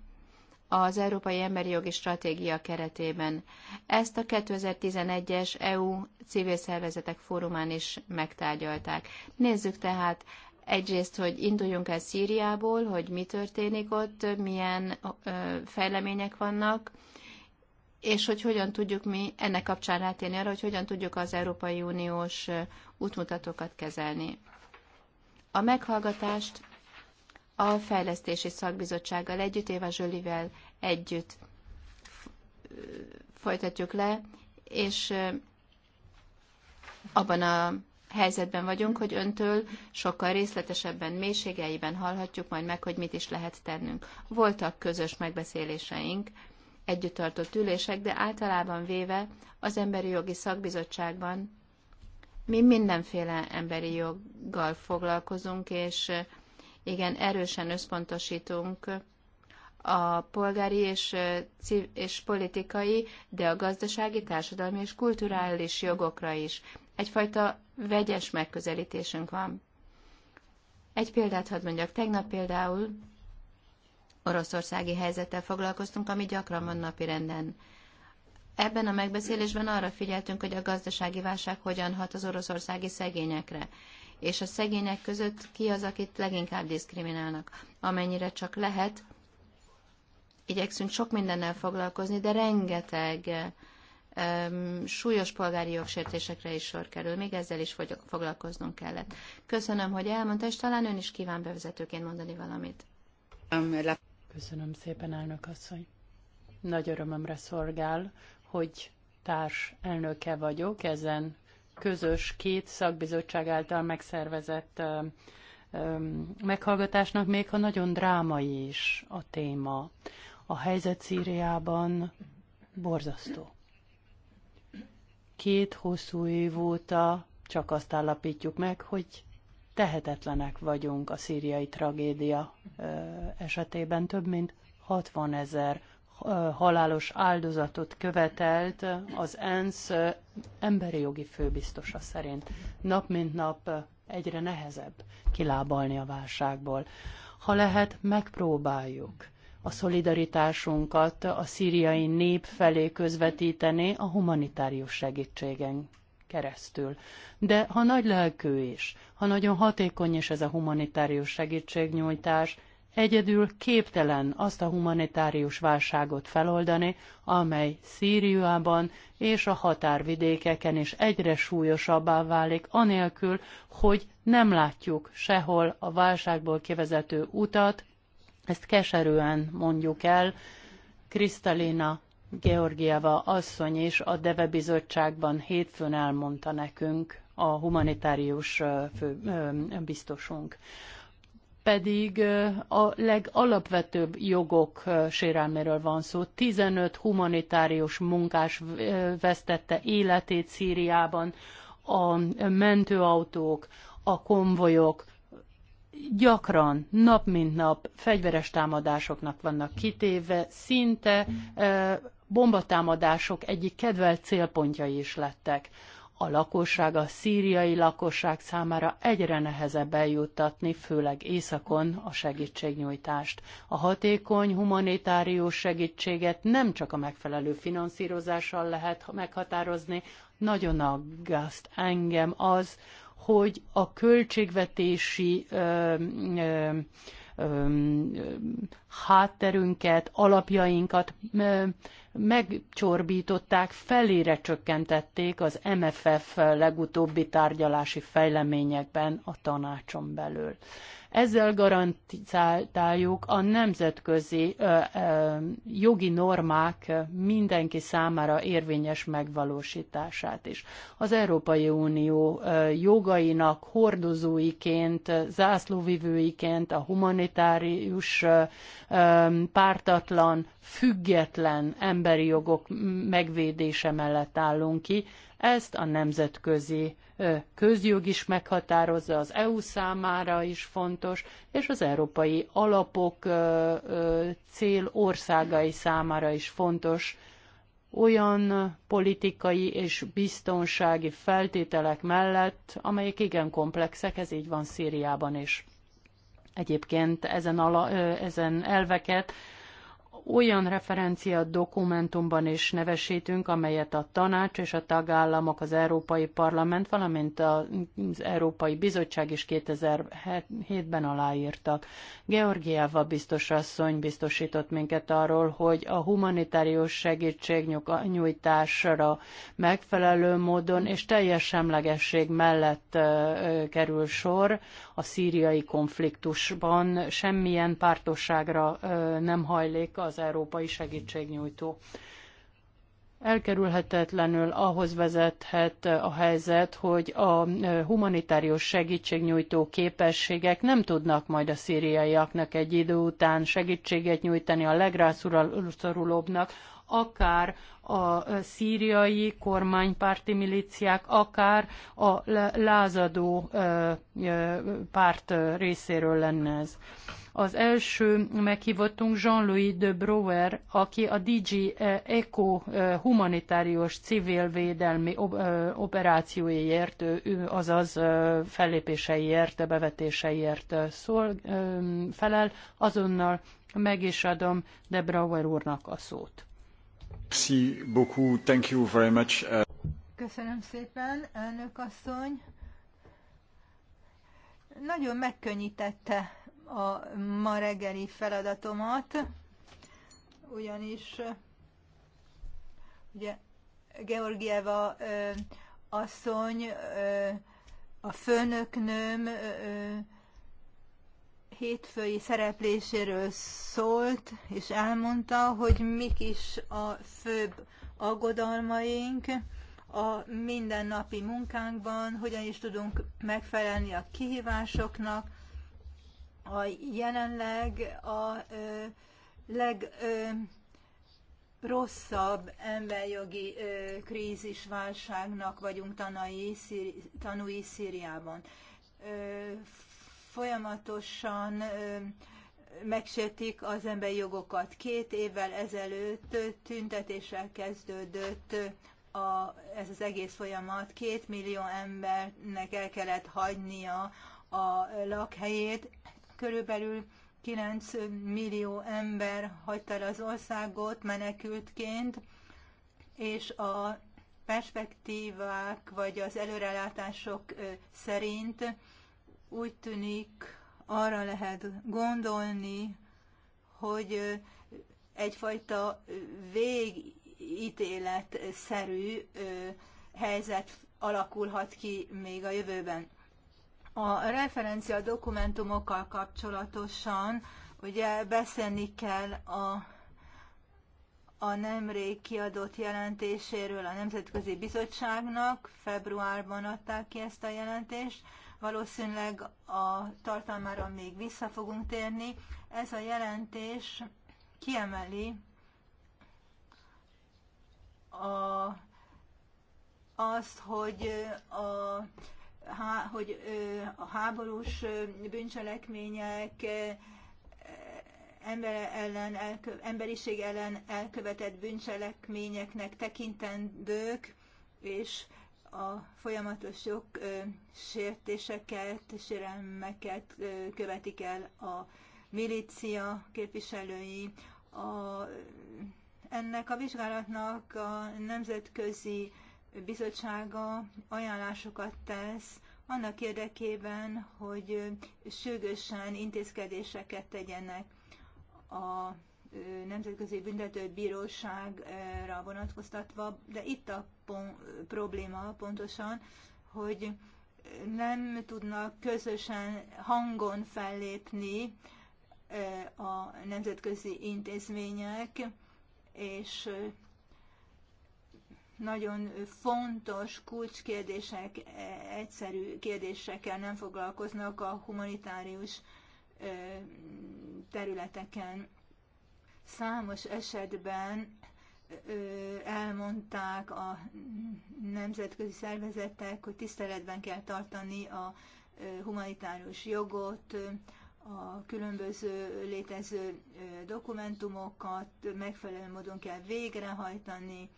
az Európai Emberi Jogi Stratégia keretében. Ezt a 2011-es EU civil szervezetek fórumán is megtárgyalták. Nézzük tehát egyrészt, hogy induljunk el Szíriából, hogy mi történik ott, milyen fejlemények vannak, és hogy hogyan tudjuk mi ennek kapcsán rátérni arra, hogy hogyan tudjuk az Európai Uniós útmutatókat kezelni. A meghallgatást a Fejlesztési Szakbizottsággal együtt, Éva Zsölivel együtt folytatjuk le, és abban a helyzetben vagyunk, hogy öntől sokkal részletesebben, mélységeiben hallhatjuk majd meg, hogy mit is lehet tennünk. Voltak közös megbeszéléseink, együtt tartott ülések, de általában véve az Emberi Jogi Szakbizottságban mi mindenféle emberi joggal foglalkozunk, és igen erősen összpontosítunk a polgári és, és politikai, de a gazdasági, társadalmi és kulturális jogokra is. Egyfajta vegyes megközelítésünk van. Egy példát hadd mondjak. Tegnap például oroszországi helyzettel foglalkoztunk, ami gyakran van napi renden. Ebben a megbeszélésben arra figyeltünk, hogy a gazdasági válság hogyan hat az oroszországi szegényekre és a szegények között ki az, akit leginkább diszkriminálnak. Amennyire csak lehet, igyekszünk sok mindennel foglalkozni, de rengeteg súlyos polgári jogsértésekre is sor kerül. Még ezzel is foglalkoznunk kellett. Köszönöm, hogy elmondta, és talán ön is kíván bevezetőként mondani valamit. Köszönöm szépen, elnök asszony. Nagy örömömre szolgál, hogy társ elnöke vagyok ezen közös két szakbizottság által megszervezett meghallgatásnak, még ha nagyon drámai is a téma. A helyzet Szíriában borzasztó. Két hosszú év óta csak azt állapítjuk meg, hogy tehetetlenek vagyunk a szíriai tragédia esetében. Több mint 60 ezer halálos áldozatot követelt az ENSZ emberi jogi főbiztosa szerint. Nap mint nap egyre nehezebb kilábalni a válságból. Ha lehet, megpróbáljuk a szolidaritásunkat a szíriai nép felé közvetíteni a humanitárius segítségen keresztül. De ha nagy lelkű is, ha nagyon hatékony is ez a humanitárius segítségnyújtás, egyedül képtelen azt a humanitárius válságot feloldani, amely Szíriában és a határvidékeken is egyre súlyosabbá válik, anélkül, hogy nem látjuk sehol a válságból kivezető utat, ezt keserűen mondjuk el, Kristalina Georgieva asszony is a Deve Bizottságban hétfőn elmondta nekünk a humanitárius fő, biztosunk pedig a legalapvetőbb jogok sérelméről van szó. 15 humanitárius munkás vesztette életét Szíriában, a mentőautók, a konvojok gyakran, nap mint nap fegyveres támadásoknak vannak kitéve, szinte bombatámadások egyik kedvelt célpontjai is lettek a lakosság, a szíriai lakosság számára egyre nehezebb eljuttatni, főleg északon a segítségnyújtást. A hatékony humanitárius segítséget nem csak a megfelelő finanszírozással lehet meghatározni, nagyon aggaszt engem az, hogy a költségvetési ö, ö, hátterünket, alapjainkat megcsorbították, felére csökkentették az MFF legutóbbi tárgyalási fejleményekben a tanácson belül. Ezzel garantáljuk a nemzetközi ö, ö, jogi normák mindenki számára érvényes megvalósítását is. Az Európai Unió ö, jogainak hordozóiként, zászlóvivőiként a humanitárius ö, pártatlan, független emberi jogok megvédése mellett állunk ki, ezt a nemzetközi közjog is meghatározza, az EU számára is fontos, és az európai alapok cél országai számára is fontos, olyan politikai és biztonsági feltételek mellett, amelyek igen komplexek, ez így van Szíriában is. Egyébként ezen, ala, ezen elveket olyan referencia dokumentumban is nevesítünk, amelyet a tanács és a tagállamok, az Európai Parlament, valamint az Európai Bizottság is 2007-ben aláírtak. Georgiáva biztos asszony biztosított minket arról, hogy a humanitárius segítségnyújtásra megfelelő módon és teljes semlegesség mellett kerül sor a szíriai konfliktusban semmilyen pártosságra nem hajlik az európai segítségnyújtó elkerülhetetlenül ahhoz vezethet a helyzet, hogy a humanitárius segítségnyújtó képességek nem tudnak majd a szíriaiaknak egy idő után segítséget nyújtani a legrászorulóbbnak, akár a szíriai kormánypárti milíciák, akár a lázadó párt részéről lenne ez. Az első meghívottunk Jean-Louis de Brouwer, aki a DG Eco humanitárius civil védelmi operációiért, azaz fellépéseiért, bevetéseiért szól, felel. Azonnal meg is adom de Brouwer úrnak a szót. Uh, Köszönöm szépen, elnök asszony. Nagyon megkönnyítette a ma reggeli feladatomat, ugyanis ugye Georgieva asszony, a főnöknőm hétfői szerepléséről szólt, és elmondta, hogy mik is a főbb aggodalmaink a mindennapi munkánkban, hogyan is tudunk megfelelni a kihívásoknak. A jelenleg a ö, leg ö, rosszabb emberjogi ö, krízis válságnak vagyunk tanai, szíri, tanúi Szíriában. Ö, folyamatosan megsértik az emberi jogokat. Két évvel ezelőtt tüntetéssel kezdődött a, ez az egész folyamat. Két millió embernek el kellett hagynia a lakhelyét. Körülbelül 9 millió ember hagyta el az országot menekültként, és a perspektívák vagy az előrelátások szerint úgy tűnik arra lehet gondolni, hogy egyfajta végítéletszerű helyzet alakulhat ki még a jövőben. A referencia dokumentumokkal kapcsolatosan ugye beszélni kell a, a nemrég kiadott jelentéséről a Nemzetközi Bizottságnak, februárban adták ki ezt a jelentést, valószínűleg a tartalmára még vissza fogunk térni. Ez a jelentés kiemeli a, azt, hogy a, há, hogy a háborús bűncselekmények ember ellen, elkö, emberiség ellen elkövetett bűncselekményeknek tekintendők, és a folyamatos sok sértéseket, sérelmeket követik el a milícia képviselői. A, ennek a vizsgálatnak a Nemzetközi Bizottsága ajánlásokat tesz annak érdekében, hogy sürgősen intézkedéseket tegyenek a Nemzetközi Büntetőbíróságra vonatkoztatva, de itt a pon- probléma pontosan, hogy nem tudnak közösen hangon fellépni a nemzetközi intézmények, és nagyon fontos kulcskérdések, e, egyszerű kérdésekkel nem foglalkoznak a humanitárius területeken. Számos esetben elmondták a nemzetközi szervezetek, hogy tiszteletben kell tartani a humanitárius jogot, a különböző létező dokumentumokat megfelelő módon kell végrehajtani.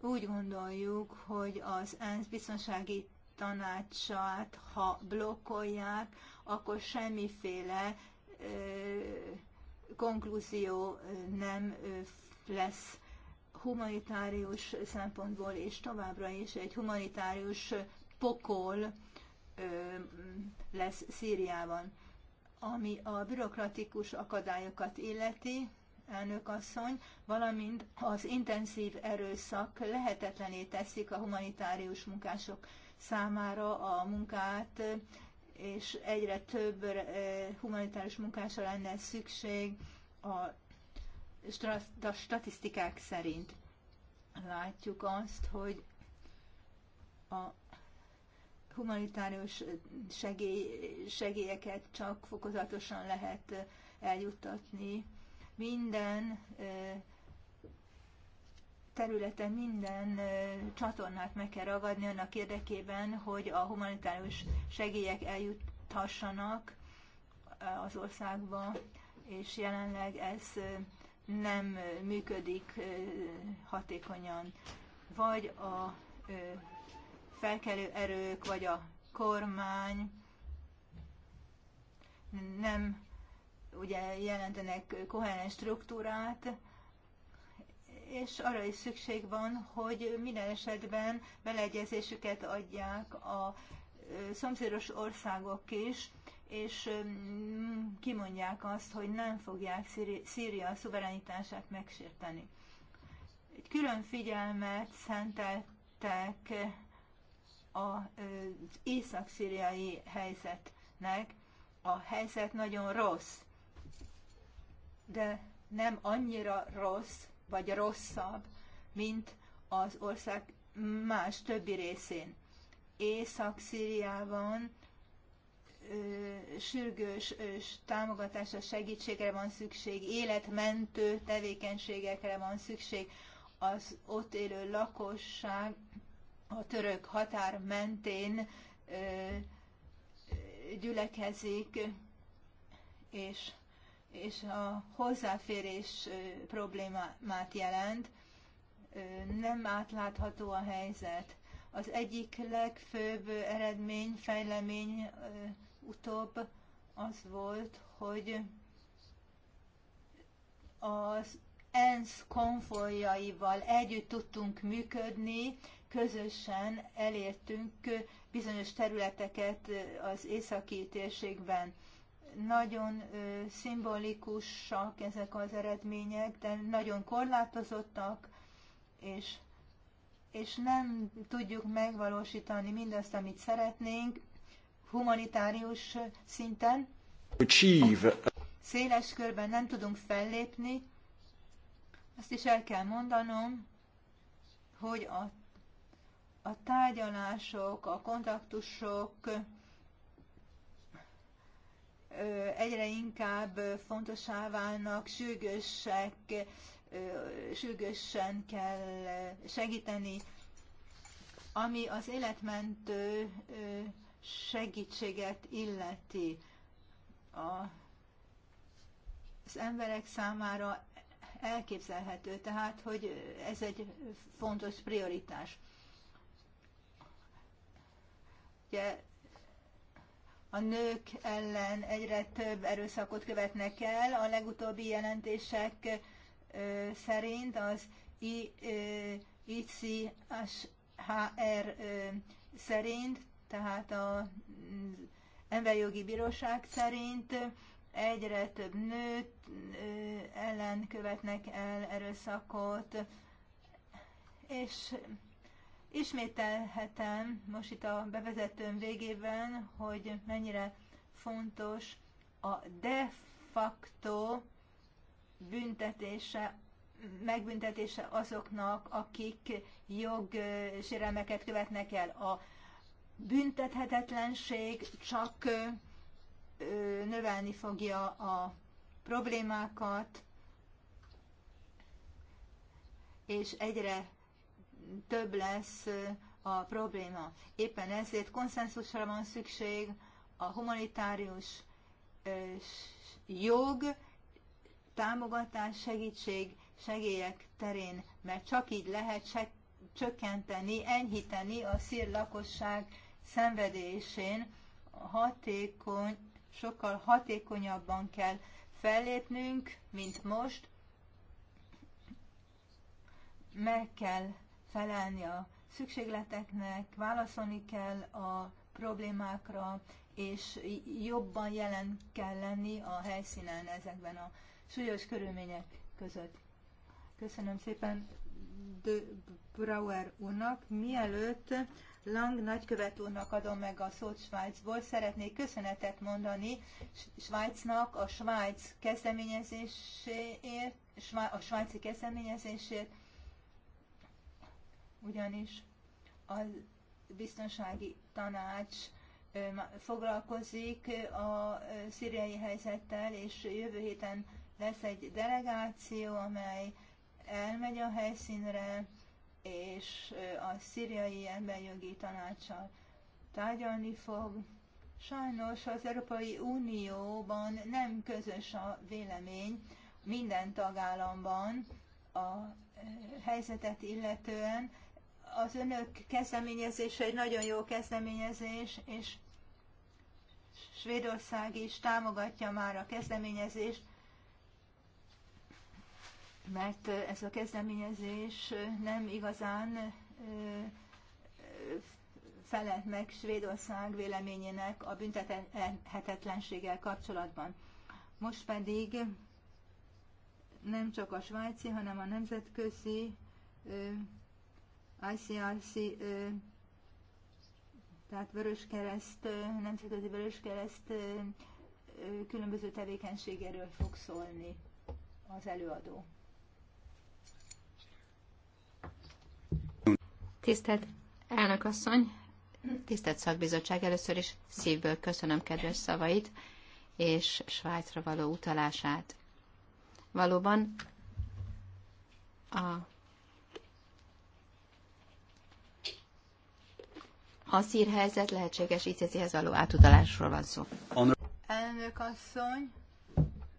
Úgy gondoljuk, hogy az ENSZ biztonsági tanácsát, ha blokkolják, akkor semmiféle konklúzió nem lesz humanitárius szempontból, és továbbra is egy humanitárius pokol lesz Szíriában. Ami a bürokratikus akadályokat illeti, elnök asszony, valamint az intenzív erőszak lehetetlené teszik a humanitárius munkások számára a munkát, és egyre több eh, humanitárius munkásra lenne szükség a, a statisztikák szerint. Látjuk azt, hogy a humanitárius segély, segélyeket csak fokozatosan lehet eh, eljuttatni. Minden eh, területen minden csatornát meg kell ragadni annak érdekében, hogy a humanitárius segélyek eljuthassanak az országba, és jelenleg ez nem működik hatékonyan. Vagy a felkelő erők, vagy a kormány nem ugye jelentenek koherens struktúrát, és arra is szükség van, hogy minden esetben beleegyezésüket adják a szomszédos országok is, és kimondják azt, hogy nem fogják Szíria szuverenitását megsérteni. Egy külön figyelmet szenteltek az észak-szíriai helyzetnek. A helyzet nagyon rossz, de nem annyira rossz, vagy rosszabb, mint az ország más többi részén. Észak-Szíriában sürgős támogatásra, segítségre van szükség, életmentő tevékenységekre van szükség. Az ott élő lakosság a török határ mentén gyülekezik, és és a hozzáférés problémát jelent. Nem átlátható a helyzet. Az egyik legfőbb eredmény, fejlemény utóbb az volt, hogy az ENSZ konfoljaival együtt tudtunk működni, közösen elértünk bizonyos területeket az északi térségben nagyon szimbolikusak ezek az eredmények, de nagyon korlátozottak, és, és nem tudjuk megvalósítani mindazt, amit szeretnénk humanitárius szinten. Achieve. Széles körben nem tudunk fellépni. Azt is el kell mondanom, hogy a, a tárgyalások, a kontaktusok, egyre inkább fontossá válnak, sürgősek, sürgősen kell segíteni, ami az életmentő segítséget illeti. A, az emberek számára elképzelhető, tehát, hogy ez egy fontos prioritás. Ugye a nők ellen egyre több erőszakot követnek el. A legutóbbi jelentések szerint az ICHR szerint, tehát a mm, Emberjogi Bíróság szerint egyre több nőt ellen követnek el erőszakot, és Ismételhetem most itt a bevezetőm végében, hogy mennyire fontos a de facto büntetése, megbüntetése azoknak, akik jogsérelmeket követnek el. A büntethetetlenség csak növelni fogja a problémákat, és egyre több lesz a probléma. Éppen ezért konszenzusra van szükség, a humanitárius jog, támogatás, segítség, segélyek terén, mert csak így lehet se- csökkenteni, enyhíteni a szír lakosság szenvedésén, hatékony, sokkal hatékonyabban kell fellépnünk, mint most, meg kell felelni a szükségleteknek, válaszolni kell a problémákra, és jobban jelen kell lenni a helyszínen ezekben a súlyos körülmények között. Köszönöm szépen De Brauer úrnak. Mielőtt Lang nagykövet úrnak adom meg a szót Svájcból, szeretnék köszönetet mondani Svájcnak a Svájc kezdeményezéséért, a svájci kezdeményezésért, ugyanis a biztonsági tanács foglalkozik a szíriai helyzettel, és jövő héten lesz egy delegáció, amely elmegy a helyszínre, és a szíriai emberjogi tanácssal tárgyalni fog. Sajnos az Európai Unióban nem közös a vélemény minden tagállamban a helyzetet illetően, az önök kezdeményezése egy nagyon jó kezdeményezés, és Svédország is támogatja már a kezdeményezést, mert ez a kezdeményezés nem igazán felelt meg Svédország véleményének a büntethetetlenséggel kapcsolatban. Most pedig nem csak a svájci, hanem a nemzetközi ICRC, tehát Kereszt, Nemzetközi Vöröskereszt különböző tevékenységéről fog szólni az előadó. Tisztelt elnök asszony, tisztelt szakbizottság, először is szívből köszönöm kedves szavait és Svájcra való utalását. Valóban a Ha szírhelyzet, lehetséges ICC-hez való átutalásról van szó. Elnök asszony.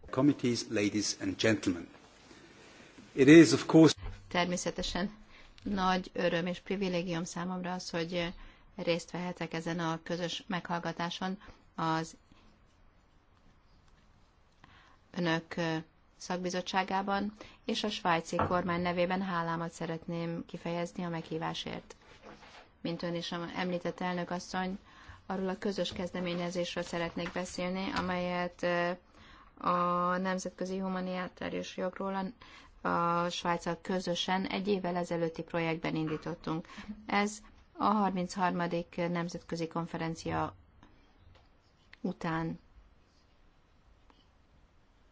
Committees, ladies and gentlemen. It is, of course... Természetesen nagy öröm és privilégium számomra az, hogy részt vehetek ezen a közös meghallgatáson az önök szakbizottságában, és a svájci kormány nevében hálámat szeretném kifejezni a meghívásért mint ön is említett elnök asszony, arról a közös kezdeményezésről szeretnék beszélni, amelyet a nemzetközi humanitárius jogról a Svájccal közösen egy évvel ezelőtti projektben indítottunk. Ez a 33. nemzetközi konferencia után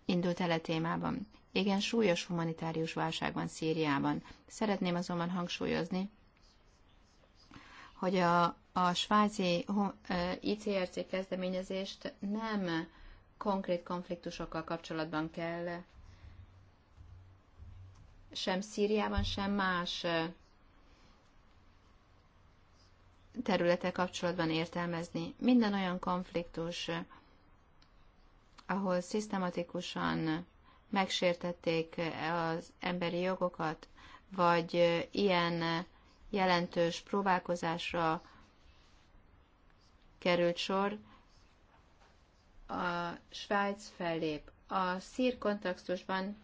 indult el a témában. Igen, súlyos humanitárius válság van Szíriában. Szeretném azonban hangsúlyozni, hogy a, a svájci ICRC kezdeményezést nem konkrét konfliktusokkal kapcsolatban kell sem Szíriában, sem más területe kapcsolatban értelmezni. Minden olyan konfliktus, ahol szisztematikusan megsértették az emberi jogokat, vagy ilyen jelentős próbálkozásra került sor. A Svájc fellép. A szír kontextusban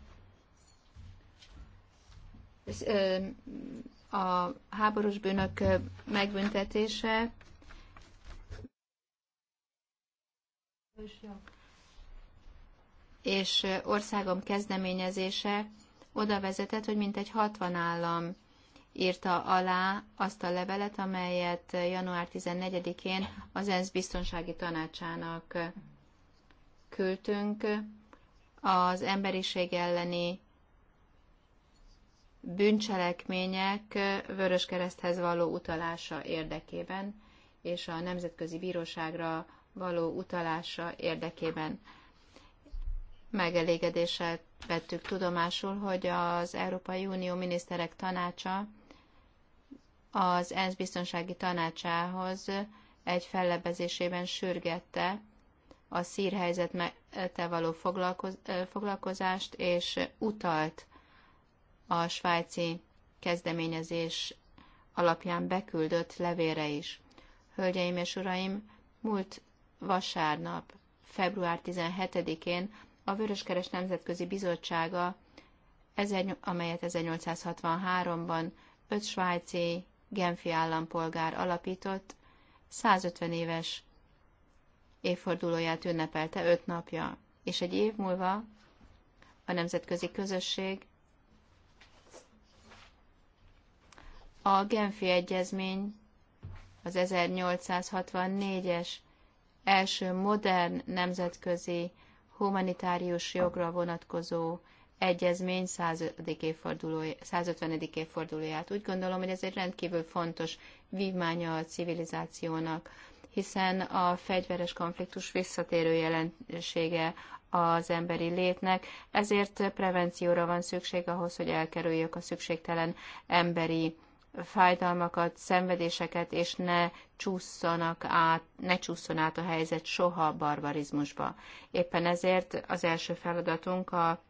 a háborús bűnök megbüntetése és országom kezdeményezése oda vezetett, hogy mintegy 60 állam írta alá azt a levelet, amelyet január 14-én az ENSZ biztonsági tanácsának küldtünk az emberiség elleni bűncselekmények kereszthez való utalása érdekében, és a Nemzetközi Bíróságra való utalása érdekében. Megelégedéssel vettük tudomásul, hogy az Európai Unió Miniszterek Tanácsa az ENSZ biztonsági tanácsához egy fellebezésében sürgette a szír való foglalkoz, foglalkozást, és utalt a svájci kezdeményezés alapján beküldött levére is. Hölgyeim és uraim, múlt vasárnap, február 17-én a Vöröskeres Nemzetközi Bizottsága, amelyet 1863-ban öt svájci Genfi állampolgár alapított, 150 éves évfordulóját ünnepelte öt napja, és egy év múlva a nemzetközi közösség a Genfi Egyezmény az 1864-es első modern nemzetközi humanitárius jogra vonatkozó egyezmény 150. évfordulóját. Úgy gondolom, hogy ez egy rendkívül fontos vívmánya a civilizációnak, hiszen a fegyveres konfliktus visszatérő jelensége az emberi létnek, ezért prevencióra van szükség ahhoz, hogy elkerüljük a szükségtelen emberi fájdalmakat, szenvedéseket, és ne csúszanak át, ne csúszson át a helyzet soha barbarizmusba. Éppen ezért az első feladatunk a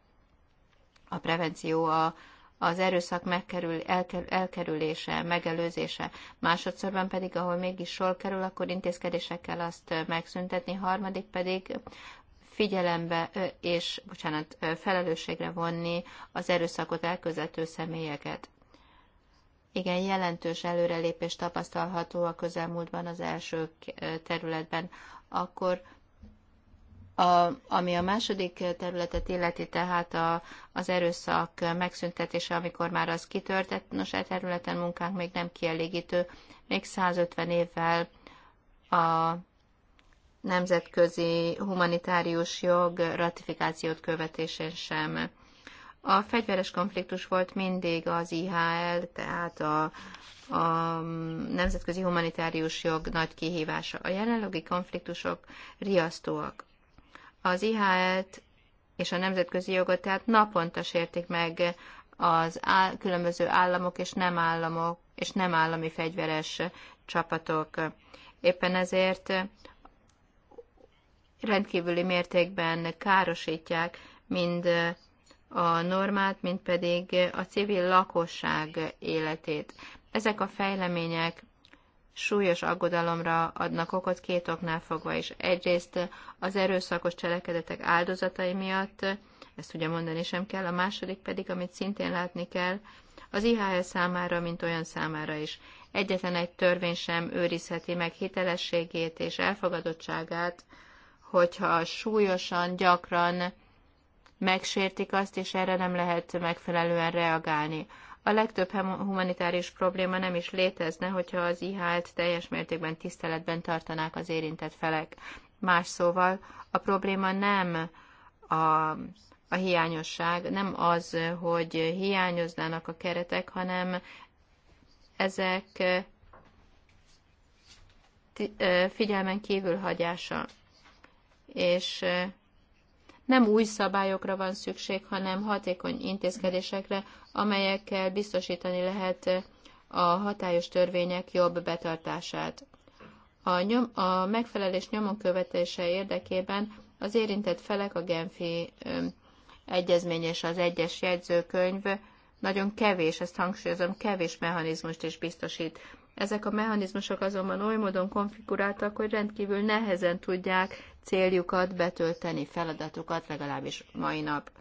a prevenció, a, az erőszak megkerül, elkerülése, megelőzése. Másodszorban pedig, ahol mégis sor kerül, akkor intézkedésekkel azt megszüntetni, harmadik pedig figyelembe és, bocsánat, felelősségre vonni az erőszakot elközető személyeket. Igen, jelentős előrelépés tapasztalható a közelmúltban az első területben, akkor a, ami a második területet illeti, tehát a, az erőszak megszüntetése, amikor már az kitörtett, nos, e területen munkánk még nem kielégítő, még 150 évvel a nemzetközi humanitárius jog ratifikációt követésén sem. A fegyveres konfliktus volt mindig az IHL, tehát a, a nemzetközi humanitárius jog nagy kihívása. A jelenlegi konfliktusok riasztóak az IHL-t és a nemzetközi jogot, tehát naponta sértik meg az áll, különböző államok és nem államok és nem állami fegyveres csapatok. Éppen ezért rendkívüli mértékben károsítják mind a normát, mind pedig a civil lakosság életét. Ezek a fejlemények súlyos aggodalomra adnak okot két oknál fogva is. Egyrészt az erőszakos cselekedetek áldozatai miatt, ezt ugye mondani sem kell, a második pedig, amit szintén látni kell, az IHS számára, mint olyan számára is. Egyetlen egy törvény sem őrizheti meg hitelességét és elfogadottságát, hogyha súlyosan, gyakran megsértik azt, és erre nem lehet megfelelően reagálni. A legtöbb humanitárius probléma nem is létezne, hogyha az IHL-t teljes mértékben tiszteletben tartanák az érintett felek. Más szóval a probléma nem a, a hiányosság, nem az, hogy hiányoznának a keretek, hanem ezek figyelmen kívül hagyása. És nem új szabályokra van szükség, hanem hatékony intézkedésekre, amelyekkel biztosítani lehet a hatályos törvények jobb betartását. A, nyom, a megfelelés nyomon követése érdekében az érintett felek a Genfi egyezmény és az egyes jegyzőkönyv nagyon kevés, ezt hangsúlyozom, kevés mechanizmust is biztosít ezek a mechanizmusok azonban oly módon konfiguráltak, hogy rendkívül nehezen tudják céljukat betölteni, feladatukat legalábbis mai nap.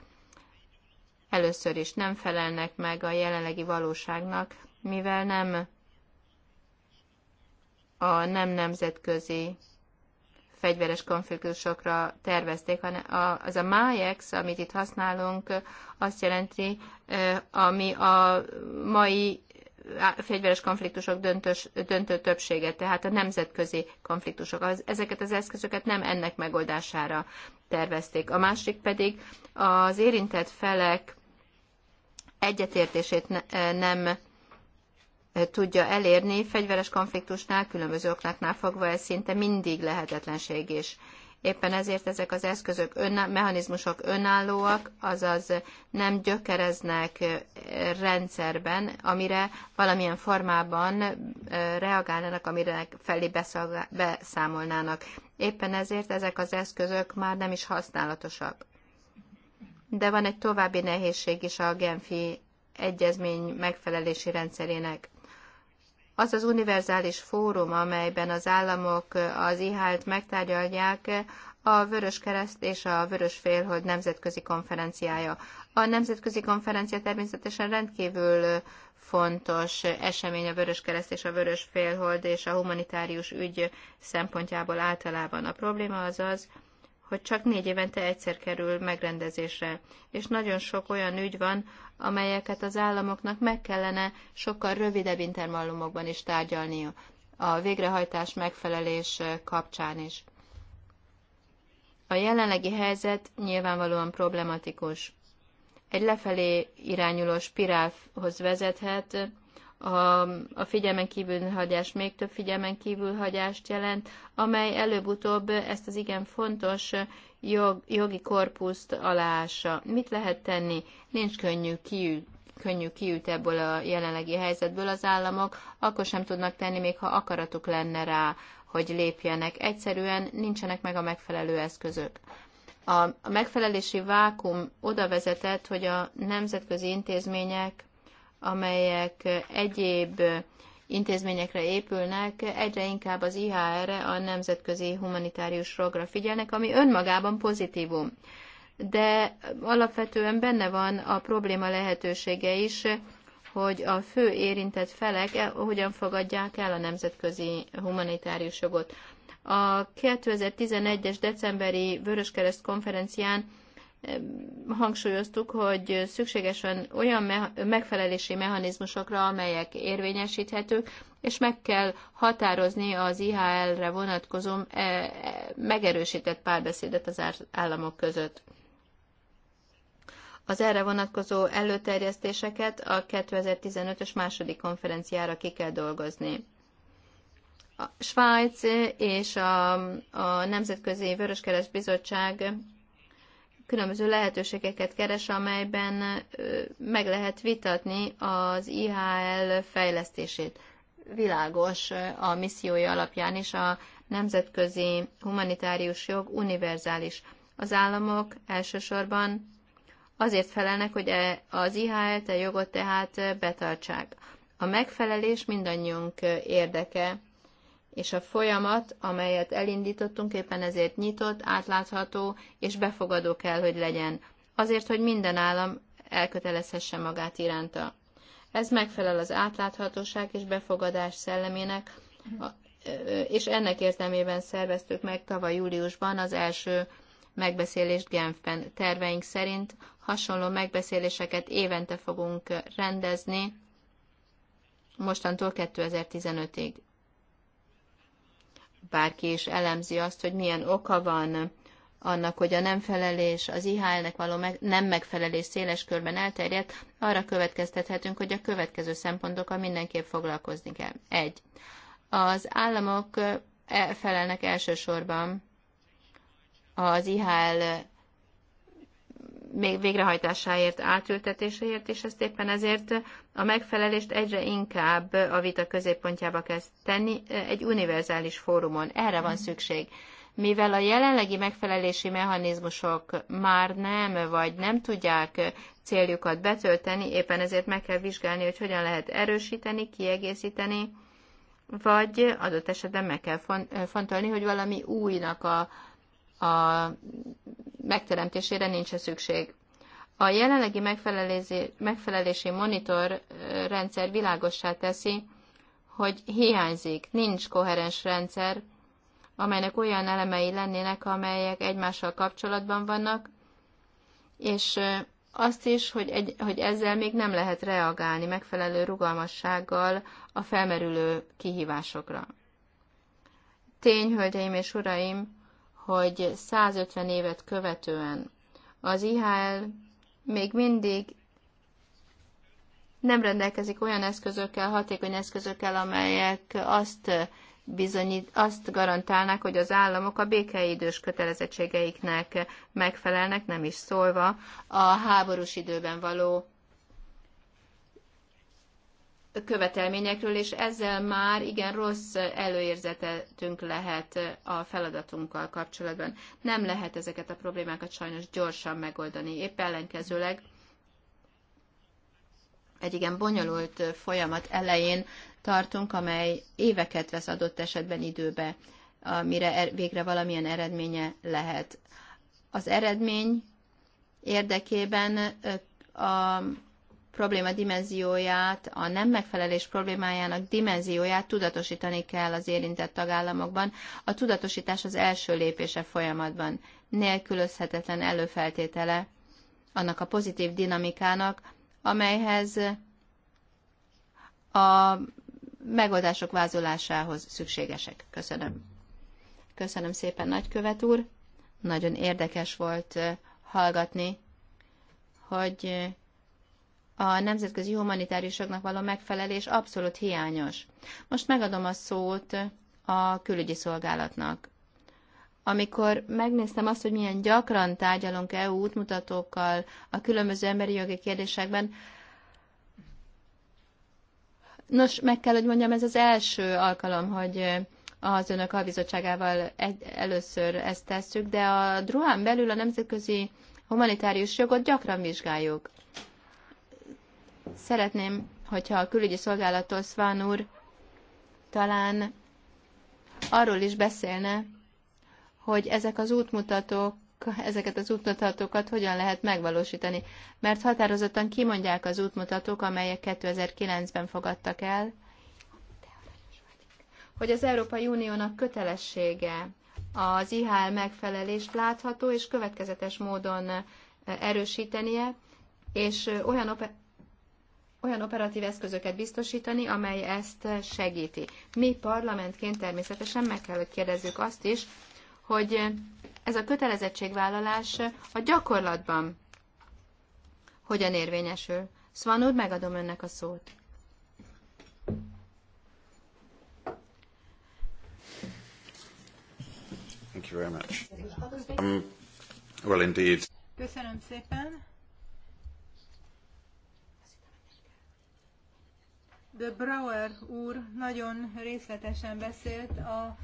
Először is nem felelnek meg a jelenlegi valóságnak, mivel nem a nem nemzetközi fegyveres konfliktusokra tervezték, hanem az a MAEX, amit itt használunk, azt jelenti, ami a mai fegyveres konfliktusok döntös, döntő többsége, tehát a nemzetközi konfliktusok. Az, ezeket az eszközöket nem ennek megoldására tervezték. A másik pedig az érintett felek egyetértését ne, e, nem e, tudja elérni, fegyveres konfliktusnál, különböző oknáknál fogva ez szinte mindig lehetetlenség is. Éppen ezért ezek az eszközök, önna, mechanizmusok önállóak, azaz nem gyökereznek rendszerben, amire valamilyen formában reagálnának, amire felé beszámolnának. Éppen ezért ezek az eszközök már nem is használatosak. De van egy további nehézség is a Genfi egyezmény megfelelési rendszerének az az univerzális fórum, amelyben az államok az IHL-t megtárgyalják, a Vörös Kereszt és a Vörös Félhold nemzetközi konferenciája. A nemzetközi konferencia természetesen rendkívül fontos esemény a Vörös Kereszt és a Vörös Félhold és a humanitárius ügy szempontjából általában. A probléma az az, hogy csak négy évente egyszer kerül megrendezésre, és nagyon sok olyan ügy van, amelyeket az államoknak meg kellene sokkal rövidebb intervallumokban is tárgyalnia, a végrehajtás megfelelés kapcsán is. A jelenlegi helyzet nyilvánvalóan problematikus. Egy lefelé irányuló spirálhoz vezethet, a, a figyelmen kívülhagyás még több figyelmen kívülhagyást jelent, amely előbb-utóbb ezt az igen fontos jog, jogi korpuszt aláássa. Mit lehet tenni? Nincs könnyű kiüt, könnyű kiüt ebből a jelenlegi helyzetből az államok, akkor sem tudnak tenni, még ha akaratuk lenne rá, hogy lépjenek. Egyszerűen nincsenek meg a megfelelő eszközök. A megfelelési vákum oda vezetett, hogy a nemzetközi intézmények amelyek egyéb intézményekre épülnek, egyre inkább az IHR-re, a Nemzetközi Humanitárius Rogra figyelnek, ami önmagában pozitívum. De alapvetően benne van a probléma lehetősége is, hogy a fő érintett felek e, hogyan fogadják el a nemzetközi humanitárius jogot. A 2011-es decemberi Vöröskereszt konferencián hangsúlyoztuk, hogy szükségesen olyan megfelelési mechanizmusokra, amelyek érvényesíthetők, és meg kell határozni az IHL-re vonatkozó e, e, megerősített párbeszédet az államok között. Az erre vonatkozó előterjesztéseket a 2015-ös második konferenciára ki kell dolgozni. A Svájc és a, a Nemzetközi Vöröskereszt Bizottság különböző lehetőségeket keres, amelyben meg lehet vitatni az IHL fejlesztését. Világos a missziója alapján is a nemzetközi humanitárius jog univerzális. Az államok elsősorban azért felelnek, hogy e, az IHL-te jogot tehát betartsák. A megfelelés mindannyiunk érdeke, és a folyamat, amelyet elindítottunk, éppen ezért nyitott, átlátható és befogadó kell, hogy legyen, azért, hogy minden állam elkötelezhesse magát iránta. Ez megfelel az átláthatóság és befogadás szellemének, és ennek értelmében szerveztük meg tavaly júliusban az első megbeszélést Genfben. Terveink szerint hasonló megbeszéléseket évente fogunk rendezni, mostantól 2015-ig bárki is elemzi azt, hogy milyen oka van annak, hogy a nem felelés, az IHL-nek való meg, nem megfelelés széles körben elterjedt, arra következtethetünk, hogy a következő szempontokkal mindenképp foglalkozni kell. Egy. Az államok eh, felelnek elsősorban az IHL még végrehajtásáért, átültetéséért, és ezt éppen ezért a megfelelést egyre inkább a vita középpontjába kezd tenni egy univerzális fórumon. Erre van szükség. Mivel a jelenlegi megfelelési mechanizmusok már nem, vagy nem tudják céljukat betölteni, éppen ezért meg kell vizsgálni, hogy hogyan lehet erősíteni, kiegészíteni, vagy adott esetben meg kell fontolni, hogy valami újnak a a megteremtésére nincs szükség. A jelenlegi megfelelési, megfelelési monitor rendszer világossá teszi, hogy hiányzik, nincs koherens rendszer, amelynek olyan elemei lennének, amelyek egymással kapcsolatban vannak, és azt is, hogy, egy, hogy ezzel még nem lehet reagálni megfelelő rugalmassággal a felmerülő kihívásokra. Tény, hölgyeim és uraim, hogy 150 évet követően az IHL még mindig nem rendelkezik olyan eszközökkel, hatékony eszközökkel, amelyek azt bizonyít, azt garantálnák, hogy az államok a békeidős kötelezettségeiknek megfelelnek, nem is szólva a háborús időben való követelményekről, és ezzel már igen rossz előérzetetünk lehet a feladatunkkal kapcsolatban. Nem lehet ezeket a problémákat sajnos gyorsan megoldani. Épp ellenkezőleg egy igen bonyolult folyamat elején tartunk, amely éveket vesz adott esetben időbe, mire er- végre valamilyen eredménye lehet. Az eredmény érdekében a probléma dimenzióját, a nem megfelelés problémájának dimenzióját tudatosítani kell az érintett tagállamokban. A tudatosítás az első lépése folyamatban, nélkülözhetetlen előfeltétele annak a pozitív dinamikának, amelyhez a megoldások vázolásához szükségesek. Köszönöm. Köszönöm szépen, nagykövet úr. Nagyon érdekes volt eh, hallgatni, hogy eh, a nemzetközi humanitáriusoknak való megfelelés abszolút hiányos. Most megadom a szót a külügyi szolgálatnak. Amikor megnéztem azt, hogy milyen gyakran tárgyalunk EU útmutatókkal a különböző emberi jogi kérdésekben, nos, meg kell, hogy mondjam, ez az első alkalom, hogy az önök albizottságával először ezt tesszük, de a Druán belül a nemzetközi humanitárius jogot gyakran vizsgáljuk. Szeretném, hogyha a külügyi szolgálatos Szván úr talán arról is beszélne, hogy ezek az útmutatók, ezeket az útmutatókat hogyan lehet megvalósítani. Mert határozottan kimondják az útmutatók, amelyek 2009-ben fogadtak el, hogy az Európai Uniónak kötelessége az IHL megfelelést látható és következetes módon e, erősítenie, és olyan olyan operatív eszközöket biztosítani, amely ezt segíti. Mi parlamentként természetesen meg kell, hogy kérdezzük azt is, hogy ez a kötelezettségvállalás a gyakorlatban hogyan érvényesül. Szvan úr, megadom önnek a szót. Thank you very much. Um, well, indeed. Köszönöm szépen. de Brauer úr nagyon részletesen beszélt a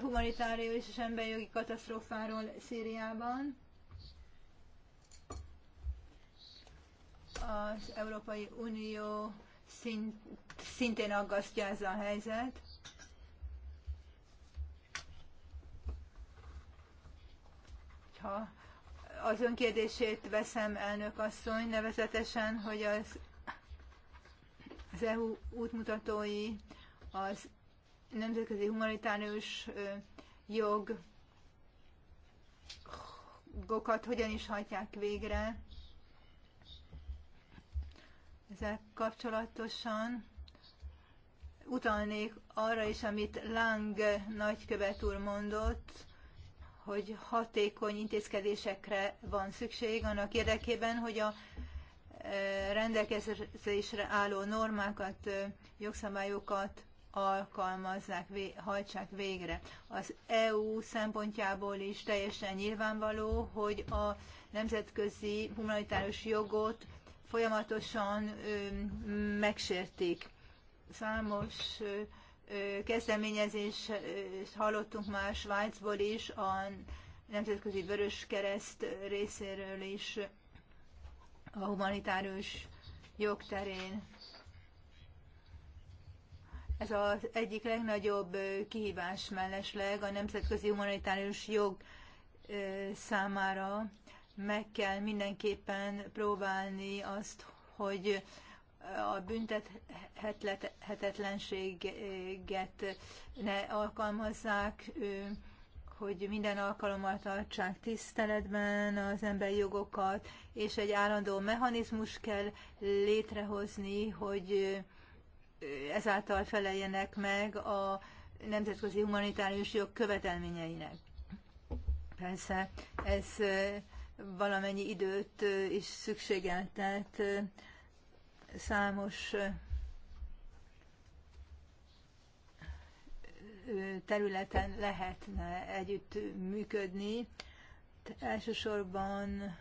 humanitárius és emberjogi katasztrófáról Szíriában. Az Európai Unió szint, szintén aggasztja ez a helyzet. Ha az önkérdését veszem, elnök asszony, nevezetesen, hogy az az EU útmutatói, az nemzetközi humanitárius jog gokat hogyan is hajtják végre. Ezzel kapcsolatosan utalnék arra is, amit Lang nagykövet úr mondott, hogy hatékony intézkedésekre van szükség annak érdekében, hogy a rendelkezésre álló normákat, jogszabályokat alkalmazzák, hajtsák végre. Az EU szempontjából is teljesen nyilvánvaló, hogy a nemzetközi humanitárius jogot folyamatosan megsértik. Számos kezdeményezést hallottunk már Svájcból is, a Nemzetközi Vörös Kereszt részéről is a humanitárius jog terén. Ez az egyik legnagyobb kihívás mellesleg a nemzetközi humanitárius jog számára. Meg kell mindenképpen próbálni azt, hogy a büntethetetlenséget ne alkalmazzák, hogy minden alkalommal tartsák tiszteletben az emberi jogokat, és egy állandó mechanizmus kell létrehozni, hogy ezáltal feleljenek meg a nemzetközi humanitárius jog követelményeinek. Persze, ez valamennyi időt is szükségeltet számos területen lehetne együtt működni. Elsősorban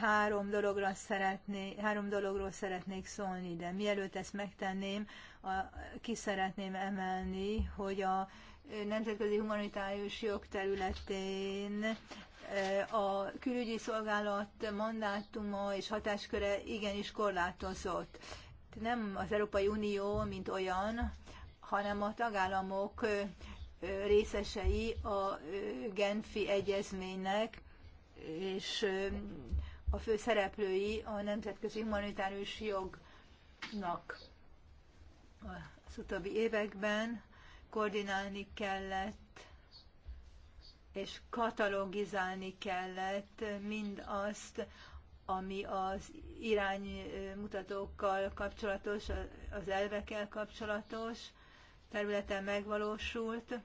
három, dologra szeretné, három dologról szeretnék szólni, de mielőtt ezt megtenném, a, ki szeretném emelni, hogy a nemzetközi humanitárius jog területén a külügyi szolgálat mandátuma és hatásköre igenis korlátozott. Nem az Európai Unió, mint olyan, hanem a tagállamok részesei a Genfi Egyezménynek, és a fő szereplői a nemzetközi humanitárius jognak. Az utóbbi években koordinálni kellett, és katalogizálni kellett mindazt, ami az iránymutatókkal kapcsolatos, az elvekkel kapcsolatos, területen megvalósult,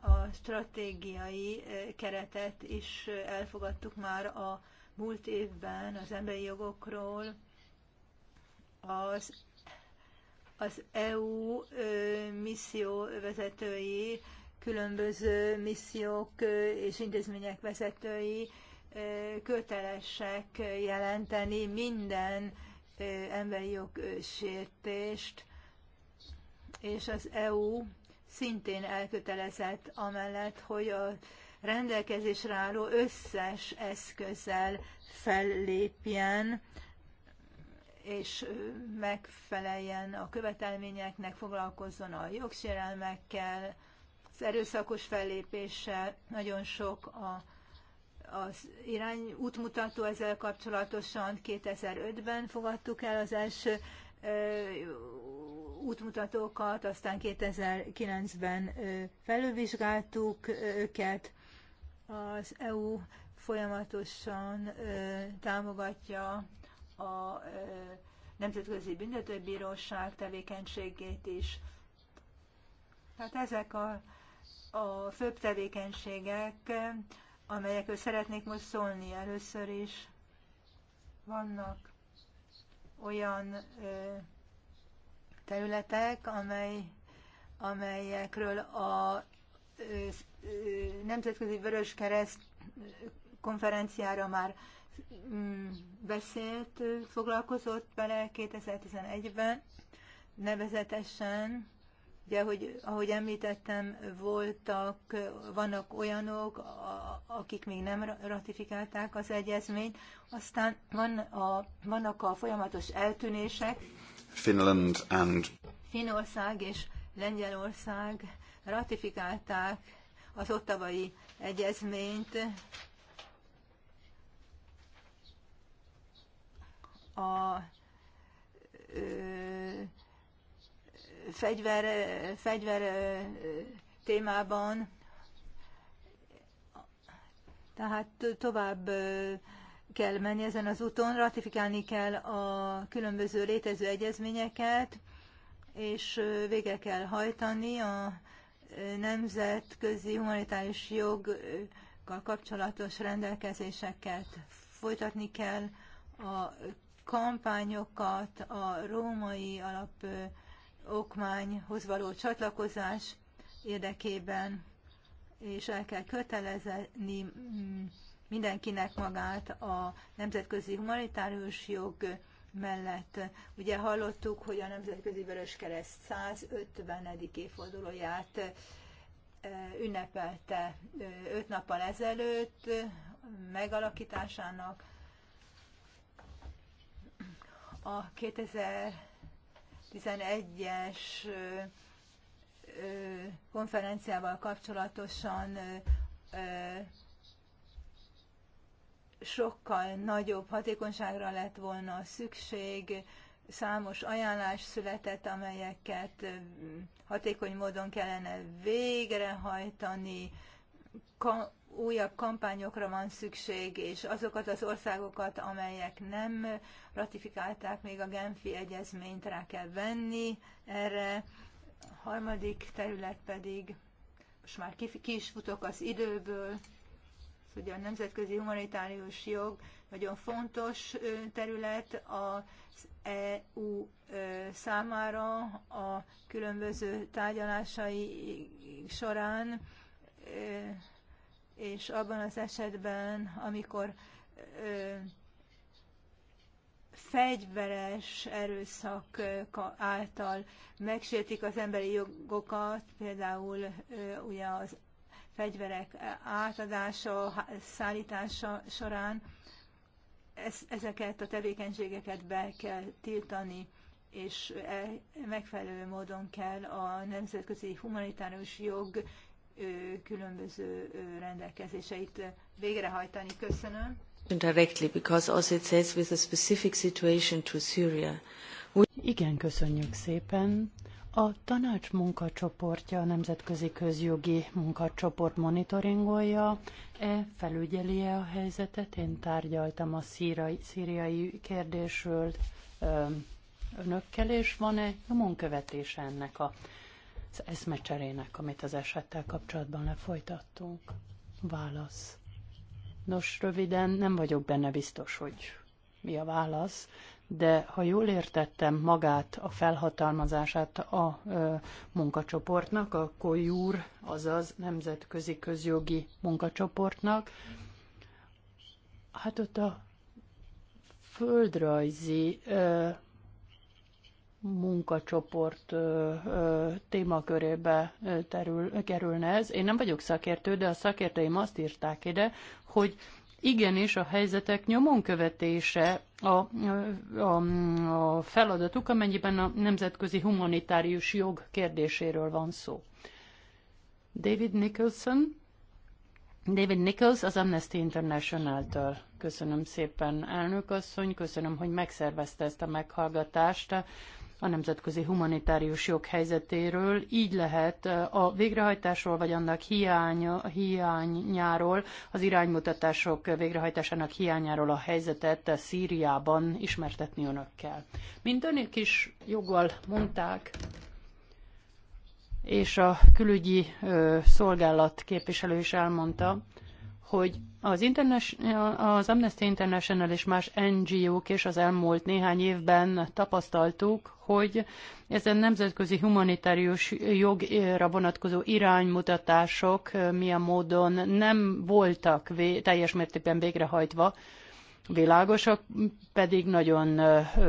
a stratégiai keretet is elfogadtuk már a múlt évben az emberi jogokról. Az, az EU misszió vezetői, különböző missziók és intézmények vezetői kötelesek jelenteni minden emberi jogsértést, és az EU szintén elkötelezett amellett, hogy a rendelkezésre álló összes eszközzel fellépjen, és megfeleljen a követelményeknek, foglalkozzon a jogsérelmekkel, az erőszakos fellépéssel, nagyon sok a, az irány útmutató ezzel kapcsolatosan 2005-ben fogadtuk el az első útmutatókat, aztán 2009-ben felülvizsgáltuk őket. Az EU folyamatosan támogatja a Nemzetközi Büntetőbíróság tevékenységét is. Tehát ezek a, a főbb tevékenységek, amelyekről szeretnék most szólni először is. Vannak olyan ö, területek, amely, amelyekről a Nemzetközi Vörös Kereszt konferenciára már mm, beszélt, foglalkozott vele 2011-ben, nevezetesen, ugye, hogy, ahogy említettem, voltak, vannak olyanok, akik még nem ratifikálták az egyezményt, aztán van a, vannak a folyamatos eltűnések, Finland and Finország és Lengyelország ratifikálták az ottavai egyezményt a ö, fegyver, fegyver ö, témában, tehát tovább ö, kell menni ezen az úton, ratifikálni kell a különböző létező egyezményeket, és vége kell hajtani a nemzetközi humanitárius joggal kapcsolatos rendelkezéseket. Folytatni kell a kampányokat, a római alapokmányhoz való csatlakozás érdekében, és el kell kötelezni mm, mindenkinek magát a nemzetközi humanitárius jog mellett. Ugye hallottuk, hogy a Nemzetközi Kereszt 150. évfordulóját eh, ünnepelte eh, öt nappal ezelőtt megalakításának. A 2011-es eh, konferenciával kapcsolatosan sokkal nagyobb hatékonyságra lett volna szükség, számos ajánlás született, amelyeket hatékony módon kellene végrehajtani, ka- újabb kampányokra van szükség, és azokat az országokat, amelyek nem ratifikálták még a Genfi egyezményt, rá kell venni erre. A harmadik terület pedig, most már ki, ki is futok az időből, hogy a nemzetközi humanitárius jog nagyon fontos terület az EU számára a különböző tárgyalásai során, és abban az esetben, amikor fegyveres erőszak által megsértik az emberi jogokat, például ugye az fegyverek átadása, szállítása során ezeket a tevékenységeket be kell tiltani, és e, megfelelő módon kell a nemzetközi humanitárius jog különböző rendelkezéseit végrehajtani. Köszönöm. Directly, because as it says, with a specific situation to Syria. Igen, köszönjük szépen. A tanács munkacsoportja, a Nemzetközi Közjogi Munkacsoport monitoringolja, e felügyeli -e a helyzetet? Én tárgyaltam a szírai, szíriai kérdésről önökkel, és van-e nyomon követése ennek a, az eszmecserének, amit az esettel kapcsolatban lefolytattunk? Válasz. Nos, röviden nem vagyok benne biztos, hogy mi a válasz de ha jól értettem magát a felhatalmazását a ö, munkacsoportnak, a COJUR, azaz Nemzetközi Közjogi Munkacsoportnak, hát ott a földrajzi ö, munkacsoport ö, ö, témakörébe terül, kerülne ez. Én nem vagyok szakértő, de a szakértőim azt írták ide, hogy Igenis, a helyzetek nyomon követése a, a, a feladatuk, amennyiben a nemzetközi humanitárius jog kérdéséről van szó. David Nicholson, David Nichols az Amnesty International-től. Köszönöm szépen, elnök asszony, köszönöm, hogy megszervezte ezt a meghallgatást a nemzetközi humanitárius jog helyzetéről, így lehet eh, a végrehajtásról vagy annak hiánya, hiányáról, az iránymutatások végrehajtásának hiányáról a helyzetet Szíriában ismertetni önökkel. Mint önök is joggal mondták, és a külügyi eh, szolgálat képviselő is elmondta, hogy az, az Amnesty International és más NGO-k és az elmúlt néhány évben tapasztaltuk, hogy ezen nemzetközi humanitárius jogra vonatkozó iránymutatások eh, milyen módon nem voltak vé- teljes mértékben végrehajtva, világosak, pedig nagyon eh, eh,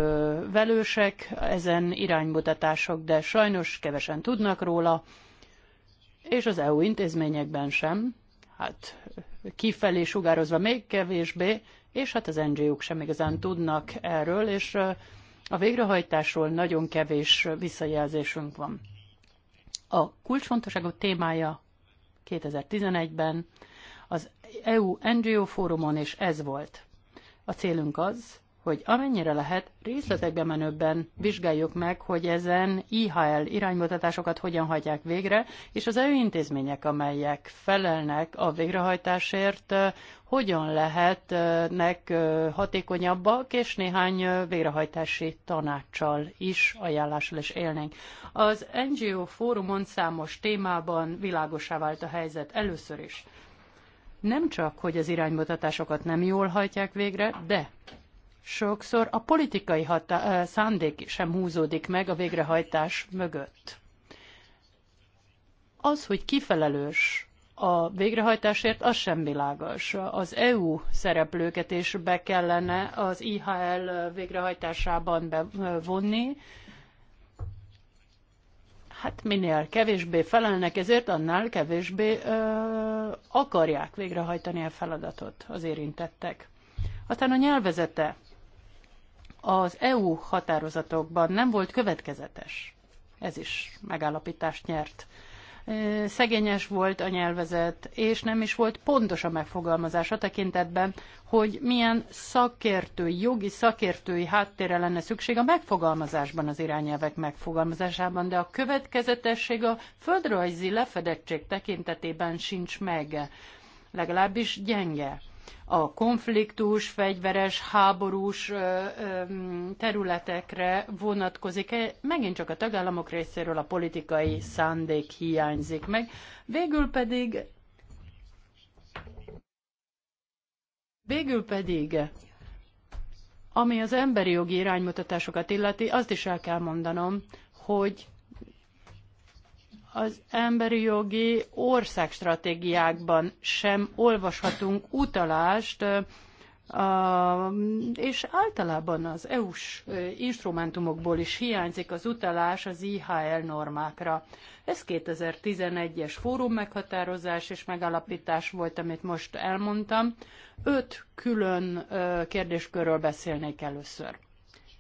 velősek ezen iránymutatások, de sajnos kevesen tudnak róla, és az EU intézményekben sem hát kifelé sugározva még kevésbé, és hát az NGO-k sem igazán tudnak erről, és a végrehajtásról nagyon kevés visszajelzésünk van. A kulcsfontosságú témája 2011-ben az EU NGO fórumon, és ez volt. A célunk az, hogy amennyire lehet részletekbe menőbben vizsgáljuk meg, hogy ezen IHL iránymutatásokat hogyan hagyják végre, és az EU intézmények, amelyek felelnek a végrehajtásért, hogyan lehetnek hatékonyabbak, és néhány végrehajtási tanácssal is, ajánlással is élnénk. Az NGO fórumon számos témában világosá vált a helyzet először is. Nem csak, hogy az iránymutatásokat nem jól hajtják végre, de sokszor a politikai hatá- szándék sem húzódik meg a végrehajtás mögött. Az, hogy kifelelős a végrehajtásért, az sem világos. Az EU szereplőket is be kellene az IHL végrehajtásában bevonni. Hát minél kevésbé felelnek ezért, annál kevésbé ö, akarják végrehajtani a feladatot az érintettek. Aztán a nyelvezete az EU határozatokban nem volt következetes. Ez is megállapítást nyert. Szegényes volt a nyelvezet, és nem is volt pontos a megfogalmazás a tekintetben, hogy milyen szakértői, jogi szakértői háttérre lenne szükség a megfogalmazásban, az irányelvek megfogalmazásában, de a következetesség a földrajzi lefedettség tekintetében sincs meg, legalábbis gyenge a konfliktus, fegyveres, háborús területekre vonatkozik. E, megint csak a tagállamok részéről a politikai szándék hiányzik meg. Végül pedig Végül pedig, ami az emberi jogi iránymutatásokat illeti, azt is el kell mondanom, hogy az emberi jogi országstratégiákban sem olvashatunk utalást, és általában az EU-s instrumentumokból is hiányzik az utalás az IHL normákra. Ez 2011-es fórum meghatározás és megalapítás volt, amit most elmondtam. Öt külön kérdéskörről beszélnék először.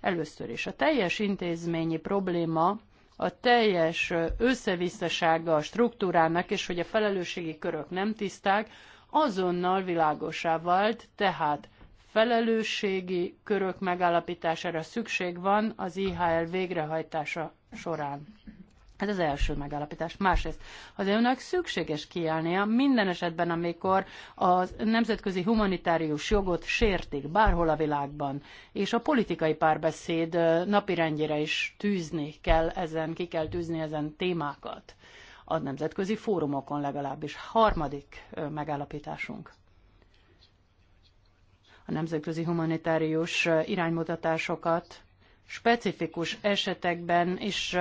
Először is a teljes intézményi probléma a teljes összevisszasága a struktúrának, és hogy a felelősségi körök nem tiszták, azonnal világosá vált, tehát felelősségi körök megállapítására szükség van az IHL végrehajtása során. Hát ez az első megállapítás. Másrészt, az önök szükséges kiállnia minden esetben, amikor a nemzetközi humanitárius jogot sértik bárhol a világban, és a politikai párbeszéd napirendjére is tűzni kell ezen, ki kell tűzni ezen témákat a nemzetközi fórumokon legalábbis. Harmadik megállapításunk. A nemzetközi humanitárius iránymutatásokat specifikus esetekben is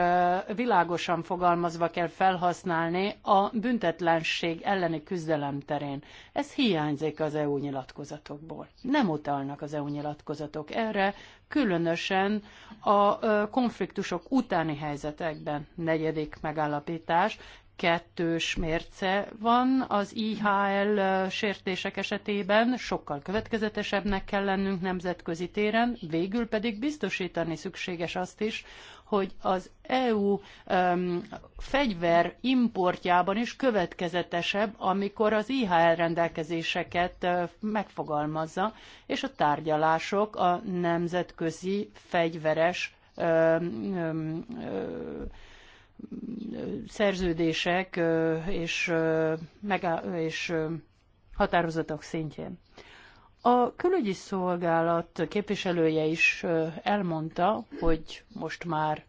világosan fogalmazva kell felhasználni a büntetlenség elleni küzdelem terén. Ez hiányzik az EU nyilatkozatokból. Nem utalnak az EU nyilatkozatok erre, különösen a konfliktusok utáni helyzetekben. Negyedik megállapítás, kettős mérce van. Az IHL sértések esetében sokkal következetesebbnek kell lennünk nemzetközi téren, végül pedig biztosítani szükséges azt is, hogy az EU um, fegyver importjában is következetesebb, amikor az IHL rendelkezéseket uh, megfogalmazza, és a tárgyalások a nemzetközi fegyveres um, um, uh, szerződések és, és határozatok szintjén. A külügyi szolgálat képviselője is elmondta, hogy most már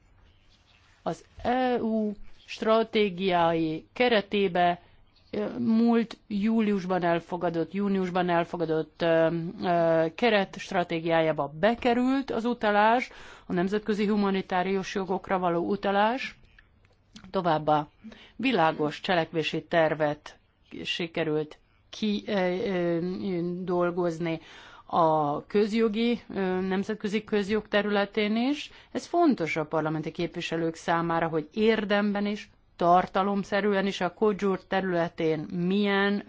az EU stratégiái keretébe múlt júliusban elfogadott, júniusban elfogadott keret stratégiájába bekerült az utalás, a nemzetközi humanitárius jogokra való utalás, Továbbá világos cselekvési tervet sikerült kidolgozni a közjogi, nemzetközi közjog területén is. Ez fontos a parlamenti képviselők számára, hogy érdemben is, tartalomszerűen is a kodzsúr területén milyen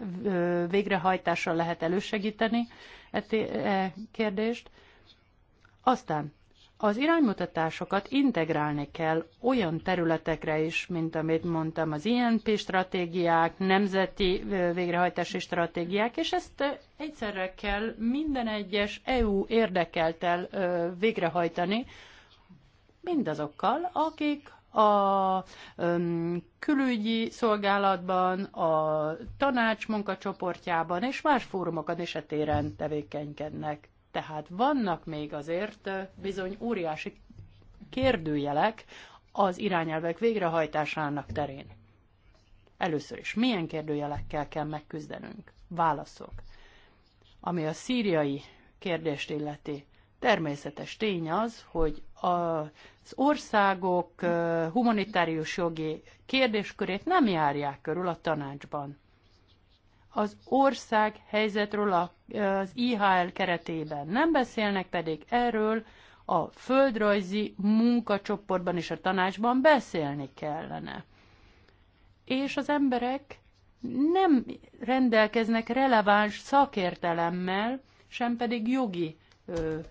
végrehajtással lehet elősegíteni e, e kérdést. Aztán az iránymutatásokat integrálni kell olyan területekre is, mint amit mondtam, az INP stratégiák, nemzeti végrehajtási stratégiák, és ezt egyszerre kell minden egyes EU érdekeltel végrehajtani, mindazokkal, akik a um, külügyi szolgálatban, a tanács munkacsoportjában és más fórumokon is etéren tevékenykednek. Tehát vannak még azért bizony óriási kérdőjelek az irányelvek végrehajtásának terén. Először is, milyen kérdőjelekkel kell megküzdenünk? Válaszok. Ami a szíriai kérdést illeti, természetes tény az, hogy az országok humanitárius jogi kérdéskörét nem járják körül a tanácsban az ország helyzetről az IHL keretében. Nem beszélnek pedig erről, a földrajzi munkacsoportban és a tanácsban beszélni kellene. És az emberek nem rendelkeznek releváns szakértelemmel, sem pedig jogi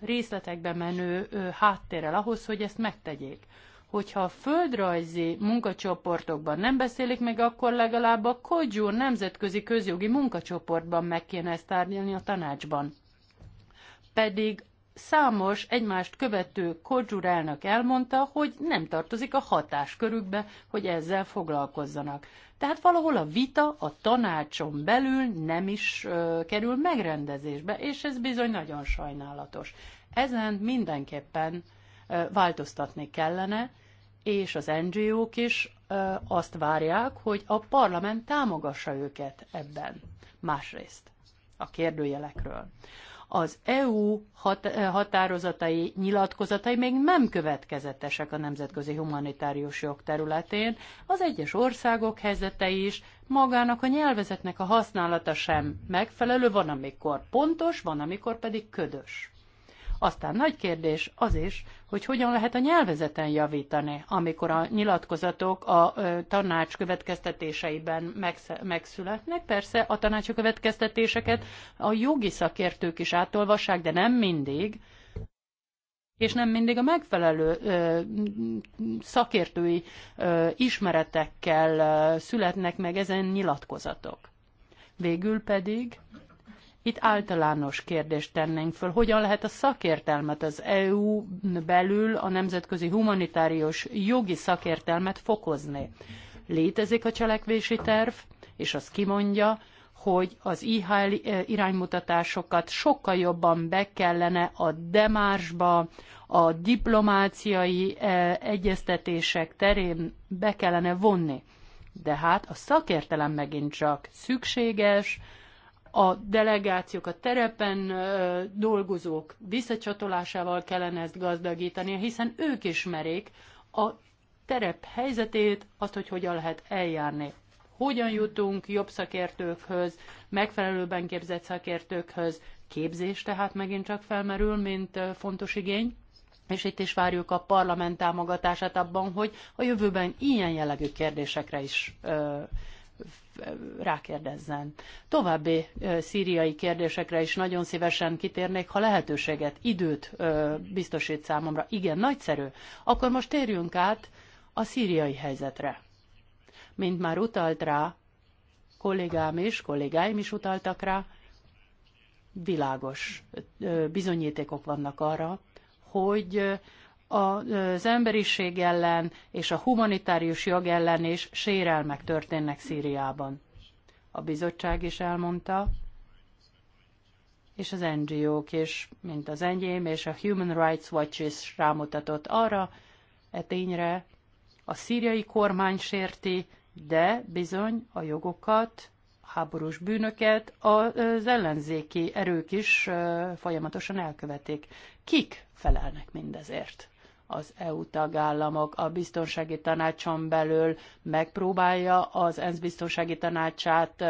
részletekbe menő háttérrel ahhoz, hogy ezt megtegyék hogyha a földrajzi munkacsoportokban nem beszélik meg, akkor legalább a Kogyúr nemzetközi közjogi munkacsoportban meg kéne ezt tárgyalni a tanácsban. Pedig számos egymást követő Kodzsur elnök elmondta, hogy nem tartozik a hatáskörükbe, hogy ezzel foglalkozzanak. Tehát valahol a vita a tanácson belül nem is ö, kerül megrendezésbe, és ez bizony nagyon sajnálatos. Ezen mindenképpen ö, változtatni kellene, és az NGO-k is azt várják, hogy a parlament támogassa őket ebben. Másrészt a kérdőjelekről. Az EU hat- határozatai, nyilatkozatai még nem következetesek a nemzetközi humanitárius jog területén, az egyes országok helyzete is, magának a nyelvezetnek a használata sem megfelelő, van amikor pontos, van amikor pedig ködös. Aztán nagy kérdés az is, hogy hogyan lehet a nyelvezeten javítani, amikor a nyilatkozatok a tanács következtetéseiben megszületnek. Persze a tanács következtetéseket a jogi szakértők is átolvassák, de nem mindig és nem mindig a megfelelő ö, szakértői ö, ismeretekkel ö, születnek meg ezen nyilatkozatok. Végül pedig itt általános kérdést tennénk föl, hogyan lehet a szakértelmet az EU belül a nemzetközi humanitárius jogi szakértelmet fokozni. Létezik a cselekvési terv, és az kimondja, hogy az IHL iránymutatásokat sokkal jobban be kellene a demársba, a diplomáciai e, egyeztetések terén be kellene vonni. De hát a szakértelem megint csak szükséges, a delegációk, a terepen dolgozók visszacsatolásával kellene ezt gazdagítani, hiszen ők ismerik a terep helyzetét, azt, hogy hogyan lehet eljárni. Hogyan jutunk jobb szakértőkhöz, megfelelőben képzett szakértőkhöz, képzés tehát megint csak felmerül, mint fontos igény, és itt is várjuk a parlament támogatását abban, hogy a jövőben ilyen jellegű kérdésekre is ö, rákérdezzen. További szíriai kérdésekre is nagyon szívesen kitérnék, ha lehetőséget, időt biztosít számomra. Igen, nagyszerű. Akkor most térjünk át a szíriai helyzetre. Mint már utalt rá, kollégám és kollégáim is utaltak rá, világos bizonyítékok vannak arra, hogy az emberiség ellen és a humanitárius jog ellen is sérelmek történnek Szíriában. A bizottság is elmondta, és az NGO-k is, mint az enyém, és a Human Rights Watch is rámutatott arra, e tényre a szíriai kormány sérti, de bizony a jogokat, a háborús bűnöket az ellenzéki erők is folyamatosan elkövetik. Kik felelnek mindezért? az EU tagállamok a biztonsági tanácson belül megpróbálja az ENSZ biztonsági tanácsát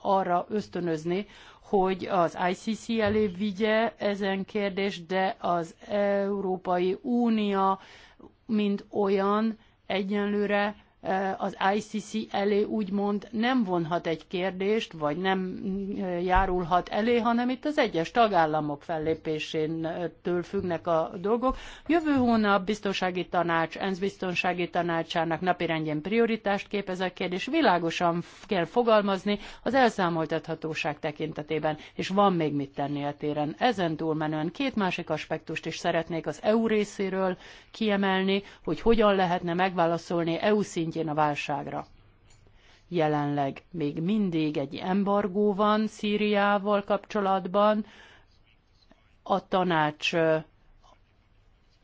arra ösztönözni, hogy az ICC elé vigye ezen kérdést, de az Európai Unió mint olyan, egyenlőre Eh, az ICC elé úgymond nem vonhat egy kérdést, vagy nem eh, járulhat elé, hanem itt az egyes tagállamok fellépésétől függnek a dolgok. Jövő hónap biztonsági tanács, ENSZ biztonsági tanácsának napirendjén prioritást képez a kérdés. Világosan kell fogalmazni az elszámoltathatóság tekintetében, és van még mit tenni a téren. Ezen túlmenően két másik aspektust is szeretnék az EU részéről kiemelni, hogy hogyan lehetne megválaszolni EU szintjén szintjén a válságra. Jelenleg még mindig egy embargó van Szíriával kapcsolatban. A tanács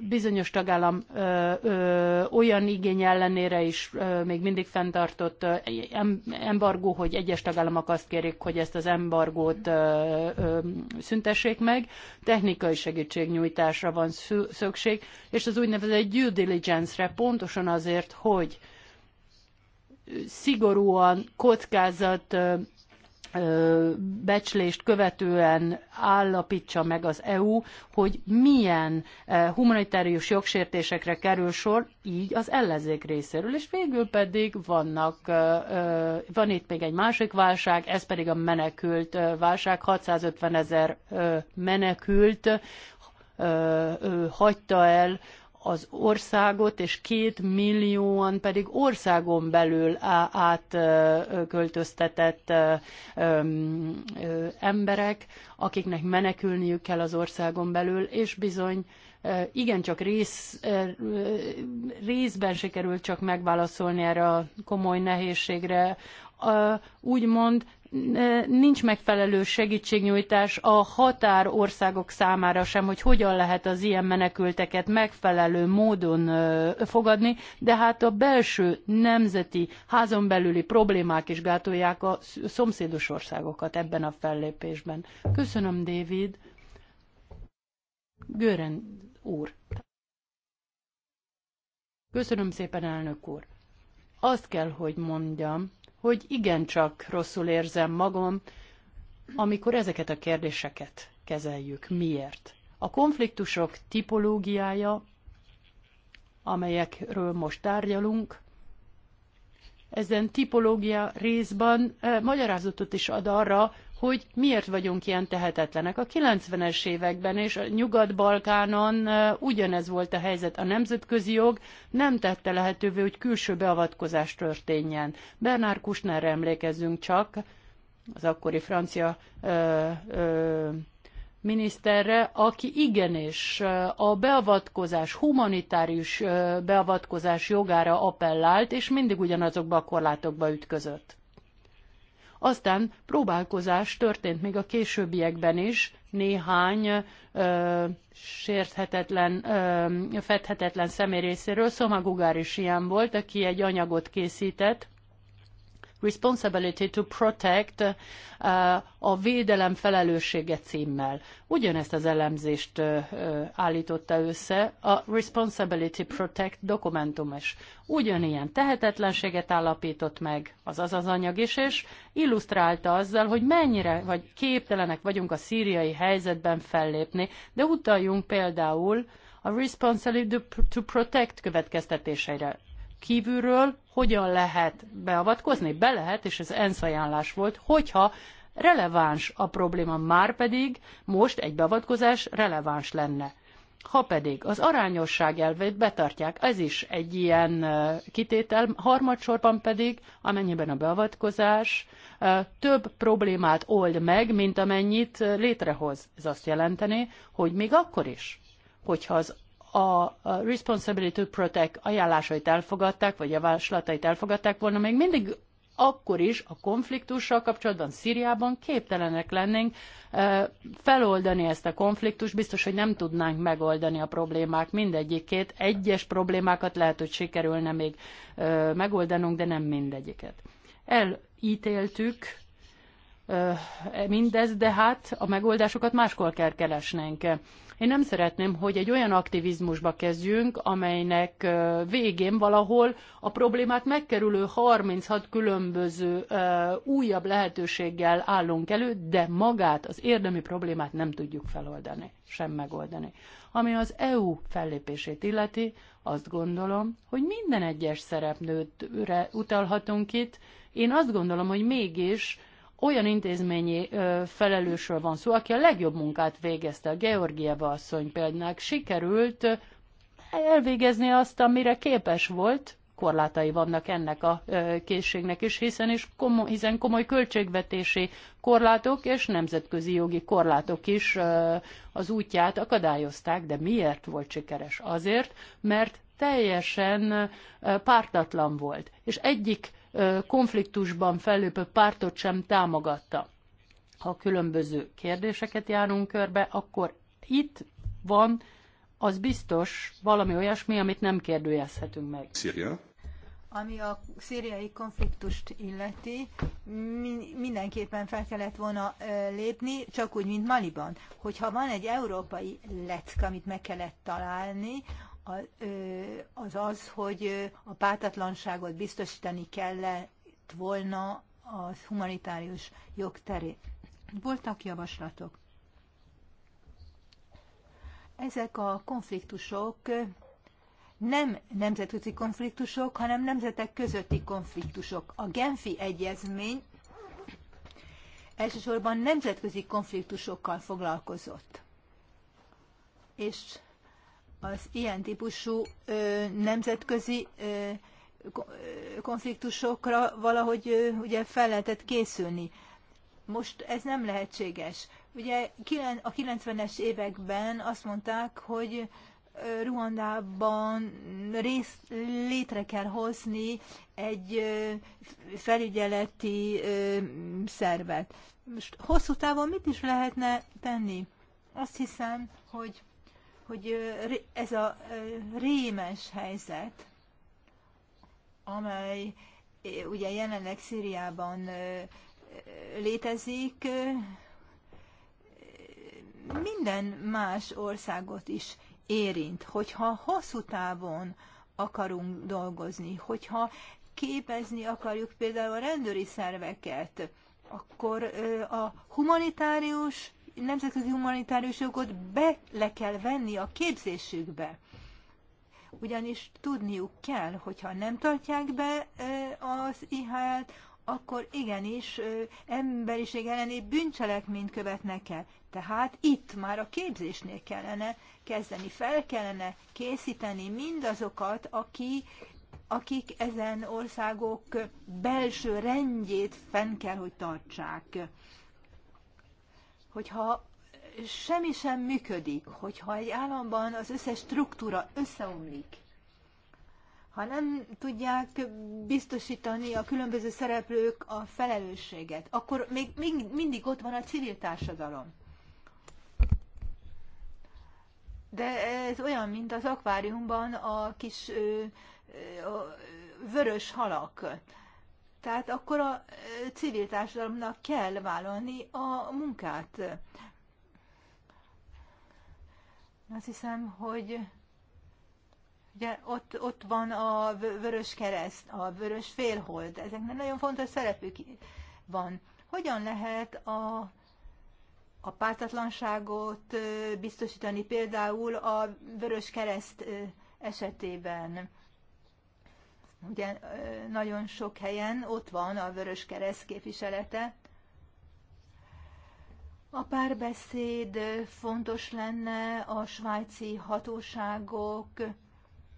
bizonyos tagállam ö, ö, olyan igény ellenére is ö, még mindig fenntartott ö, em, embargó, hogy egyes tagállamok azt kérik, hogy ezt az embargót ö, ö, szüntessék meg, technikai segítségnyújtásra van szükség, és az úgynevezett due diligence-re pontosan azért, hogy ö, szigorúan kockázat becslést követően állapítsa meg az EU, hogy milyen humanitárius jogsértésekre kerül sor, így az ellenzék részéről. És végül pedig vannak, van itt még egy másik válság, ez pedig a menekült válság, 650 ezer menekült hagyta el az országot, és két millióan pedig országon belül átköltöztetett emberek, akiknek menekülniük kell az országon belül, és bizony igencsak rész, részben sikerült csak megválaszolni erre a komoly nehézségre, úgymond nincs megfelelő segítségnyújtás a határországok számára sem, hogy hogyan lehet az ilyen menekülteket megfelelő módon fogadni, de hát a belső nemzeti házon belüli problémák is gátolják a szomszédos országokat ebben a fellépésben. Köszönöm, David. Gören úr. Köszönöm szépen, elnök úr. Azt kell, hogy mondjam, hogy igencsak rosszul érzem magam, amikor ezeket a kérdéseket kezeljük. Miért? A konfliktusok tipológiája, amelyekről most tárgyalunk, ezen tipológia részben eh, magyarázatot is ad arra, hogy miért vagyunk ilyen tehetetlenek. A 90-es években és a Nyugat-Balkánon ugyanez volt a helyzet. A nemzetközi jog nem tette lehetővé, hogy külső beavatkozás történjen. Bernard Kouchnerre emlékezzünk csak, az akkori francia ö, ö, miniszterre, aki igenis a beavatkozás, humanitárius beavatkozás jogára appellált, és mindig ugyanazokba a korlátokba ütközött. Aztán próbálkozás történt még a későbbiekben is, néhány ö, sérthetetlen, ö, fedhetetlen személy részéről. Szomagugár is ilyen volt, aki egy anyagot készített, Responsibility to Protect uh, a védelem felelőssége címmel. Ugyanezt az elemzést uh, uh, állította össze a Responsibility Protect dokumentum is. Ugyanilyen tehetetlenséget állapított meg az az az anyag is, és illusztrálta azzal, hogy mennyire vagy képtelenek vagyunk a szíriai helyzetben fellépni, de utaljunk például a Responsibility to Protect következtetéseire kívülről hogyan lehet beavatkozni? Be lehet, és ez ENSZ ajánlás volt, hogyha releváns a probléma, már pedig most egy beavatkozás releváns lenne. Ha pedig az arányosság elvét betartják, ez is egy ilyen kitétel, harmadsorban pedig, amennyiben a beavatkozás több problémát old meg, mint amennyit létrehoz. Ez azt jelenteni, hogy még akkor is, hogyha az a Responsibility to Protect ajánlásait elfogadták, vagy javaslatait elfogadták volna, még mindig akkor is a konfliktussal kapcsolatban Szíriában képtelenek lennénk feloldani ezt a konfliktust. Biztos, hogy nem tudnánk megoldani a problémák mindegyikét. Egyes problémákat lehet, hogy sikerülne még megoldanunk, de nem mindegyiket. Elítéltük mindez, de hát a megoldásokat máskor kell keresnénk. Én nem szeretném, hogy egy olyan aktivizmusba kezdjünk, amelynek végén valahol a problémát megkerülő 36 különböző újabb lehetőséggel állunk elő, de magát, az érdemi problémát nem tudjuk feloldani, sem megoldani. Ami az EU fellépését illeti, azt gondolom, hogy minden egyes szereplőre utalhatunk itt. Én azt gondolom, hogy mégis olyan intézményi ö, felelősről van szó, aki a legjobb munkát végezte. A Georgieva asszony például, sikerült elvégezni azt, amire képes volt, korlátai vannak ennek a készségnek is, hiszen, is komoly, hiszen komoly költségvetési korlátok és nemzetközi jogi korlátok is az útját akadályozták, de miért volt sikeres? Azért, mert teljesen pártatlan volt, és egyik konfliktusban fellépő pártot sem támogatta. Ha különböző kérdéseket járunk körbe, akkor itt van, az biztos valami olyasmi, amit nem kérdőjelezhetünk meg. Szíria? Ami a szíriai konfliktust illeti, mindenképpen fel kellett volna lépni, csak úgy, mint Maliban. Hogyha van egy európai leck, amit meg kellett találni, az az, hogy a pártatlanságot biztosítani kellett volna a humanitárius jog terén. Voltak javaslatok. Ezek a konfliktusok nem nemzetközi konfliktusok, hanem nemzetek közötti konfliktusok. A Genfi Egyezmény elsősorban nemzetközi konfliktusokkal foglalkozott. És az ilyen típusú nemzetközi konfliktusokra valahogy ugye fel lehetett készülni. Most ez nem lehetséges. Ugye a 90-es években azt mondták, hogy Ruandában részt létre kell hozni egy felügyeleti szervet. Most hosszú távon mit is lehetne tenni? Azt hiszem, hogy hogy ez a rémes helyzet, amely ugye jelenleg Szíriában létezik, minden más országot is érint, hogyha hosszú távon akarunk dolgozni, hogyha képezni akarjuk például a rendőri szerveket, akkor a humanitárius nemzetközi humanitárius jogot bele kell venni a képzésükbe. Ugyanis tudniuk kell, hogyha nem tartják be az IHL-t, akkor igenis emberiség elleni bűncselekményt követnek el. Tehát itt már a képzésnél kellene kezdeni, fel kellene készíteni mindazokat, aki, akik ezen országok belső rendjét fenn kell, hogy tartsák hogyha semmi sem működik, hogyha egy államban az összes struktúra összeomlik, ha nem tudják biztosítani a különböző szereplők a felelősséget, akkor még, mindig ott van a civil társadalom. De ez olyan, mint az akváriumban a kis ö, ö, vörös halak. Tehát akkor a civil társadalomnak kell vállalni a munkát. Azt hiszem, hogy ugye ott, ott van a vörös kereszt, a vörös félhold, ezeknek nagyon fontos szerepük van. Hogyan lehet a, a pártatlanságot biztosítani például a vörös kereszt esetében? Ugye nagyon sok helyen ott van a Vörös Kereszt képviselete. A párbeszéd fontos lenne a svájci hatóságok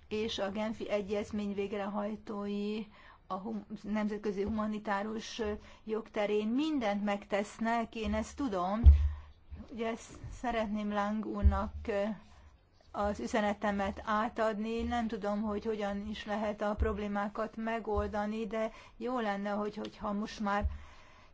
és a Genfi Egyezmény végrehajtói a hum, nemzetközi humanitárus jogterén mindent megtesznek, én ezt tudom. Ugye ezt szeretném Lang úrnak az üzenetemet átadni. Nem tudom, hogy hogyan is lehet a problémákat megoldani, de jó lenne, hogy, hogyha most már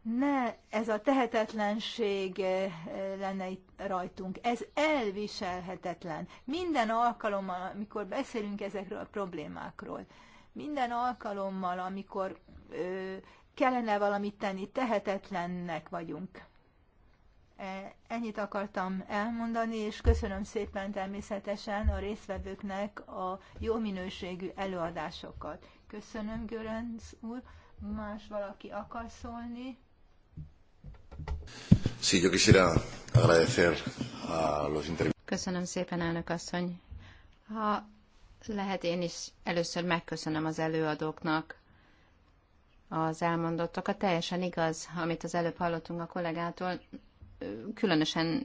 ne ez a tehetetlenség eh, lenne itt rajtunk. Ez elviselhetetlen. Minden alkalommal, amikor beszélünk ezekről a problémákról, minden alkalommal, amikor ö, kellene valamit tenni, tehetetlennek vagyunk. E, ennyit akartam elmondani, és köszönöm szépen természetesen a résztvevőknek a jó minőségű előadásokat. Köszönöm, Görenc úr. Más valaki akar szólni? Sí, yo quisiera agradecer a los Köszönöm szépen, elnök asszony. Ha lehet, én is először megköszönöm az előadóknak az elmondottakat. Teljesen igaz, amit az előbb hallottunk a kollégától különösen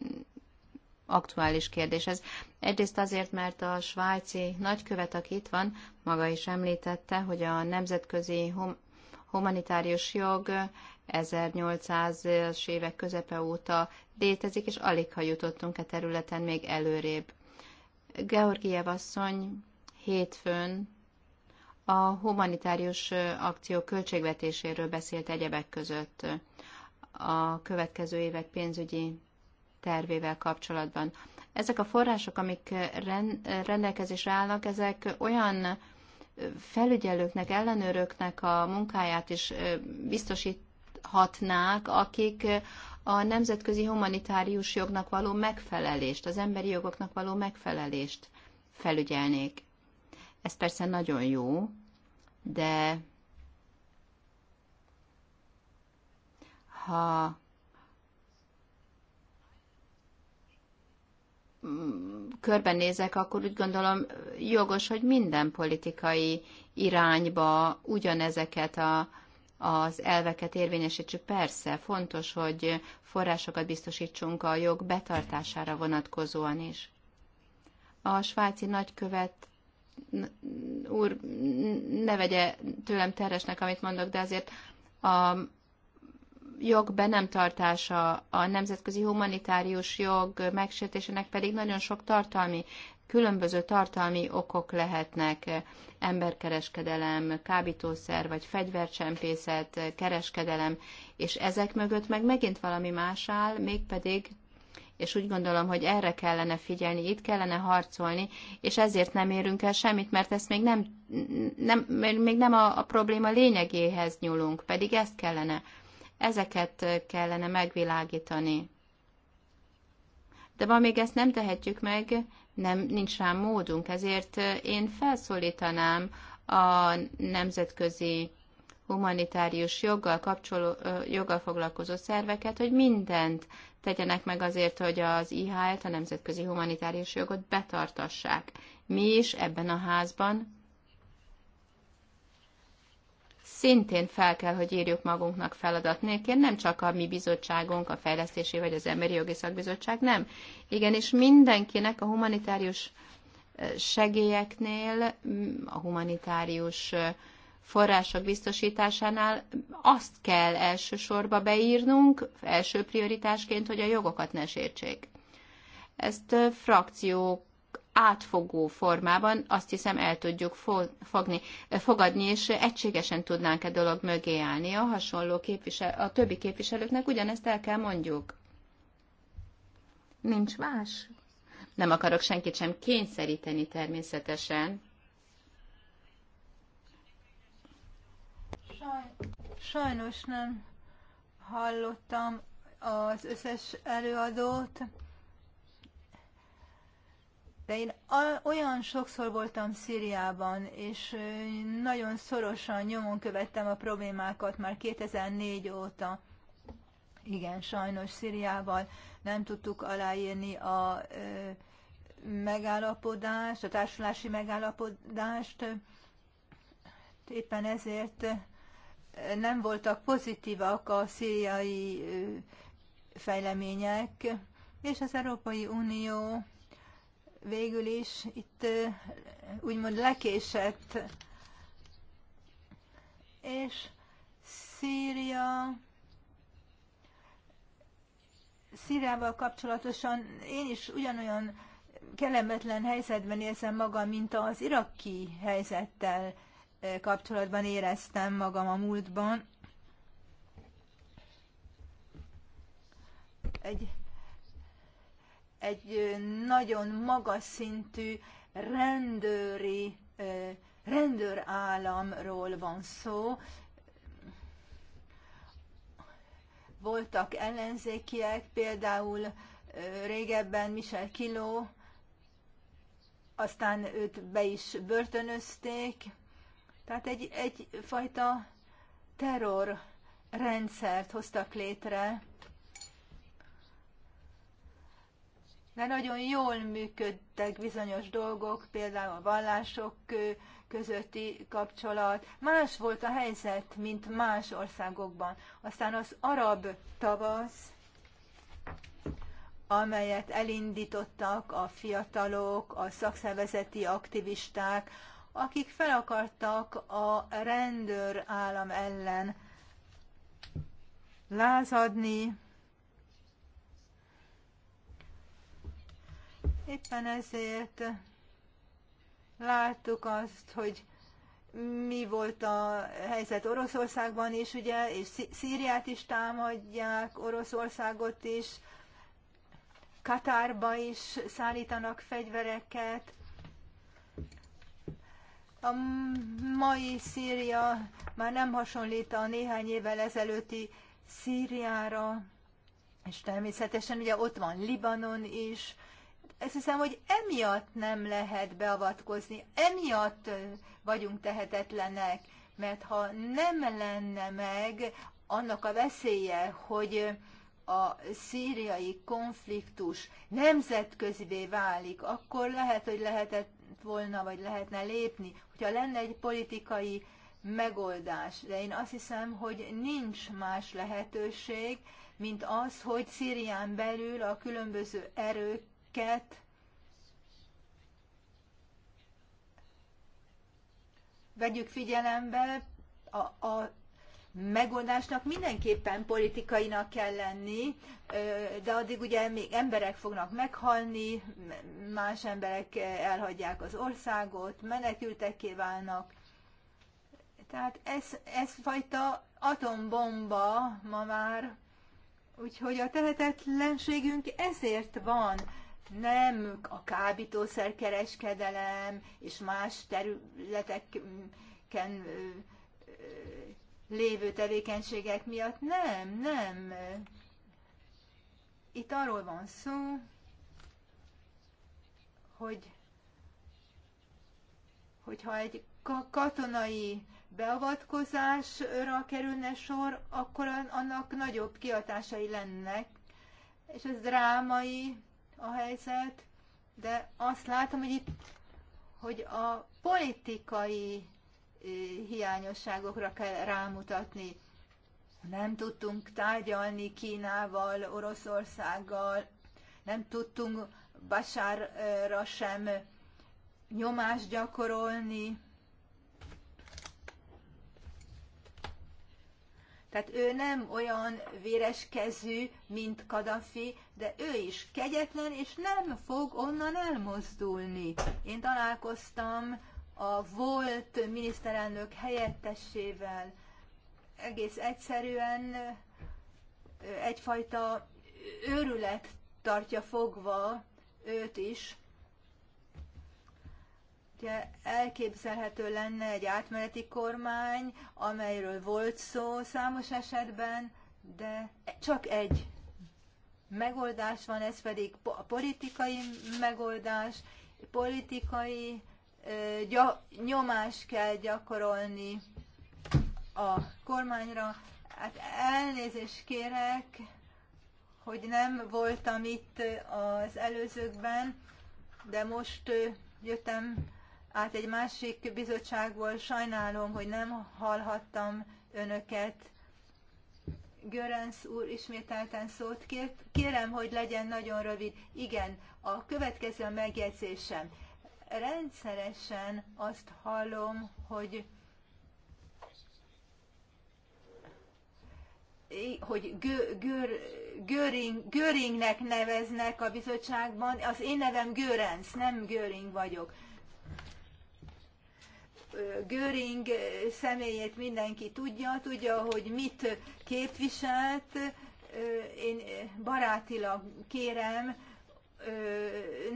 aktuális kérdés ez. Egyrészt azért, mert a svájci nagykövet, aki itt van, maga is említette, hogy a nemzetközi hum- humanitárius jog 1800-es évek közepe óta létezik, és alig ha jutottunk e területen még előrébb. Georgiev asszony hétfőn a humanitárius akció költségvetéséről beszélt egyebek között a következő évek pénzügyi tervével kapcsolatban. Ezek a források, amik rendelkezésre állnak, ezek olyan felügyelőknek, ellenőröknek a munkáját is biztosíthatnák, akik a nemzetközi humanitárius jognak való megfelelést, az emberi jogoknak való megfelelést felügyelnék. Ez persze nagyon jó, de ha körbenézek, akkor úgy gondolom jogos, hogy minden politikai irányba ugyanezeket a, az elveket érvényesítsük. Persze, fontos, hogy forrásokat biztosítsunk a jog betartására vonatkozóan is. A svájci nagykövet úr ne vegye tőlem teresnek, amit mondok, de azért a, jog be nem tartása, a nemzetközi humanitárius jog megsértésének pedig nagyon sok tartalmi, különböző tartalmi okok lehetnek, emberkereskedelem, kábítószer vagy fegyvercsempészet, kereskedelem, és ezek mögött meg megint valami más áll, mégpedig és úgy gondolom, hogy erre kellene figyelni, itt kellene harcolni, és ezért nem érünk el semmit, mert ezt még nem, nem, még nem a, a probléma lényegéhez nyúlunk, pedig ezt kellene Ezeket kellene megvilágítani. De ma még ezt nem tehetjük meg, nem, nincs rá módunk, ezért én felszólítanám a nemzetközi humanitárius joggal, kapcsoló, joggal foglalkozó szerveket, hogy mindent tegyenek meg azért, hogy az IHL-t, a nemzetközi humanitárius jogot betartassák. Mi is ebben a házban szintén fel kell, hogy írjuk magunknak feladat nélkül, nem csak a mi bizottságunk, a fejlesztési vagy az emberi jogi szakbizottság, nem. Igenis mindenkinek a humanitárius segélyeknél, a humanitárius források biztosításánál azt kell elsősorba beírnunk, első prioritásként, hogy a jogokat ne sértsék. Ezt frakciók átfogó formában azt hiszem el tudjuk fogni, fogadni, és egységesen tudnánk e dolog mögé állni. A hasonló képvisel, a többi képviselőknek ugyanezt el kell mondjuk. Nincs más. Nem akarok senkit sem kényszeríteni természetesen. Sajnos nem hallottam az összes előadót. De én olyan sokszor voltam Szíriában, és nagyon szorosan nyomon követtem a problémákat már 2004 óta. Igen, sajnos Szíriával nem tudtuk aláírni a megállapodást, a társulási megállapodást. Éppen ezért nem voltak pozitívak a szíriai fejlemények, és az Európai Unió végül is itt úgymond lekésett, és Szíria Szíriával kapcsolatosan én is ugyanolyan kellemetlen helyzetben érzem magam, mint az iraki helyzettel kapcsolatban éreztem magam a múltban. Egy egy nagyon magas szintű rendőri, rendőrállamról van szó. Voltak ellenzékiek, például régebben Michel Kiló, aztán őt be is börtönözték. Tehát egy, egyfajta terrorrendszert hoztak létre de nagyon jól működtek bizonyos dolgok, például a vallások közötti kapcsolat. Más volt a helyzet, mint más országokban. Aztán az arab tavasz, amelyet elindítottak a fiatalok, a szakszervezeti aktivisták, akik fel akartak a rendőr állam ellen lázadni, Éppen ezért láttuk azt, hogy mi volt a helyzet Oroszországban is, ugye, és Szíriát is támadják, Oroszországot is, Katárba is szállítanak fegyvereket. A mai Szíria már nem hasonlít a néhány évvel ezelőtti Szíriára, és természetesen ugye ott van Libanon is, ezt hiszem, hogy emiatt nem lehet beavatkozni, emiatt vagyunk tehetetlenek, mert ha nem lenne meg annak a veszélye, hogy a szíriai konfliktus nemzetközivé válik, akkor lehet, hogy lehetett volna, vagy lehetne lépni, hogyha lenne egy politikai megoldás. De én azt hiszem, hogy nincs más lehetőség, mint az, hogy Szírián belül a különböző erők amelyeket vegyük figyelembe, a, a megoldásnak mindenképpen politikainak kell lenni, de addig ugye még emberek fognak meghalni, más emberek elhagyják az országot, menekültekké válnak. Tehát ez, ez fajta atombomba ma már, úgyhogy a tehetetlenségünk ezért van nem a kábítószerkereskedelem és más területeken lévő tevékenységek miatt, nem, nem. Itt arról van szó, hogy hogyha egy katonai beavatkozásra kerülne sor, akkor annak nagyobb kiatásai lennek, és ez drámai a helyzet, de azt látom, hogy itt hogy a politikai eh, hiányosságokra kell rámutatni. Nem tudtunk tárgyalni Kínával, Oroszországgal, nem tudtunk Basárra sem nyomást gyakorolni, Tehát ő nem olyan véreskezű, mint Kadafi, de ő is kegyetlen, és nem fog onnan elmozdulni. Én találkoztam a volt miniszterelnök helyettesével. Egész egyszerűen egyfajta őrület tartja fogva őt is, Ugye elképzelhető lenne egy átmeneti kormány, amelyről volt szó számos esetben, de csak egy megoldás van, ez pedig a politikai megoldás, politikai nyomást kell gyakorolni a kormányra. Hát elnézést kérek, hogy nem voltam itt az előzőkben, de most jöttem át egy másik bizottságból. Sajnálom, hogy nem hallhattam önöket. Görönsz úr ismételten szót kért. Kérem, hogy legyen nagyon rövid. Igen, a következő a megjegyzésem. Rendszeresen azt hallom, hogy hogy gő, gör, göring, Göringnek neveznek a bizottságban. Az én nevem Görenc, nem Göring vagyok. Göring személyét mindenki tudja, tudja, hogy mit képviselt. Én barátilag kérem,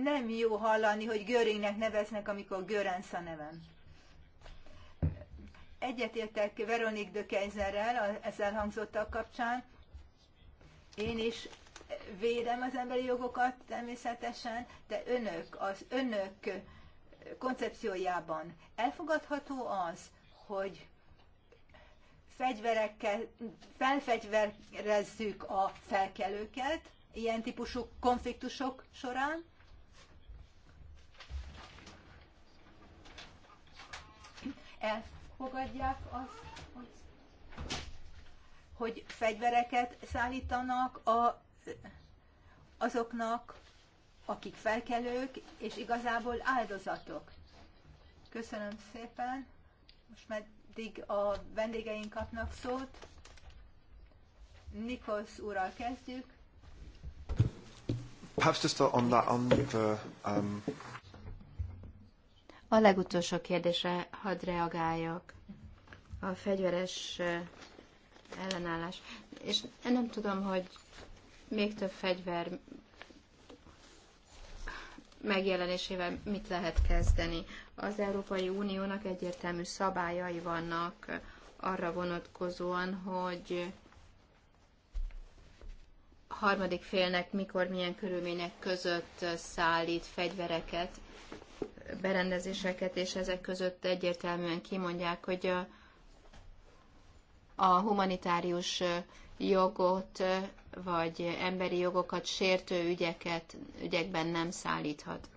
nem jó hallani, hogy Göringnek neveznek, amikor Görensz a nevem. Egyetértek Veronik de Keizerrel az elhangzottak kapcsán. Én is védem az emberi jogokat természetesen, de önök, az önök koncepciójában elfogadható az, hogy fegyverekkel, felfegyverezzük a felkelőket ilyen típusú konfliktusok során, elfogadják azt, hogy fegyvereket szállítanak a, azoknak akik felkelők, és igazából áldozatok. Köszönöm szépen. Most meddig a vendégeink kapnak szót. Nikos úrral kezdjük. Perhaps just on that, on the, um... A legutolsó kérdésre hadd reagáljak. A fegyveres ellenállás. És nem tudom, hogy még több fegyver megjelenésével mit lehet kezdeni. Az Európai Uniónak egyértelmű szabályai vannak arra vonatkozóan, hogy harmadik félnek mikor, milyen körülmények között szállít fegyvereket, berendezéseket, és ezek között egyértelműen kimondják, hogy a, a humanitárius jogot vagy emberi jogokat sértő ügyeket, ügyekben nem szállíthat.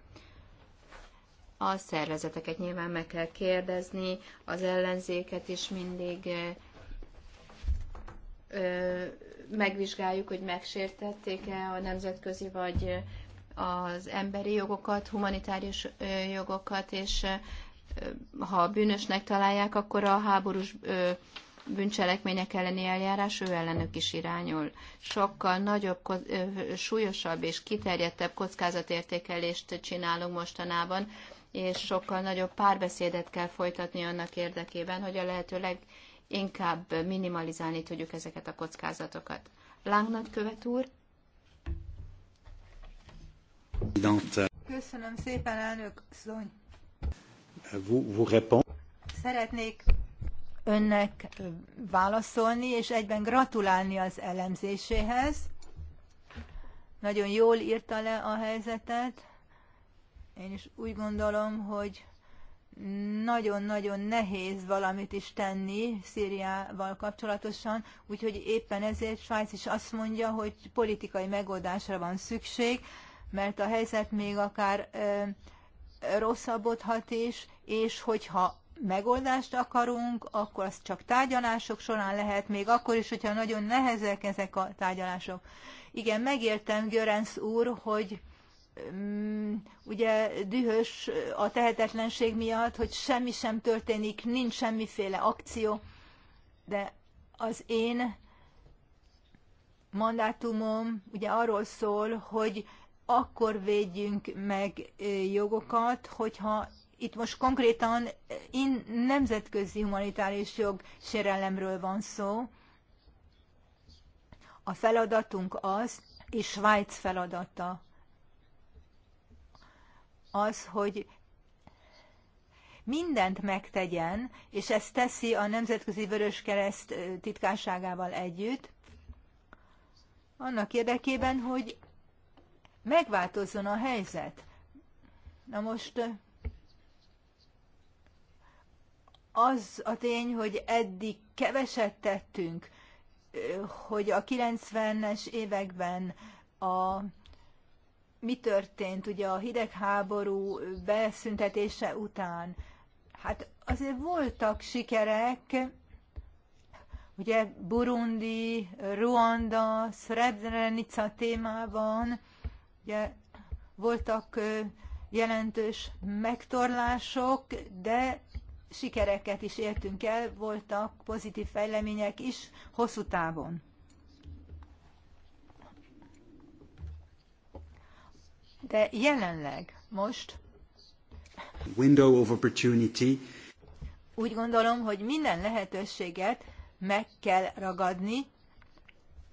A szervezeteket nyilván meg kell kérdezni, az ellenzéket is mindig ö, megvizsgáljuk, hogy megsértették-e a nemzetközi vagy az emberi jogokat, humanitárius jogokat, és ha bűnösnek találják, akkor a háborús bűncselekmények elleni eljárás ő ellenük is irányul. Sokkal nagyobb, súlyosabb és kiterjedtebb kockázatértékelést csinálunk mostanában, és sokkal nagyobb párbeszédet kell folytatni annak érdekében, hogy a lehető leginkább minimalizálni tudjuk ezeket a kockázatokat. Láng nagykövet úr? Köszönöm szépen, elnök szony. Vous, vous Szeretnék önnek válaszolni, és egyben gratulálni az elemzéséhez. Nagyon jól írta le a helyzetet. Én is úgy gondolom, hogy nagyon-nagyon nehéz valamit is tenni Szíriával kapcsolatosan, úgyhogy éppen ezért Svájc is azt mondja, hogy politikai megoldásra van szükség, mert a helyzet még akár ö, rosszabbodhat is, és hogyha megoldást akarunk, akkor az csak tárgyalások során lehet, még akkor is, hogyha nagyon nehezek ezek a tárgyalások. Igen, megértem, Görenc úr, hogy um, ugye dühös a tehetetlenség miatt, hogy semmi sem történik, nincs semmiféle akció, de az én mandátumom ugye arról szól, hogy akkor védjünk meg jogokat, hogyha itt most konkrétan eh, in, nemzetközi humanitárius jog sérelemről van szó. A feladatunk az, és Svájc feladata az, hogy mindent megtegyen, és ezt teszi a Nemzetközi Kereszt eh, titkárságával együtt, annak érdekében, hogy megváltozzon a helyzet. Na most eh, az a tény, hogy eddig keveset tettünk, hogy a 90-es években a, mi történt ugye a hidegháború beszüntetése után. Hát azért voltak sikerek, ugye Burundi, Ruanda, Srebrenica témában, ugye voltak jelentős megtorlások, de sikereket is értünk el, voltak pozitív fejlemények is hosszú távon. De jelenleg, most window of opportunity. Úgy gondolom, hogy minden lehetőséget meg kell ragadni,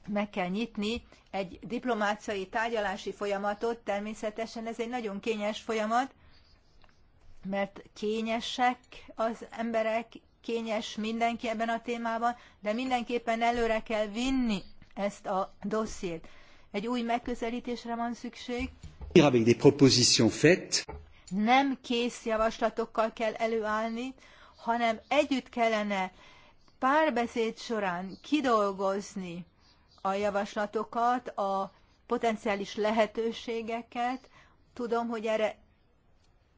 meg kell nyitni egy diplomáciai tárgyalási folyamatot, természetesen ez egy nagyon kényes folyamat, mert kényesek az emberek, kényes mindenki ebben a témában, de mindenképpen előre kell vinni ezt a dossziét. Egy új megközelítésre van szükség. Nem kész javaslatokkal kell előállni, hanem együtt kellene párbeszéd során kidolgozni a javaslatokat, a potenciális lehetőségeket. Tudom, hogy erre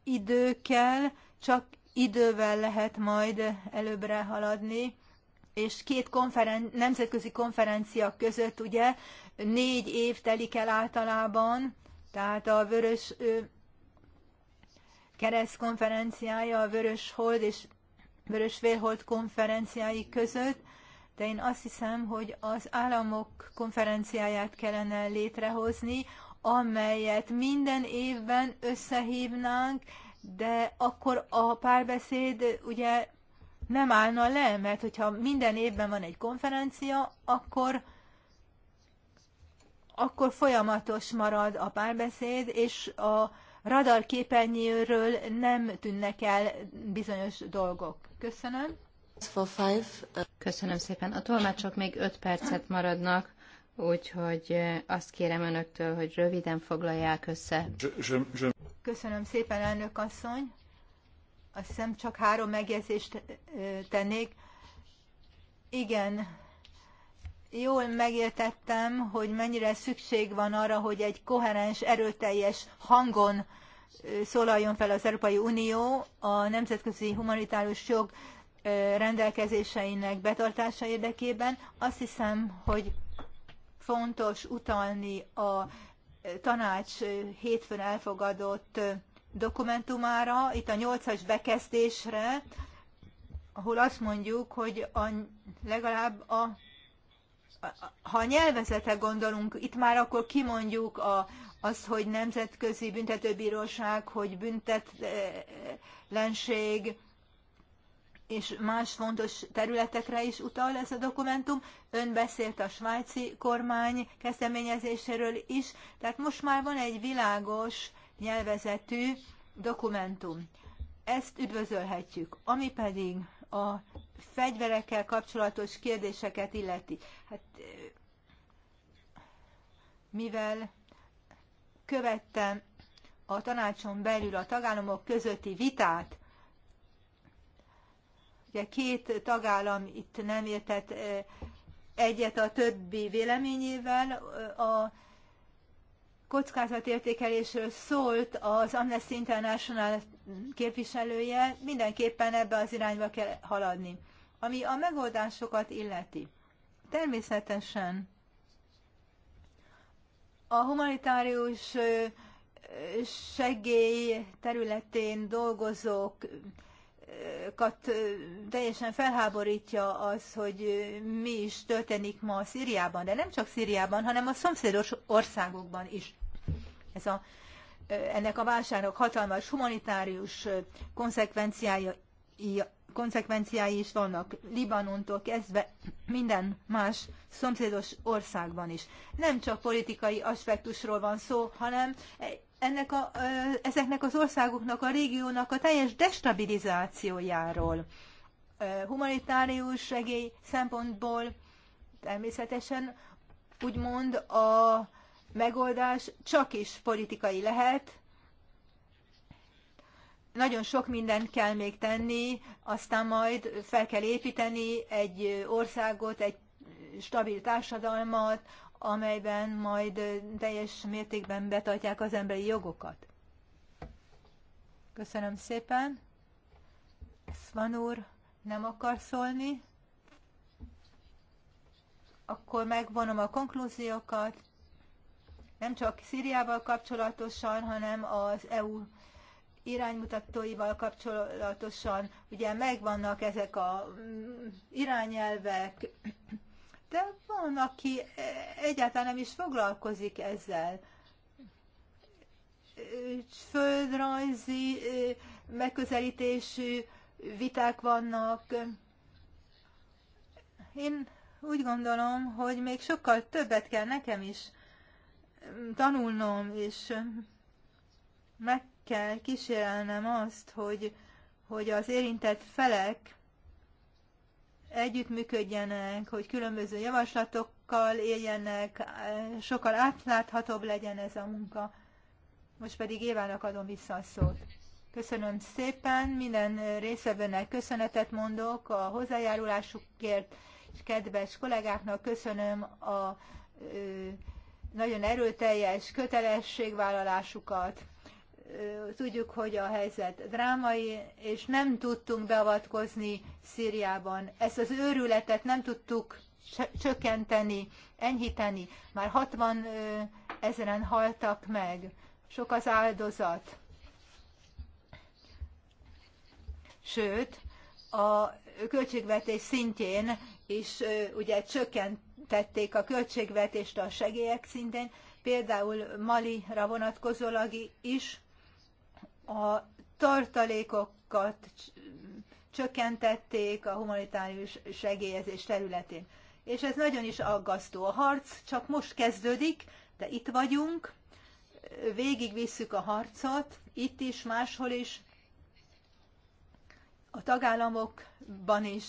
idő kell, csak idővel lehet majd előbbre haladni, és két konferen- nemzetközi konferencia között ugye négy év telik el általában, tehát a Vörös Kereszt konferenciája, a Vörös Hold és Vörös Vélhold konferenciái között, de én azt hiszem, hogy az államok konferenciáját kellene létrehozni, amelyet minden évben összehívnánk, de akkor a párbeszéd ugye nem állna le, mert hogyha minden évben van egy konferencia, akkor akkor folyamatos marad a párbeszéd, és a radar képernyőről nem tűnnek el bizonyos dolgok. Köszönöm. Uh, Köszönöm szépen. A tolmácsok még 5 percet maradnak Úgyhogy azt kérem önöktől, hogy röviden foglalják össze. Köszönöm szépen, elnök asszony. Azt hiszem csak három megjegyzést tennék. Igen, jól megértettem, hogy mennyire szükség van arra, hogy egy koherens, erőteljes hangon szólaljon fel az Európai Unió a nemzetközi humanitárius jog rendelkezéseinek betartása érdekében. Azt hiszem, hogy fontos utalni a tanács hétfőn elfogadott dokumentumára, itt a nyolcas bekezdésre, ahol azt mondjuk, hogy a, legalább a, a, ha a nyelvezete gondolunk, itt már akkor kimondjuk a, az, hogy nemzetközi büntetőbíróság, hogy büntetlenség, és más fontos területekre is utal ez a dokumentum. Ön beszélt a svájci kormány kezdeményezéséről is, tehát most már van egy világos nyelvezetű dokumentum. Ezt üdvözölhetjük. Ami pedig a fegyverekkel kapcsolatos kérdéseket illeti. Hát, mivel követtem a tanácson belül a tagállamok közötti vitát, Ugye két tagállam itt nem értett egyet a többi véleményével. A kockázatértékelésről szólt az Amnesty International képviselője, mindenképpen ebbe az irányba kell haladni. Ami a megoldásokat illeti. Természetesen a humanitárius segély területén dolgozók kat teljesen felháborítja az, hogy mi is történik ma Szíriában, de nem csak Szíriában, hanem a szomszédos országokban is. Ez a, ennek a válságnak hatalmas humanitárius konzekvenciái, konzekvenciái is vannak Libanontól kezdve minden más szomszédos országban is. Nem csak politikai aspektusról van szó, hanem ennek a, ezeknek az országoknak, a régiónak a teljes destabilizációjáról. Humanitárius segély szempontból természetesen úgymond a megoldás csak is politikai lehet. Nagyon sok mindent kell még tenni, aztán majd fel kell építeni egy országot, egy stabil társadalmat, amelyben majd teljes mértékben betartják az emberi jogokat. Köszönöm szépen. Szvan úr nem akar szólni. Akkor megvonom a konklúziókat, nem csak Szíriával kapcsolatosan, hanem az EU iránymutatóival kapcsolatosan. Ugye megvannak ezek a mm, irányelvek, de van, aki e, egyáltalán nem is foglalkozik ezzel. Földrajzi megközelítésű viták vannak. Én úgy gondolom, hogy még sokkal többet kell nekem is mm, tanulnom, és meg kell kísérelnem azt, hogy, hogy az érintett felek együttműködjenek, hogy különböző javaslatokkal éljenek, sokkal átláthatóbb legyen ez a munka. Most pedig Évának adom vissza a szót. Köszönöm szépen, minden részevőnek köszönetet mondok a hozzájárulásukért, és kedves kollégáknak köszönöm a ö, nagyon erőteljes kötelességvállalásukat tudjuk, hogy a helyzet drámai, és nem tudtunk beavatkozni Szíriában. Ezt az őrületet nem tudtuk csökkenteni, enyhíteni. Már 60 ezeren haltak meg. Sok az áldozat. Sőt, a költségvetés szintjén is ugye csökkentették a költségvetést a segélyek szintén, például Malira vonatkozólag is a tartalékokat csökkentették a humanitárius segélyezés területén. És ez nagyon is aggasztó. A harc csak most kezdődik, de itt vagyunk, végigvisszük a harcot, itt is, máshol is, a tagállamokban is.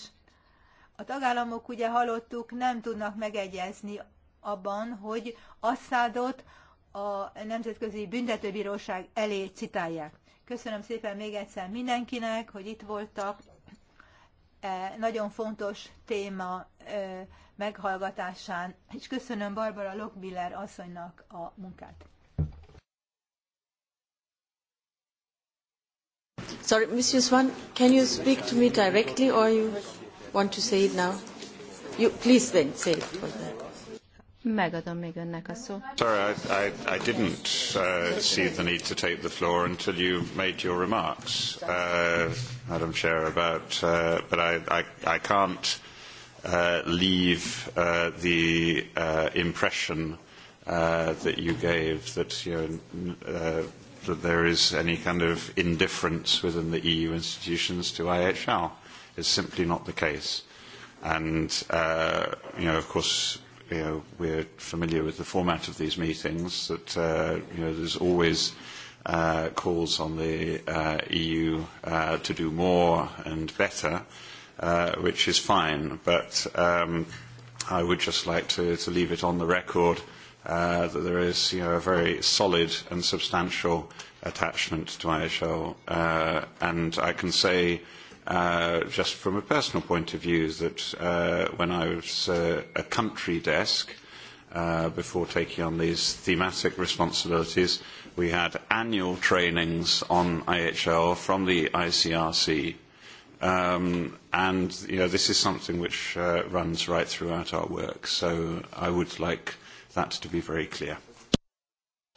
A tagállamok, ugye hallottuk, nem tudnak megegyezni abban, hogy Asszádot a Nemzetközi Büntetőbíróság elé citálják. Köszönöm szépen még egyszer mindenkinek, hogy itt voltak. E, nagyon fontos téma e, meghallgatásán, és köszönöm Barbara Lokbiller asszonynak a munkát. Sorry, Mrs. Swan, can you speak to me directly or you want to say it now? You, please then say it for that. Megadom még önnek a szót. Sorry, I, I, I didn't uh, see the need to take the floor until you made your remarks, uh, Madam Chair, about, uh, but I, I, I can't uh, leave uh, the uh, impression uh, that you gave that, you know, uh, that there is any kind of indifference within the EU institutions to IHR. It's simply not the case. And, uh, you know, of course, you know, we're familiar with the format of these meetings, that uh, you know, there's always uh, calls on the uh, EU uh, to do more and better, uh, which is fine. But um, I would just like to, to leave it on the record uh, that there is you know, a very solid and substantial attachment to IHL. Uh, and I can say Uh, just from a personal point of view, that uh, when I was uh, a country desk, uh, before taking on these thematic responsibilities, we had annual trainings on IHL from the ICRC. Um, and you know, this is something which uh, runs right throughout our work, so I would like that to be very clear.